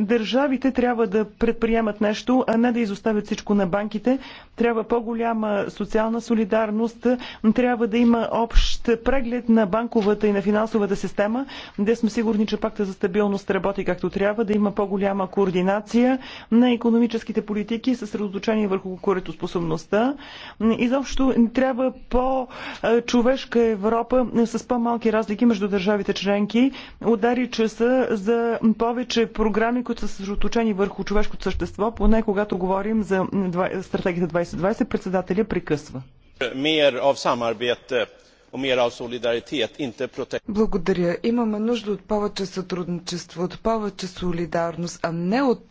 Държавите трябва да предприемат нещо, а не да изоставят всичко на банките. Трябва по-голяма социална солидарност, трябва да има общ преглед на банковата и на финансовата система, да сме сигурни, че пакта за стабилност работи както трябва, да има по-голяма координация на економическите политики, съсредоточени върху коретоспособността. Изобщо трябва такава по-човешка Европа с по-малки разлики между държавите членки. Удари часа за повече програми, които са съсредоточени върху човешкото същество, поне когато говорим за стратегията 2020, председателя прекъсва. Благодаря. Имаме нужда от повече сътрудничество, от повече солидарност, а не от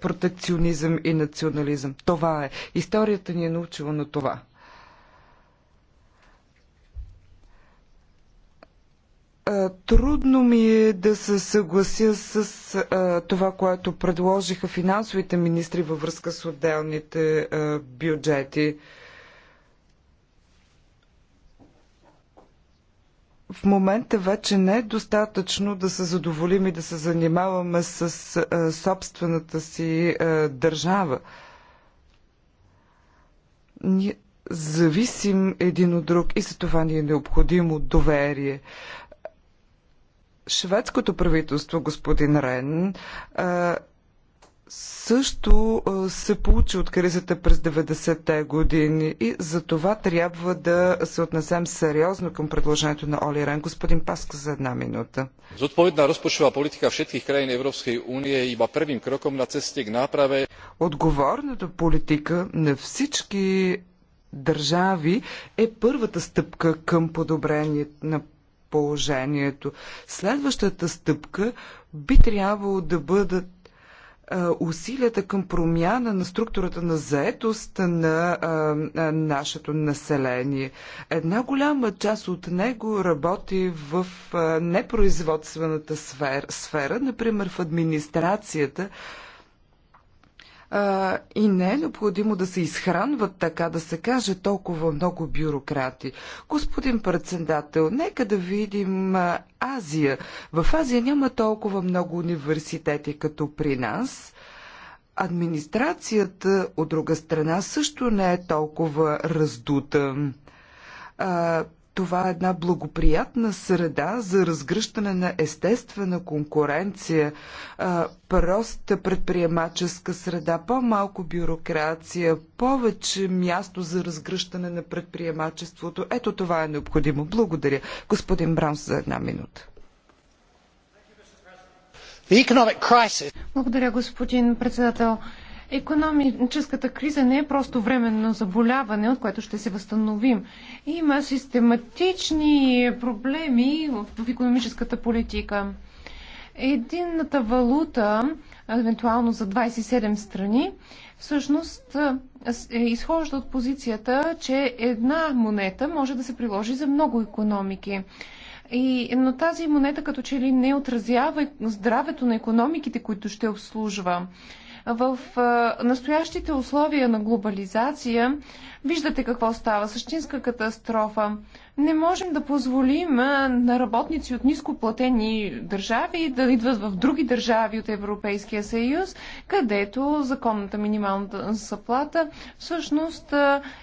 протекционизъм и национализъм. Това е. Историята ни е научила на това. Трудно ми е да се съглася с това, което предложиха финансовите министри във връзка с отделните бюджети. в момента вече не е достатъчно да се задоволим и да се занимаваме с а, собствената си а, държава. Ние зависим един от друг и за това ни е необходимо доверие. Шведското правителство, господин Рен, също се получи от кризата през 90-те години и за това трябва да се отнесем сериозно към предложението на Оли Рен. Господин Паск за една минута. Зodpovedná rozpočtová politika všetkých krajín Európskej únie je iba първим кроком на ceste к направе. Отговорната политика на всички държави е първата стъпка към подобрение на положението. Следващата стъпка би трябвало да бъдат усилията към промяна на структурата на заетост на а, а, нашето население. Една голяма част от него работи в а, непроизводствената сфера, сфера, например в администрацията, а, и не е необходимо да се изхранват, така да се каже, толкова много бюрократи. Господин председател, нека да видим а, Азия. В Азия няма толкова много университети като при нас. Администрацията, от друга страна, също не е толкова раздута. А, това е една благоприятна среда за разгръщане на естествена конкуренция, проста предприемаческа среда, по-малко бюрокрация, повече място за разгръщане на предприемачеството. Ето това е необходимо. Благодаря. Господин Браунс за една минута. Благодаря, господин председател. Економическата криза не е просто временно заболяване, от което ще се възстановим. Има систематични проблеми в економическата политика. Единната валута, евентуално за 27 страни, всъщност е, изхожда от позицията, че една монета може да се приложи за много економики. И, но тази монета като че ли не отразява здравето на економиките, които ще обслужва. В настоящите условия на глобализация виждате какво става. Същинска катастрофа. Не можем да позволим на работници от нископлатени държави да идват в други държави от Европейския съюз, където законната минимална заплата всъщност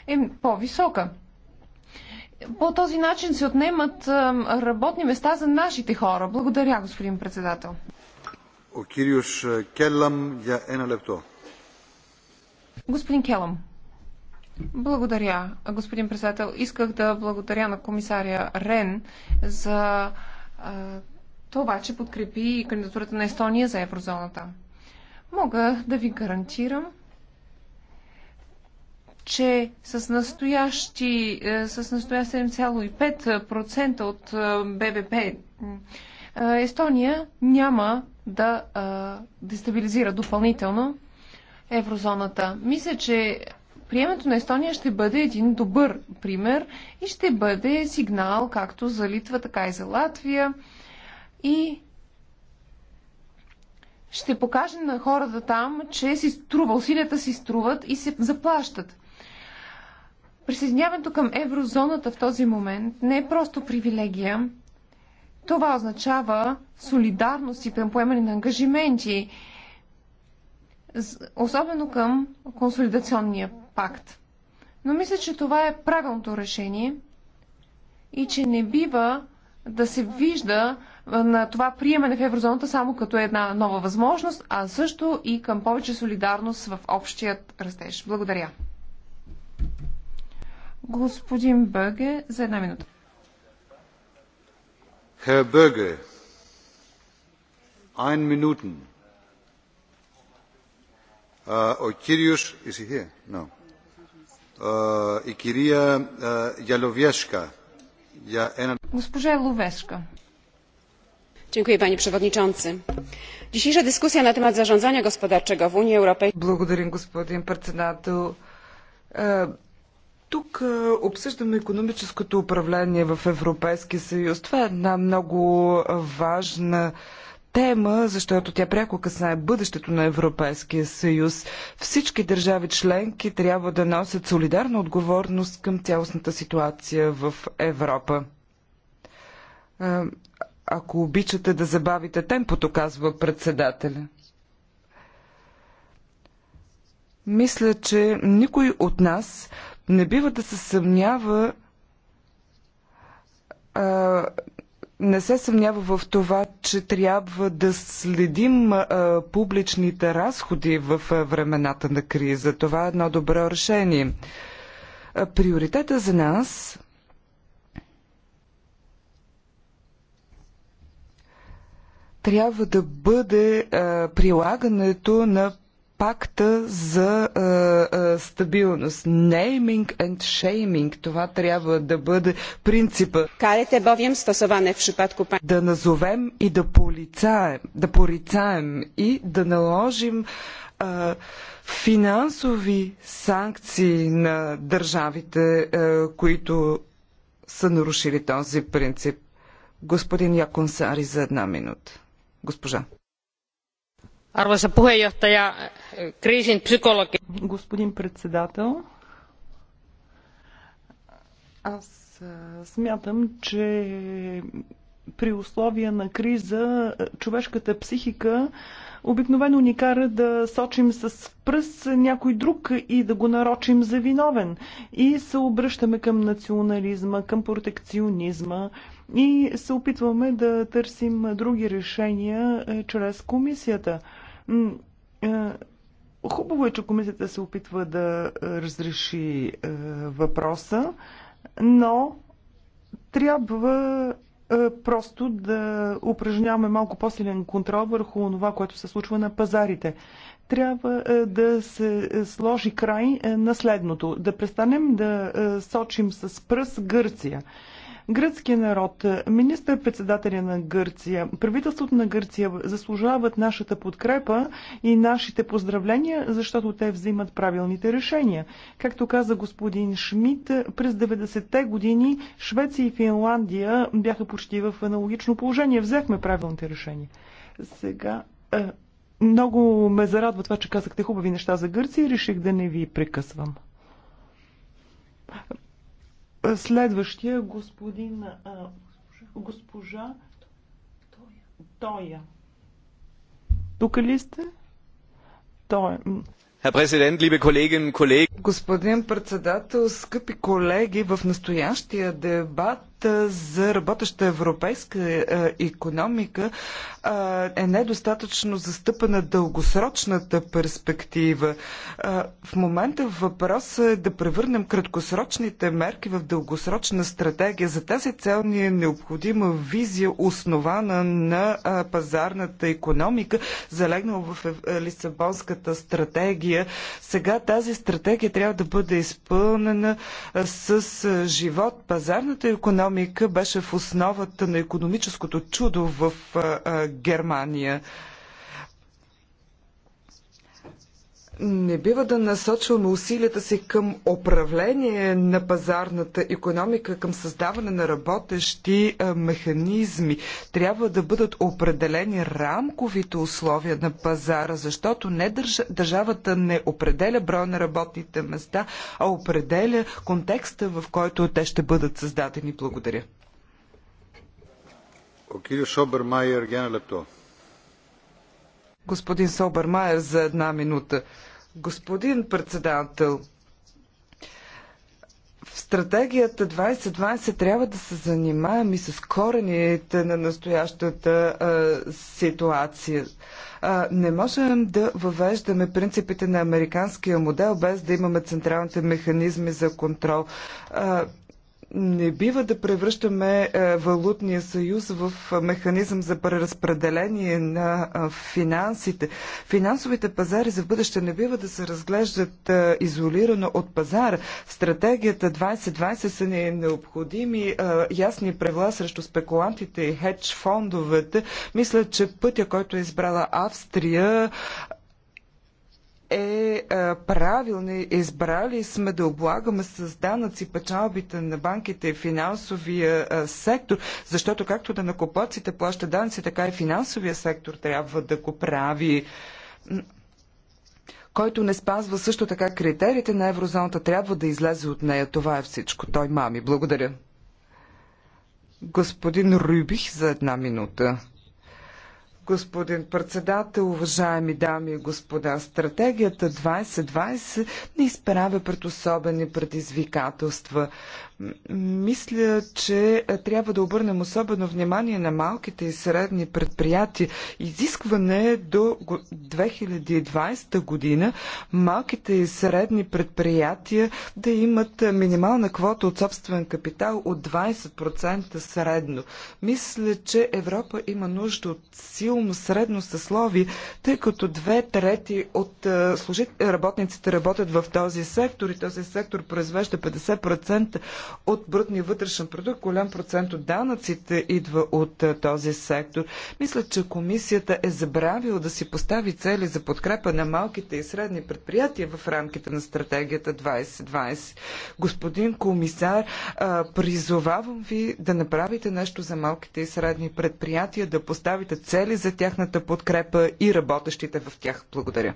е по-висока. По този начин се отнемат работни места за нашите хора. Благодаря, господин председател. Господин Келам, благодаря, господин председател. Исках да благодаря на комисаря Рен за това, че подкрепи кандидатурата на Естония за еврозоната. Мога да ви гарантирам, че с настоящи, е, с настоящи 7,5% от е, БВП Естония няма да дестабилизира допълнително еврозоната. Мисля, че приемането на Естония ще бъде един добър пример и ще бъде сигнал както за Литва, така и за Латвия. И ще покаже на хората там, че си струва, усилията си струват и се заплащат. Присъединяването към еврозоната в този момент не е просто привилегия, това означава солидарност и поемане на ангажименти, особено към консолидационния пакт. Но мисля, че това е правилното решение и че не бива да се вижда на това приемане в еврозоната само като една нова възможност, а също и към повече солидарност в общият растеж. Благодаря. Господин Бъге, за една минута herr böge ein minuten ο κύριος no η κυρία Γιαλοβιέσκα για ένα Госпожа Dziękuję panie przewodniczący. Dzisiejsza dyskusja na temat zarządzania gospodarczego w Unii Europejskiej. Благодарим господин председател. Тук обсъждаме економическото управление в Европейския съюз. Това е една много важна тема, защото тя пряко касае бъдещето на Европейския съюз. Всички държави членки трябва да носят солидарна отговорност към цялостната ситуация в Европа. Ако обичате да забавите темпото, казва председателя. Мисля, че никой от нас не бива да се съмнява а, не се съмнява в това, че трябва да следим а, публичните разходи в а, времената на криза. Това е едно добро решение. А, приоритета за нас трябва да бъде а, прилагането на пакта за а, а, стабилност. Naming and shaming. Това трябва да бъде принципа. Карете bowiem stosowane w przypadku Да назовем и да полицаем, да порицаем и да наложим а, финансови санкции на държавите, а, които са нарушили този принцип. Господин Яконсари за една минута. Госпожа. Arvoisa puheenjohtaja, kriisin psykologi... Господин председател, аз смятам, че при условия на криза човешката психика обикновено ни кара да сочим с пръст някой друг и да го нарочим за виновен. И се обръщаме към национализма, към протекционизма и се опитваме да търсим други решения чрез комисията. Хубаво е, че комисията се опитва да разреши въпроса, но трябва просто да упражняваме малко по-силен контрол върху това, което се случва на пазарите. Трябва да се сложи край на следното. Да престанем да сочим с пръст Гърция. Гръцкия народ, министър-председателя на Гърция, правителството на Гърция заслужават нашата подкрепа и нашите поздравления, защото те взимат правилните решения. Както каза господин Шмидт, през 90-те години Швеция и Финландия бяха почти в аналогично положение. Взехме правилните решения. Сега е, много ме зарадва това, че казахте хубави неща за Гърция и реших да не ви прекъсвам. Следващия е господин а, госпожа Тоя. Тук ли сте? Тоя. Господин председател, скъпи колеги, в настоящия дебат за работеща европейска економика е, е недостатъчно застъпена дългосрочната перспектива. Е, в момента въпросът е да превърнем краткосрочните мерки в дългосрочна стратегия. За тази цел ни е необходима визия, основана на е, пазарната економика, залегнала в Лисабонската стратегия. Сега тази стратегия трябва да бъде изпълнена с живот. Пазарната економика економика беше в основата на економическото чудо в Германия. Не бива да насочваме усилията си към управление на пазарната економика, към създаване на работещи механизми. Трябва да бъдат определени рамковите условия на пазара, защото не държ... държавата не определя броя на работните места, а определя контекста, в който те ще бъдат създадени. Благодаря. Господин Собермайер за една минута. Господин председател, в стратегията 2020 трябва да се занимаем и с корените на настоящата а, ситуация. А, не можем да въвеждаме принципите на американския модел без да имаме централните механизми за контрол. А, не бива да превръщаме е, валутния съюз в е, механизъм за преразпределение на е, финансите. Финансовите пазари за бъдеще не бива да се разглеждат изолирано от пазара. стратегията 2020 са ни необходими ясни правила срещу спекулантите и хедж фондовете. Мисля, че пътя, който е избрала Австрия, е, е правилно. Избрали сме да облагаме с данъци печалбите на банките и финансовия е, сектор, защото както да накопаците плаща данъци, така и финансовия сектор трябва да го прави който не спазва също така критериите на еврозоната, трябва да излезе от нея. Това е всичко. Той мами. Благодаря. Господин Рюбих за една минута господин председател, уважаеми дами и господа. Стратегията 2020 ни изправя пред особени предизвикателства. Мисля, че трябва да обърнем особено внимание на малките и средни предприятия. Изискване е до 2020 година малките и средни предприятия да имат минимална квота от собствен капитал от 20% средно. Мисля, че Европа има нужда от силно средно съсловие, тъй като две трети от е, служит... работниците работят в този сектор и този сектор произвежда 50% от брутния вътрешен продукт. Голям процент от данъците идва от този сектор. Мисля, че комисията е забравила да си постави цели за подкрепа на малките и средни предприятия в рамките на стратегията 2020. Господин комисар, призовавам ви да направите нещо за малките и средни предприятия, да поставите цели за тяхната подкрепа и работещите в тях. Благодаря. Благодаря.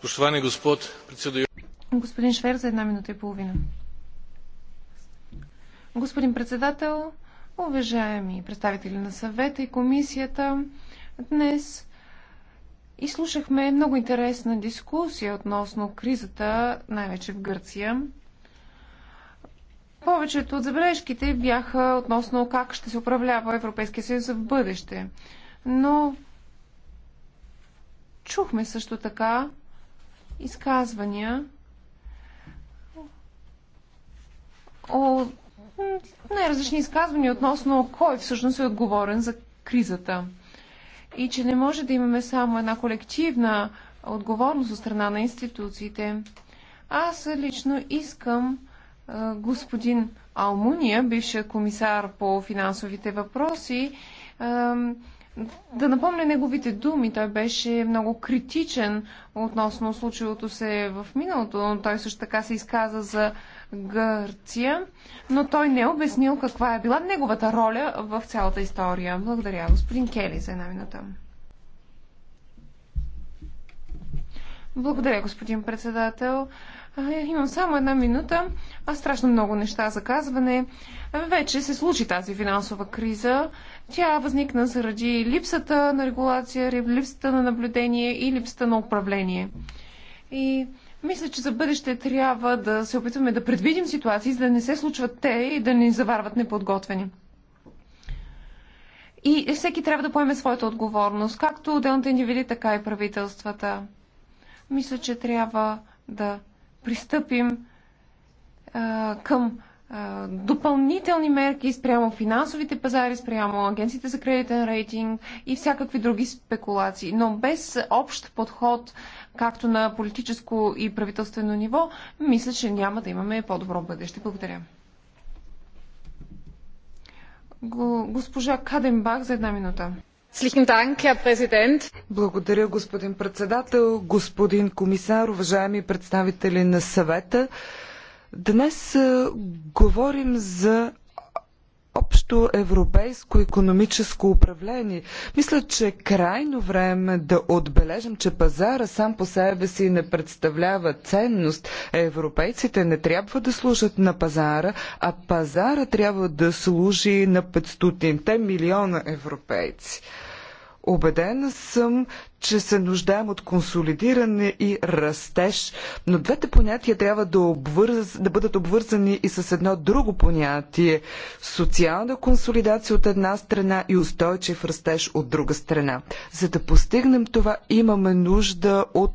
Spoštovani gospod predsedujoči. Господин Швер една минута и половина. Господин председател, уважаеми представители на съвета и комисията, днес изслушахме много интересна дискусия относно кризата, най-вече в Гърция. Повечето от забележките бяха относно как ще се управлява Европейския съюз в бъдеще. Но чухме също така изказвания о най-различни изказвания относно кой всъщност е отговорен за кризата. И че не може да имаме само една колективна отговорност от страна на институциите. Аз лично искам господин Алмуния, бившия комисар по финансовите въпроси, да напомня неговите думи. Той беше много критичен относно случилото се в миналото. но Той също така се изказа за Гърция, но той не е обяснил каква е била неговата роля в цялата история. Благодаря, господин Кели, за една минута. Благодаря, господин председател. А, имам само една минута, а страшно много неща за казване. Вече се случи тази финансова криза. Тя възникна заради липсата на регулация, липсата на наблюдение и липсата на управление. И мисля, че за бъдеще трябва да се опитваме да предвидим ситуации, за да не се случват те и да ни заварват неподготвени. И всеки трябва да поеме своята отговорност, както отделните индивиди, така и правителствата. Мисля, че трябва да пристъпим а, към а, допълнителни мерки спрямо финансовите пазари, спрямо агенциите за кредитен рейтинг и всякакви други спекулации. Но без общ подход, както на политическо и правителствено ниво, мисля, че няма да имаме по-добро бъдеще. Благодаря. Госпожа Каденбах за една минута. Благодаря, господин председател, господин комисар, уважаеми представители на съвета. Днес говорим за общо европейско економическо управление. Мисля, че е крайно време да отбележим, че пазара сам по себе си не представлява ценност. Европейците не трябва да служат на пазара, а пазара трябва да служи на 500-те милиона европейци. Обедена съм, че се нуждаем от консолидиране и растеж, но двете понятия трябва да, обвърз, да бъдат обвързани и с едно друго понятие социална консолидация от една страна и устойчив растеж от друга страна. За да постигнем това, имаме нужда от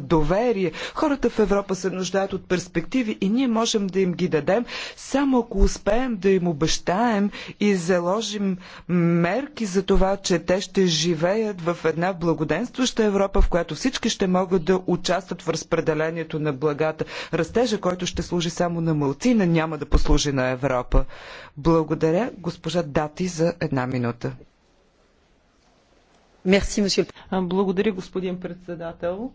доверие. Хората в Европа се нуждаят от перспективи и ние можем да им ги дадем, само ако успеем да им обещаем и заложим мерки за това, че те ще живеят в една благоденствена съществуваща Европа, в която всички ще могат да участват в разпределението на благата. Растежа, който ще служи само на мълцина, няма да послужи на Европа. Благодаря госпожа Дати за една минута. Благодаря, господин председател.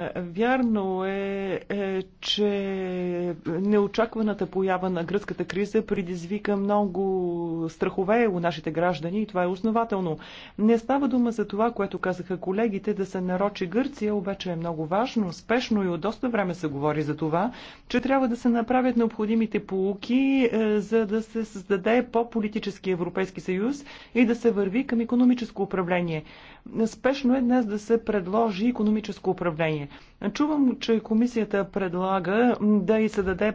Е, вярно е, е, че неочакваната поява на гръцката криза предизвика много страхове у нашите граждани и това е основателно. Не става дума за това, което казаха колегите, да се нарочи Гърция, обаче е много важно, спешно и от доста време се говори за това, че трябва да се направят необходимите полуки, е, за да се създаде по-политически Европейски съюз и да се върви към економическо управление. Спешно е днес да се предложи економическо управление. Чувам, че комисията предлага да и се даде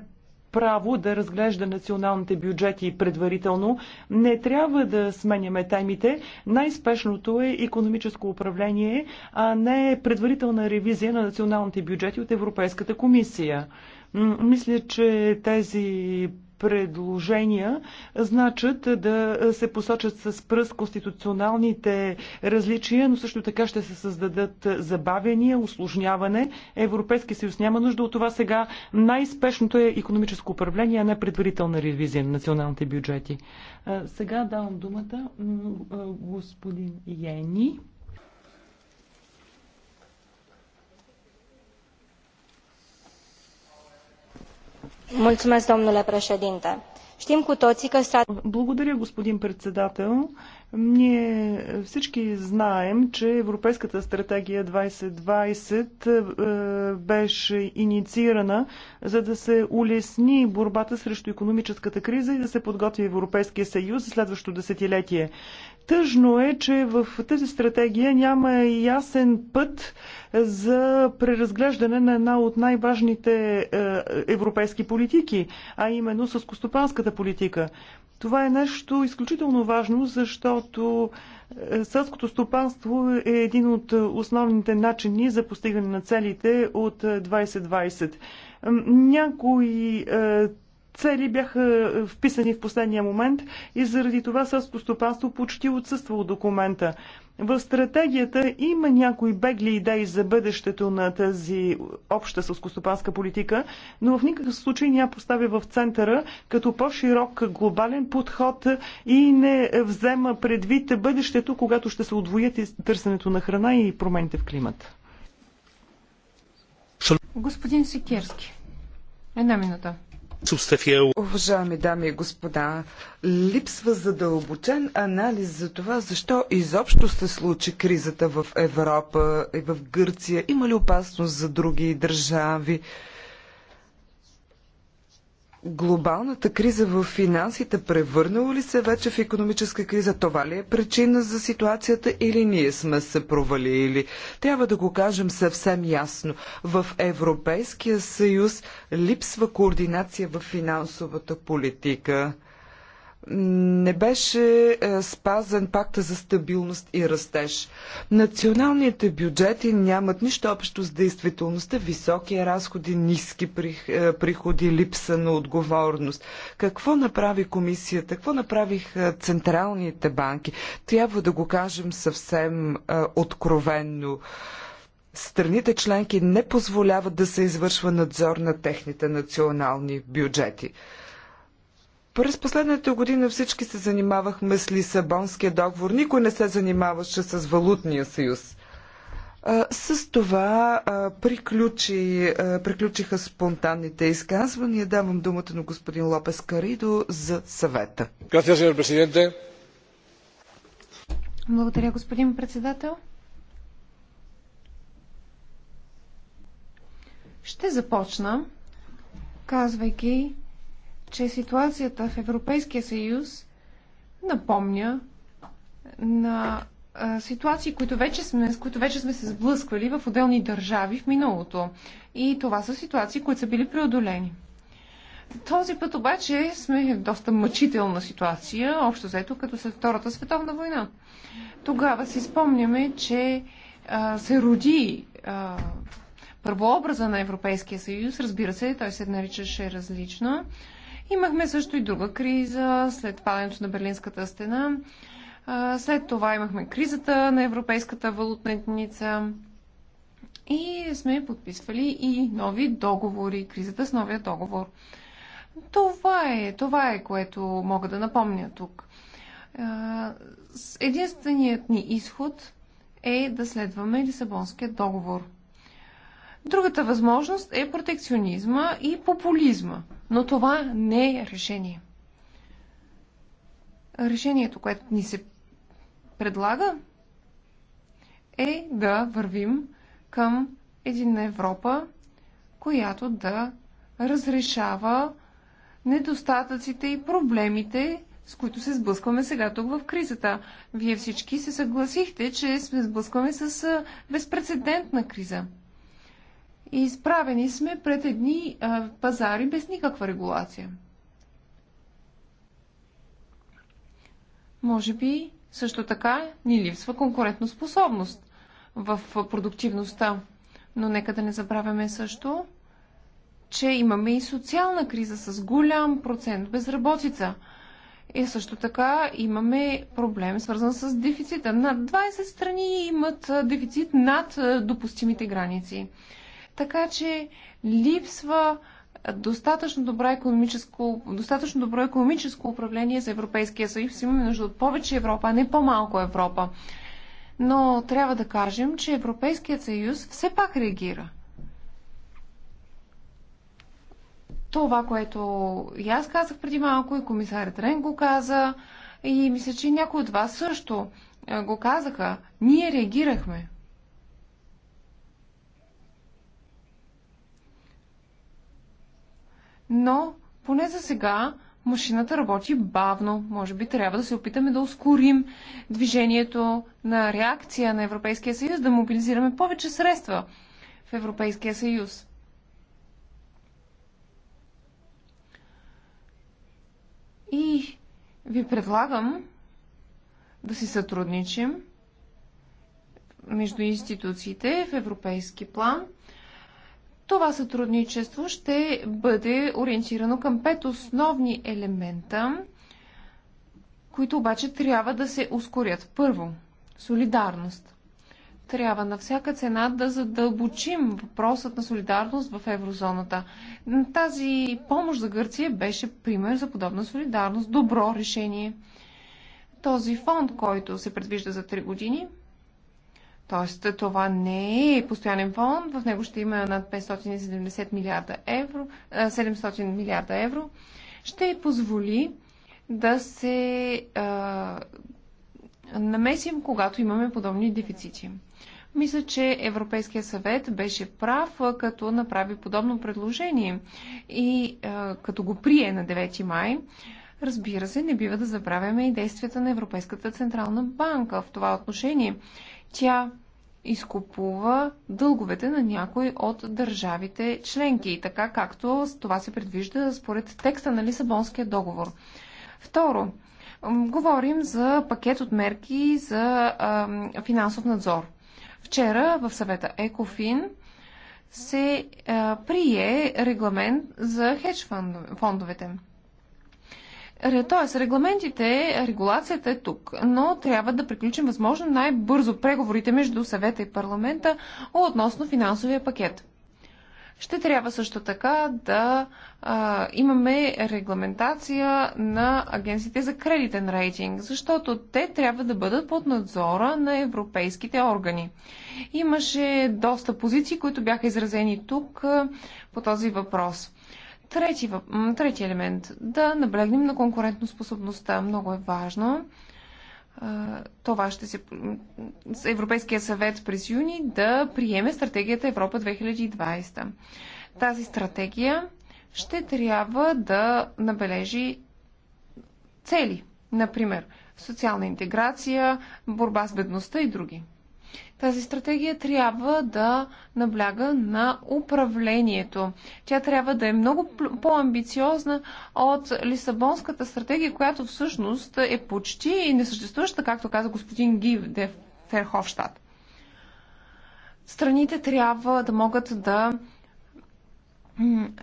право да разглежда националните бюджети предварително. Не трябва да сменяме темите. Най-спешното е економическо управление, а не предварителна ревизия на националните бюджети от Европейската комисия. Мисля, че тези предложения значат да се посочат с пръст конституционалните различия, но също така ще се създадат забавения, осложняване. Европейски съюз няма нужда от това сега. Най-спешното е економическо управление, а не предварителна ревизия на националните бюджети. Сега давам думата господин Йени. cu toții că Благодаря, господин председател. Ние всички знаем, че Европейската стратегия 2020 е, беше инициирана за да се улесни борбата срещу економическата криза и да се подготви Европейския съюз за следващото десетилетие. Тъжно е, че в тази стратегия няма ясен път за преразглеждане на една от най-важните е, европейски политики, а именно с костопанската политика. Това е нещо изключително важно, защото е, Съдското стопанство е един от основните начини за постигане на целите от 2020. Е, някои цели бяха е, вписани в последния момент и заради това селското стопанство почти отсъства от документа. В стратегията има някои бегли идеи за бъдещето на тази обща сълскостопанска политика, но в никакъв случай няма поставя в центъра като по-широк глобален подход и не взема предвид бъдещето, когато ще се отвоят търсенето на храна и промените в климата. Господин Секерски, една минута. Уважаеми дами и господа, липсва задълбочен анализ за това, защо изобщо се случи кризата в Европа и в Гърция. Има ли опасност за други държави? глобалната криза в финансите превърнала ли се вече в економическа криза? Това ли е причина за ситуацията или ние сме се провалили? Трябва да го кажем съвсем ясно. В Европейския съюз липсва координация в финансовата политика не беше е, спазен пакта за стабилност и растеж. Националните бюджети нямат нищо общо с действителността. Високи разходи, ниски е, приходи, липса на отговорност. Какво направи комисията? Какво направиха е, централните банки? Трябва да го кажем съвсем откровенно. Страните членки не позволяват да се извършва надзор на техните национални бюджети. През последната година всички се занимавахме с Лисабонския договор. Никой не се занимаваше с Валутния съюз. А, с това а, приключи, а, приключиха спонтанните изказвания. Давам думата на господин Лопес Каридо за съвета. Благодаря, господин председател. Ще започна, казвайки, че ситуацията в Европейския съюз напомня на ситуации, които вече сме, с които вече сме се сблъсквали в отделни държави в миналото. И това са ситуации, които са били преодолени. Този път обаче сме в доста мъчителна ситуация, общо взето като след Втората световна война. Тогава си спомняме, че а, се роди а, първообраза на Европейския съюз, разбира се, той се наричаше различно, Имахме също и друга криза след падането на Берлинската стена. След това имахме кризата на Европейската валутна единица и сме подписвали и нови договори, кризата с новия договор. Това е, това е, което мога да напомня тук. Единственият ни изход е да следваме Лисабонския договор. Другата възможност е протекционизма и популизма. Но това не е решение. Решението, което ни се предлага, е да вървим към една Европа, която да разрешава недостатъците и проблемите, с които се сблъскваме сега тук в кризата. Вие всички се съгласихте, че се сблъскваме с безпредседентна криза – и изправени сме пред едни а, пазари без никаква регулация. Може би също така ни липсва конкурентоспособност в продуктивността. Но нека да не забравяме също, че имаме и социална криза с голям процент безработица. И също така имаме проблем, свързан с дефицита. Над 20 страни имат дефицит над допустимите граници. Така че липсва достатъчно добро економическо, достатъчно добро економическо управление за Европейския съюз. Имаме нужда от повече Европа, а не по-малко Европа. Но трябва да кажем, че Европейският съюз все пак реагира. Това, което и аз казах преди малко, и комисарят Рен го каза, и мисля, че някои от вас също го казаха. Ние реагирахме. но поне за сега машината работи бавно. Може би трябва да се опитаме да ускорим движението на реакция на Европейския съюз, да мобилизираме повече средства в Европейския съюз. И ви предлагам да си сътрудничим между институциите в европейски план – това сътрудничество ще бъде ориентирано към пет основни елемента, които обаче трябва да се ускорят. Първо, солидарност. Трябва на всяка цена да задълбочим въпросът на солидарност в еврозоната. Тази помощ за Гърция беше пример за подобна солидарност. Добро решение. Този фонд, който се предвижда за 3 години, Тоест, това не е постоянен фонд, в него ще има над 570 милиарда евро, 700 милиарда евро. Ще позволи да се а, намесим, когато имаме подобни дефицити. Мисля, че Европейския съвет беше прав, като направи подобно предложение и а, като го прие на 9 май. Разбира се, не бива да забравяме и действията на Европейската централна банка в това отношение. Тя изкупува дълговете на някой от държавите членки, така както това се предвижда според текста на Лисабонския договор. Второ, говорим за пакет от мерки за а, финансов надзор. Вчера в съвета ЕКОФИН се а, прие регламент за хедж фондовете. Тоест, регламентите, регулацията е тук, но трябва да приключим възможно най-бързо преговорите между съвета и парламента относно финансовия пакет. Ще трябва също така да а, имаме регламентация на агенциите за кредитен рейтинг, защото те трябва да бъдат под надзора на европейските органи. Имаше доста позиции, които бяха изразени тук а, по този въпрос. Трети, трети елемент – да наблегнем на конкурентоспособността. Много е важно. Това ще се... Европейския съвет през юни да приеме стратегията Европа 2020. Тази стратегия ще трябва да набележи цели. Например, социална интеграция, борба с бедността и други. Тази стратегия трябва да набляга на управлението. Тя трябва да е много по-амбициозна от Лисабонската стратегия, която всъщност е почти несъществуваща, както каза господин Гив де Ферховщад. Страните трябва да могат да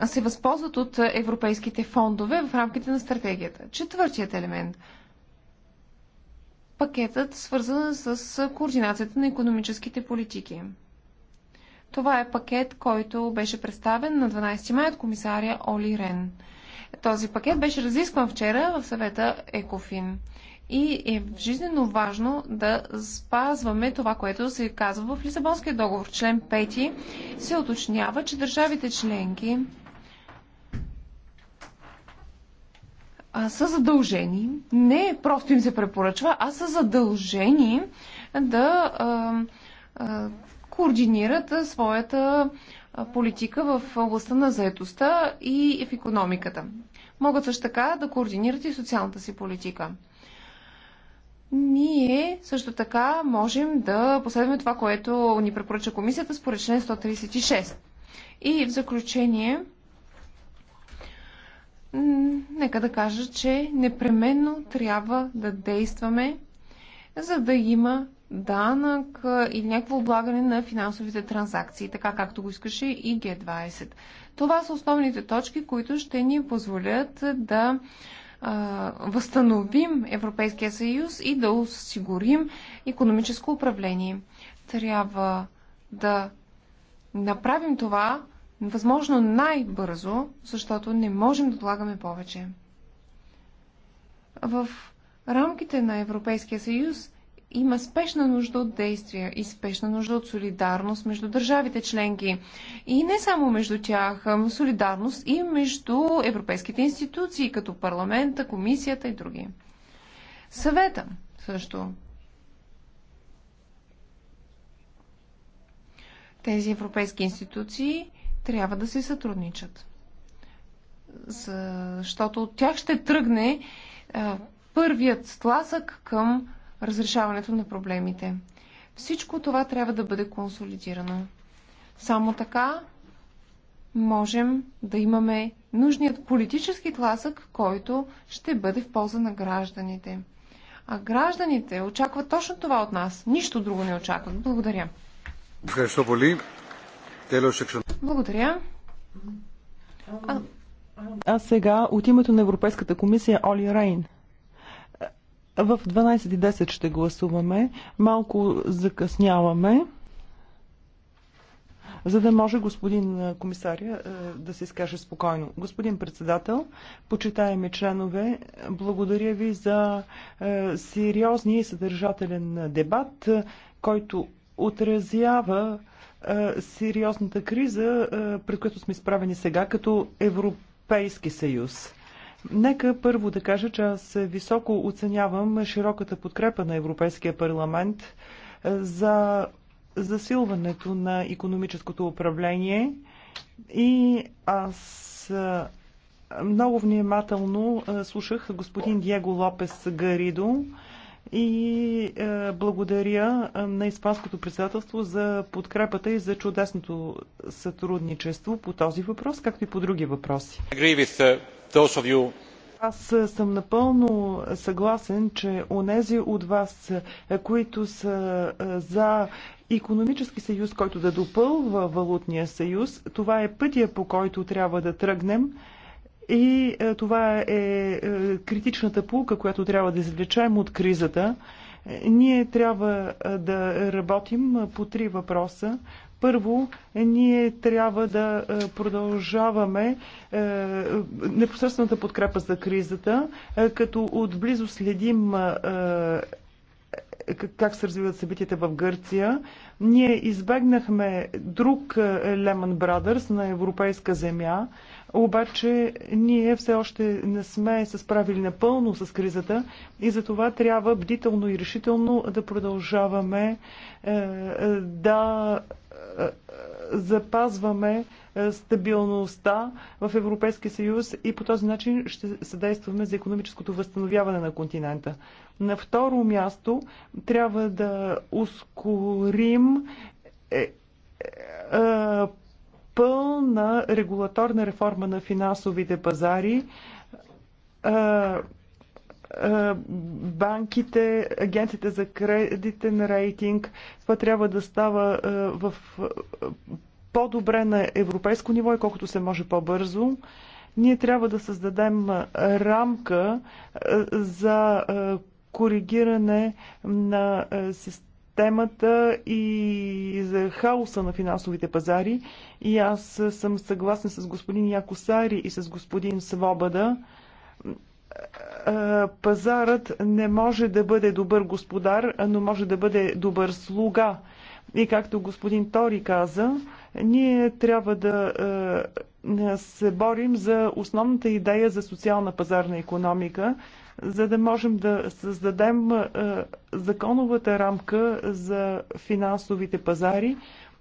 се възползват от европейските фондове в рамките на стратегията. Четвъртият елемент – пакетът, свързан с координацията на економическите политики. Това е пакет, който беше представен на 12 май от комисаря Оли Рен. Този пакет беше разискван вчера в съвета Екофин. И е жизненно важно да спазваме това, което се казва в Лисабонския договор. Член 5 се уточнява, че държавите членки а, са задължени, не просто им се препоръчва, а са задължени да а, а, координират своята политика в областта на заетостта и в економиката. Могат също така да координират и социалната си политика. Ние също така можем да последваме това, което ни препоръча комисията според член 136. И в заключение нека да кажа, че непременно трябва да действаме, за да има данък или някакво облагане на финансовите транзакции, така както го искаше и Г20. Това са основните точки, които ще ни позволят да а, възстановим Европейския съюз и да осигурим економическо управление. Трябва да направим това възможно най-бързо, защото не можем да отлагаме повече. В рамките на Европейския съюз има спешна нужда от действия и спешна нужда от солидарност между държавите членки. И не само между тях, солидарност и между европейските институции, като парламента, комисията и други. Съвета също. Тези европейски институции трябва да си сътрудничат. Защото от тях ще тръгне а, първият тласък към разрешаването на проблемите. Всичко това трябва да бъде консолидирано. Само така можем да имаме нужният политически тласък, който ще бъде в полза на гражданите. А гражданите очакват точно това от нас. Нищо друго не очакват. Благодаря. Ευχαριστώ благодаря. А, а сега от името на Европейската комисия Оли Рейн. В 12.10 ще гласуваме. Малко закъсняваме, за да може господин комисаря да се изкаже спокойно. Господин председател, почитаеми членове, благодаря ви за сериозния и съдържателен дебат, който отразява е, сериозната криза, е, пред която сме изправени сега като Европейски съюз. Нека първо да кажа, че аз високо оценявам широката подкрепа на Европейския парламент е, за засилването на економическото управление и аз много внимателно слушах господин Диего Лопес Гаридо, и е, благодаря е, на Испанското председателство за подкрепата и за чудесното сътрудничество по този въпрос, както и по други въпроси. Uh, Аз е, съм напълно съгласен, че онези от вас, които са за економически съюз, който да допълва валутния съюз, това е пътя по който трябва да тръгнем. И е, това е, е критичната полука, която трябва да извлечем от кризата. Е, ние трябва да работим по три въпроса. Първо, ние трябва да продължаваме непосредствената подкрепа за кризата, като отблизо следим как се развиват събитията в Гърция. Ние избегнахме друг Lehman Brothers на европейска земя. Обаче ние все още не сме се справили напълно с кризата и за това трябва бдително и решително да продължаваме е, е, да е, запазваме стабилността в Европейския съюз и по този начин ще съдействаме за економическото възстановяване на континента. На второ място трябва да ускорим пълна регулаторна реформа на финансовите пазари, банките, агентите за кредитен рейтинг. Това трябва да става в по-добре на европейско ниво и колкото се може по-бързо. Ние трябва да създадем рамка за коригиране на системата темата и за хаоса на финансовите пазари. И аз съм съгласен с господин Якосари и с господин Свобода. Пазарът не може да бъде добър господар, но може да бъде добър слуга. И както господин Тори каза, ние трябва да се борим за основната идея за социална пазарна економика, за да можем да създадем е, законовата рамка за финансовите пазари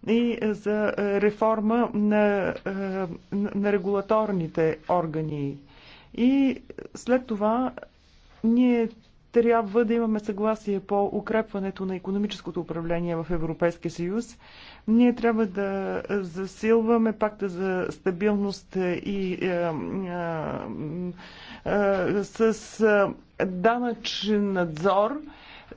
и за реформа на, е, на регулаторните органи. И след това ние трябва да имаме съгласие по укрепването на економическото управление в Европейския съюз. Ние трябва да засилваме пакта за стабилност и е, е, е, с е, данъчен надзор.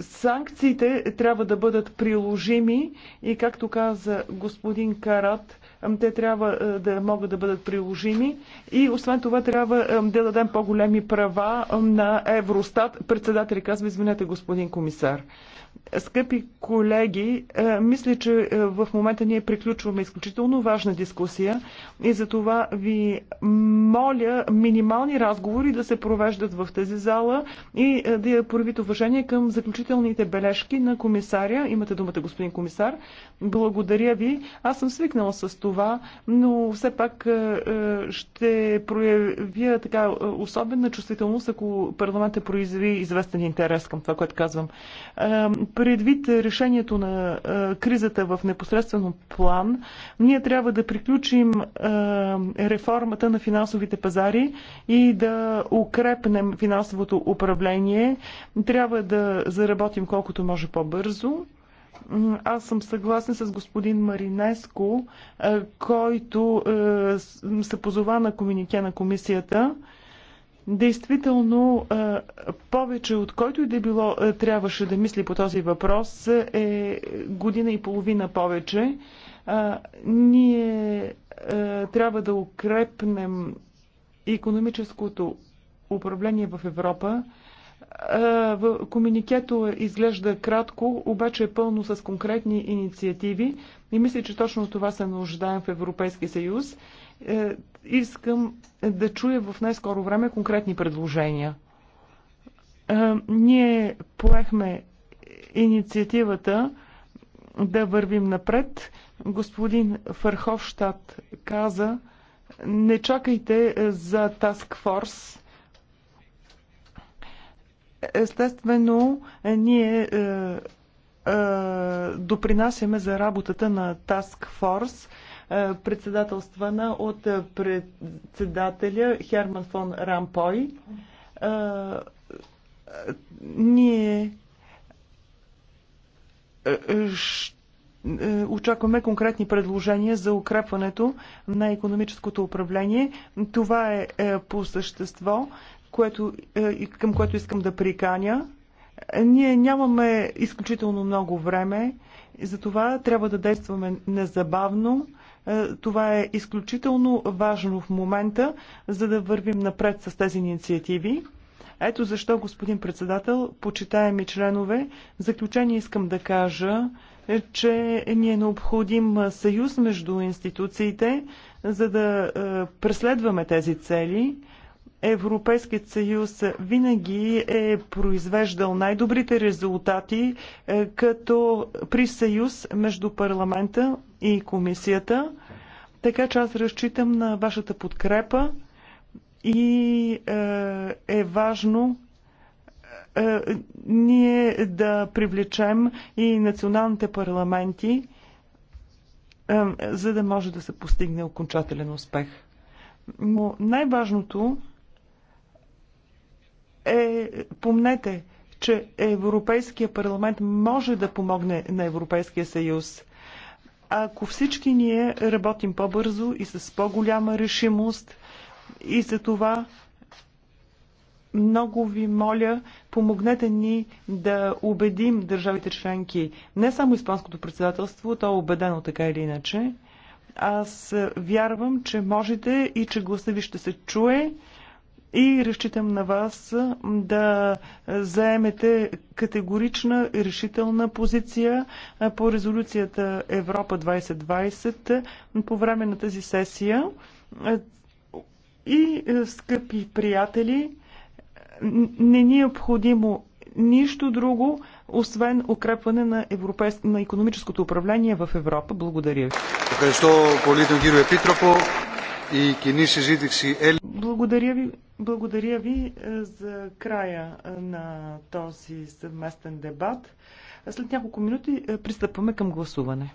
Санкциите трябва да бъдат приложими и, както каза господин Карат, те трябва да могат да бъдат приложими и освен това трябва да дадем по-големи права на Евростат. Председатели казва, извинете господин комисар. Скъпи колеги, е, мисля, че е, в момента ние приключваме изключително важна дискусия и за това ви моля минимални разговори да се провеждат в тази зала и е, да я проявите уважение към заключителните бележки на комисаря. Имате думата, господин комисар. Благодаря ви. Аз съм свикнала с това, но все пак ще проявя така особена чувствителност, ако парламентът произви известен интерес към това, което казвам Предвид решението на кризата в непосредствено план, ние трябва да приключим реформата на финансовите пазари и да укрепнем финансовото управление. Трябва да заработим колкото може по-бързо. Аз съм съгласен с господин Маринеско, който се позова на комунике на комисията. Действително, повече от който и да било трябваше да мисли по този въпрос е година и половина повече. Ние трябва да укрепнем економическото управление в Европа, е, комуникето изглежда кратко, обаче е пълно с конкретни инициативи и мисля, че точно това се нуждаем в Европейския съюз. Е, искам да чуя в най-скоро време конкретни предложения. Е, ние поехме инициативата да вървим напред. Господин Фърховщад каза, не чакайте за Task Force Естествено, е, ние е, е, допринасяме за работата на Task Force, е, председателствана от е, председателя Херман фон Рампой. Е, ние очакваме конкретни предложения за укрепването на економическото управление. Това е по същество което, е, към което искам да приканя. Ние нямаме изключително много време, затова трябва да действаме незабавно. Е, това е изключително важно в момента, за да вървим напред с тези инициативи. Ето защо, господин председател, почитаеми членове, в заключение искам да кажа, е, че ни е необходим съюз между институциите, за да преследваме тези цели. Европейският съюз винаги е произвеждал най-добрите резултати е, като при съюз между парламента и комисията. Така че аз разчитам на вашата подкрепа и е, е, важно е, ние да привлечем и националните парламенти, е, за да може да се постигне окончателен успех. Но най-важното е, помнете, че Европейския парламент може да помогне на Европейския съюз. Ако всички ние работим по-бързо и с по-голяма решимост и за това много ви моля, помогнете ни да убедим държавите членки, не само Испанското председателство, то е убедено така или иначе. Аз вярвам, че можете и че гласа ви ще се чуе и разчитам на вас да заемете категорична и решителна позиция по резолюцията Европа 2020 по време на тази сесия. И, скъпи приятели, не ни е необходимо нищо друго, освен укрепване на, европейс... на економическото управление в Европа. Благодаря ви и кини Благодаря ви, благодаря ви е, за края е, на този съвместен дебат. След няколко минути е, пристъпваме към гласуване.